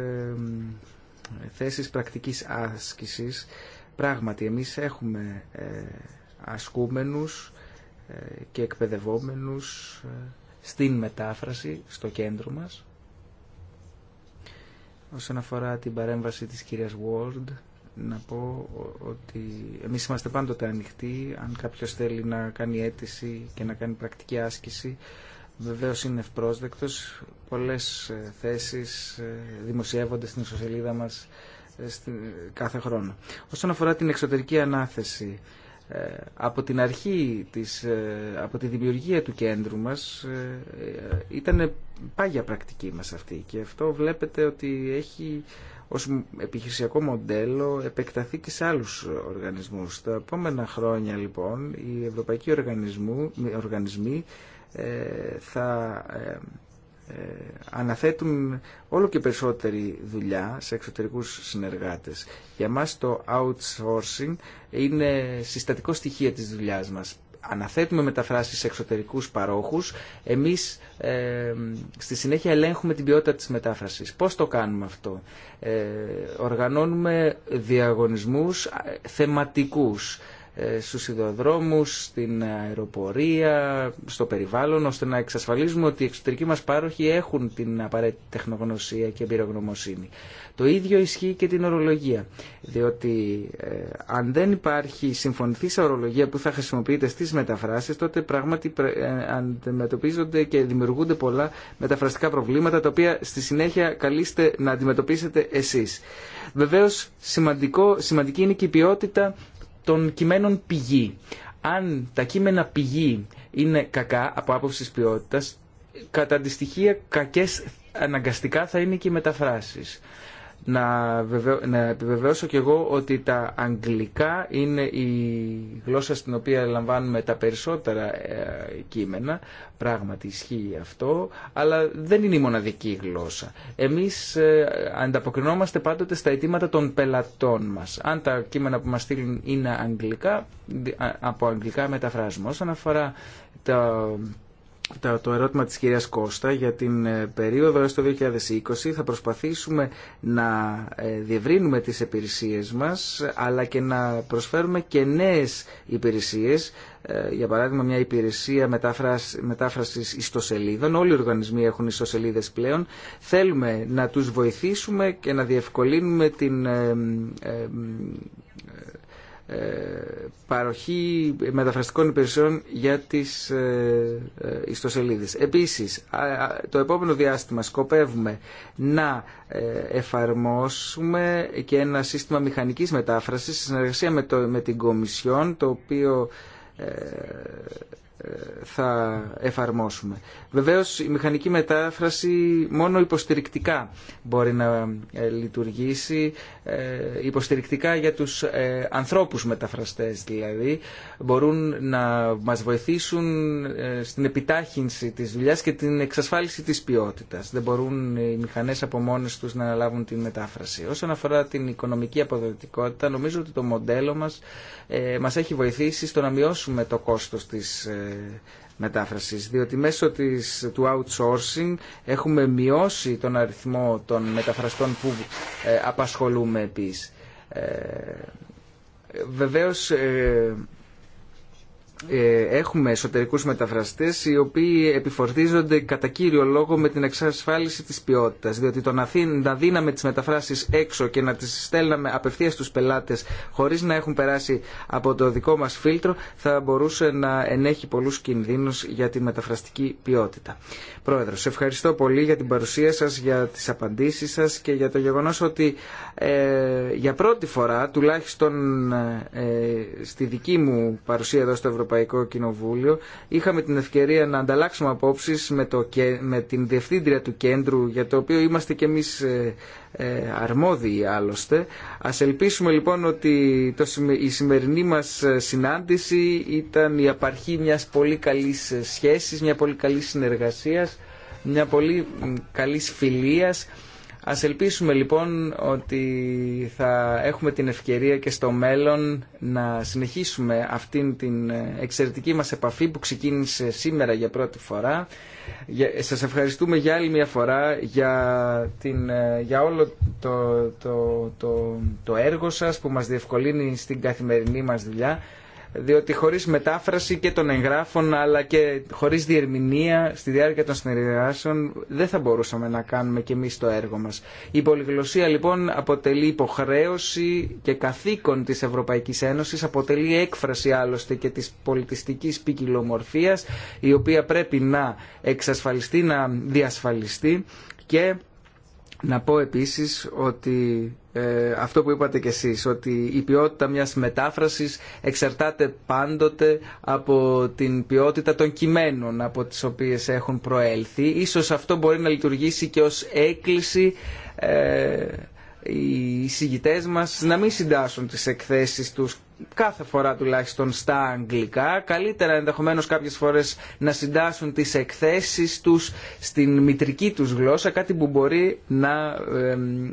θέσεις πρακτικής άσκησης πράγματι εμείς έχουμε ασκούμενους και εκπαιδευόμενους ε, στην μετάφραση στο κέντρο μας. Όσον αφορά την παρέμβαση της κυρίας Ward, να πω ότι εμείς είμαστε πάντοτε ανοιχτοί. Αν κάποιος θέλει να κάνει αίτηση και να κάνει πρακτική άσκηση, βεβαίως είναι ευπρόσδεκτος. Πολλές ε, θέσεις ε, δημοσιεύονται στην ιστοσελίδα μας κάθε χρόνο. Όσον αφορά την εξωτερική ανάθεση, ε, από την αρχή της, ε, από τη δημιουργία του κέντρου μας ε, ήταν πάγια πρακτική μας αυτή και αυτό βλέπετε ότι έχει ως επιχειρησιακό μοντέλο επεκταθεί και σε άλλους οργανισμούς. Τα επόμενα χρόνια λοιπόν οι ευρωπαϊκοί οργανισμοί θα ε, αναθέτουν όλο και περισσότερη δουλειά σε εξωτερικούς συνεργάτες. Για μας το outsourcing είναι συστατικό στοιχείο της δουλειάς μας. Αναθέτουμε μεταφράσεις σε εξωτερικούς παρόχους. Εμείς ε, στη συνέχεια ελέγχουμε την ποιότητα της μετάφρασης. Πώς το κάνουμε αυτό. Ε, οργανώνουμε διαγωνισμούς θεματικούς ε, στους ιδεοδρόμους, στην αεροπορία, στο περιβάλλον, ώστε να εξασφαλίζουμε ότι οι εξωτερικοί μας πάροχοι έχουν την απαραίτητη τεχνογνωσία και εμπειρογνωμοσύνη. Το ίδιο ισχύει και την ορολογία, διότι ε, αν δεν υπάρχει συμφωνηθής ορολογία που θα χρησιμοποιείται στις μεταφράσεις, τότε πράγματι ε, αντιμετωπίζονται και δημιουργούνται πολλά μεταφραστικά προβλήματα, τα οποία στη συνέχεια καλείστε να αντιμετωπίσετε εσείς. Βεβαίως σημαντικό, σημαντική είναι και η ποιότητα των κειμένων πηγή. Αν τα κείμενα πηγή είναι κακά από άποψη ποιότητα, κατά αντιστοιχεία κακές αναγκαστικά θα είναι και οι μεταφράσεις να, να επιβεβαιώσω και εγώ ότι τα αγγλικά είναι η γλώσσα στην οποία λαμβάνουμε τα περισσότερα ε, κείμενα. Πράγματι ισχύει αυτό, αλλά δεν είναι η μοναδική γλώσσα. Εμείς ε, ανταποκρινόμαστε πάντοτε στα αιτήματα των πελατών μας. Αν τα κείμενα που μας στείλουν είναι αγγλικά, από αγγλικά μεταφράζουμε. Όσον αφορά τα το ερώτημα της κυρίας Κώστα για την ε, περίοδο έως το 2020 θα προσπαθήσουμε να ε, διευρύνουμε τις υπηρεσίες μας αλλά και να προσφέρουμε και νέες υπηρεσίες ε, για παράδειγμα μια υπηρεσία μετάφρασης ιστοσελίδων όλοι οι οργανισμοί έχουν ιστοσελίδες πλέον θέλουμε να τους βοηθήσουμε και να διευκολύνουμε την ε, παροχή μεταφραστικών υπηρεσιών για τις ε, ε, ιστοσελίδες. Επίσης, το επόμενο διάστημα σκοπεύουμε να εφαρμόσουμε και ένα σύστημα μηχανικής μετάφρασης σε συνεργασία με την Κομισιόν, το οποίο θα εφαρμόσουμε. Βεβαίως η μηχανική μετάφραση μόνο υποστηρικτικά μπορεί να ε, λειτουργήσει, ε, υποστηρικτικά για τους ε, ανθρώπους μεταφραστές δηλαδή. Μπορούν να μας βοηθήσουν στην επιτάχυνση της δουλειάς και την εξασφάλιση της ποιότητας. Δεν μπορούν οι μηχανές από μόνες τους να αναλάβουν την μετάφραση. Όσον αφορά την οικονομική αποδοτικότητα, νομίζω ότι το μοντέλο μας μας έχει βοηθήσει στο να μειώσουμε το κόστος της μετάφρασης, διότι μέσω της, του outsourcing έχουμε μειώσει τον αριθμό των μεταφραστών που ε, απασχολούμε επίσης. Ε, βεβαίως ε, ε, έχουμε εσωτερικούς μεταφραστές οι οποίοι επιφορτίζονται κατά κύριο λόγο με την εξασφάλιση της ποιότητας διότι το να δίναμε τις μεταφράσεις έξω και να τις στέλναμε απευθείας στους πελάτες χωρίς να έχουν περάσει από το δικό μας φίλτρο θα μπορούσε να ενέχει πολλούς κινδύνους για τη μεταφραστική ποιότητα. Πρόεδρος, ευχαριστώ πολύ για την παρουσία σας, για τις απαντήσεις σας και για το γεγονός ότι ε, για πρώτη φορά τουλάχιστον ε, στη δική μου παρουσία εδώ στο Ευρωπαϊκό Ευρωπαϊκό Κοινοβούλιο. Είχαμε την ευκαιρία να ανταλλάξουμε απόψεις με, με την Διευθύντρια του Κέντρου, για το οποίο είμαστε κι εμείς ε, ε, αρμόδιοι άλλωστε. Ας ελπίσουμε λοιπόν ότι το, η σημερινή μας ε, συνάντηση ήταν η απαρχή μιας πολύ καλής σχέσης, μια πολύ καλής συνεργασίας, μια πολύ καλής φιλίας Ας ελπίσουμε λοιπόν ότι θα έχουμε την ευκαιρία και στο μέλλον να συνεχίσουμε αυτήν την εξαιρετική μας επαφή που ξεκίνησε σήμερα για πρώτη φορά. Σας ευχαριστούμε για άλλη μια φορά για, την, για όλο το, το, το, το έργο σας που μας διευκολύνει στην καθημερινή μας δουλειά διότι χωρίς μετάφραση και των εγγράφων αλλά και χωρίς διερμηνία στη διάρκεια των συνεργάσεων δεν θα μπορούσαμε να κάνουμε και εμείς το έργο μας. Η πολυγλωσία λοιπόν αποτελεί υποχρέωση και καθήκον της Ευρωπαϊκής Ένωσης, αποτελεί έκφραση άλλωστε και της πολιτιστικής ποικιλομορφίας η οποία πρέπει να εξασφαλιστεί, να διασφαλιστεί και να πω επίσης ότι ε, αυτό που είπατε κι εσείς, ότι η ποιότητα μιας μετάφρασης εξαρτάται πάντοτε από την ποιότητα των κειμένων από τις οποίες έχουν προέλθει. Ίσως αυτό μπορεί να λειτουργήσει και ως έκκληση ε, οι συγητές μας να μην συντάσσουν τις εκθέσεις τους κάθε φορά τουλάχιστον στα αγγλικά. Καλύτερα ενδεχομένως κάποιες φορές να συντάσσουν τις εκθέσεις τους στην μητρική τους γλώσσα, κάτι που μπορεί να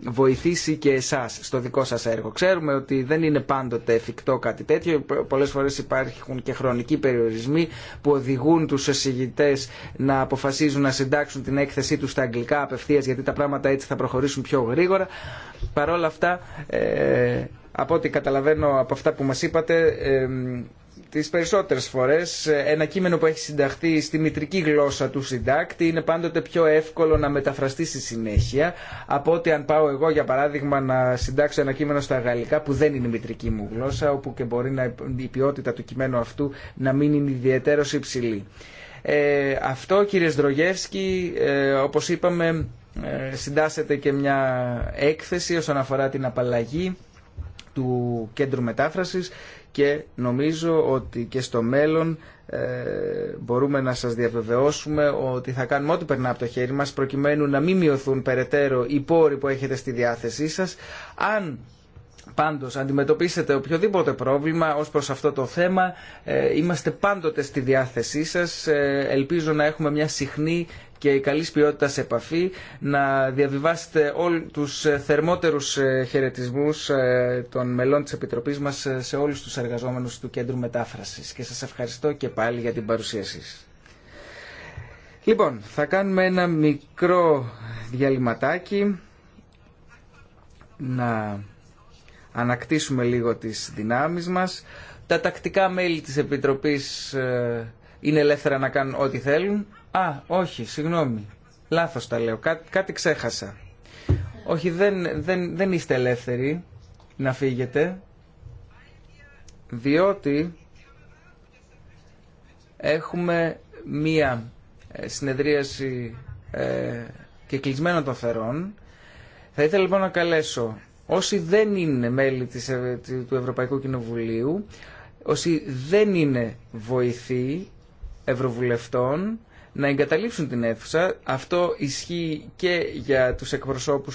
βοηθήσει και εσάς στο δικό σας έργο. Ξέρουμε ότι δεν είναι πάντοτε εφικτό κάτι τέτοιο. Πολλές φορές υπάρχουν και χρονικοί περιορισμοί που οδηγούν τους εσηγητές να αποφασίζουν να συντάξουν την έκθεσή του στα αγγλικά απευθείας γιατί τα πράγματα έτσι θα προχωρήσουν πιο γρήγορα. Παρ' αυτά... Ε, από ό,τι καταλαβαίνω από αυτά που μας είπατε, τις περισσότερες φορές ε, ένα κείμενο που έχει συνταχθεί στη μητρική γλώσσα του συντάκτη είναι πάντοτε πιο εύκολο να μεταφραστεί στη συνέχεια από ότι αν πάω εγώ για παράδειγμα να συντάξω ένα κείμενο στα γαλλικά που δεν είναι η μητρική μου γλώσσα όπου και μπορεί να, η ποιότητα του κειμένου αυτού να μην είναι ιδιαίτερος υψηλή. Ε, αυτό κύριε Σδρογεύσκη ε, όπως είπαμε ε, συντάσσεται και μια έκθεση όσον αφορά την απαλλαγή του κέντρου μετάφρασης και νομίζω ότι και στο μέλλον ε, μπορούμε να σας διαβεβαιώσουμε ότι θα κάνουμε ό,τι περνά από το χέρι μας προκειμένου να μην μειωθούν περαιτέρω οι πόροι που έχετε στη διάθεσή σας. Αν Πάντως, αντιμετωπίσετε οποιοδήποτε πρόβλημα ως προς αυτό το θέμα. Ε, είμαστε πάντοτε στη διάθεσή σας. Ε, ελπίζω να έχουμε μια συχνή και η καλής ποιότητας επαφή να διαβιβάσετε όλους τους ε, θερμότερους ε, χαιρετισμούς ε, των μελών της Επιτροπής μας σε όλους τους εργαζόμενους του Κέντρου Μετάφρασης και σας ευχαριστώ και πάλι για την παρουσίασή σας. Λοιπόν, θα κάνουμε ένα μικρό διαλυματάκι να ανακτήσουμε λίγο τις δυνάμεις μας. Τα τακτικά μέλη της Επιτροπής είναι ελεύθερα να κάνουν ό,τι θέλουν. Α, όχι, συγγνώμη. λάθο τα λέω. κάτι ξέχασα. Όχι, δεν, δεν, δεν είστε ελεύθεροι να φύγετε, διότι έχουμε μία ε, συνεδρίαση ε, και κλεισμένο των θερών. Θα ήθελα λοιπόν να καλέσω όσοι δεν είναι μέλη ε, του Ευρωπαϊκού Κοινοβουλίου, όσοι δεν είναι βοηθοί ευρωβουλευτών, να εγκαταλείψουν την αίθουσα. Αυτό ισχύει και για τους εκπροσώπους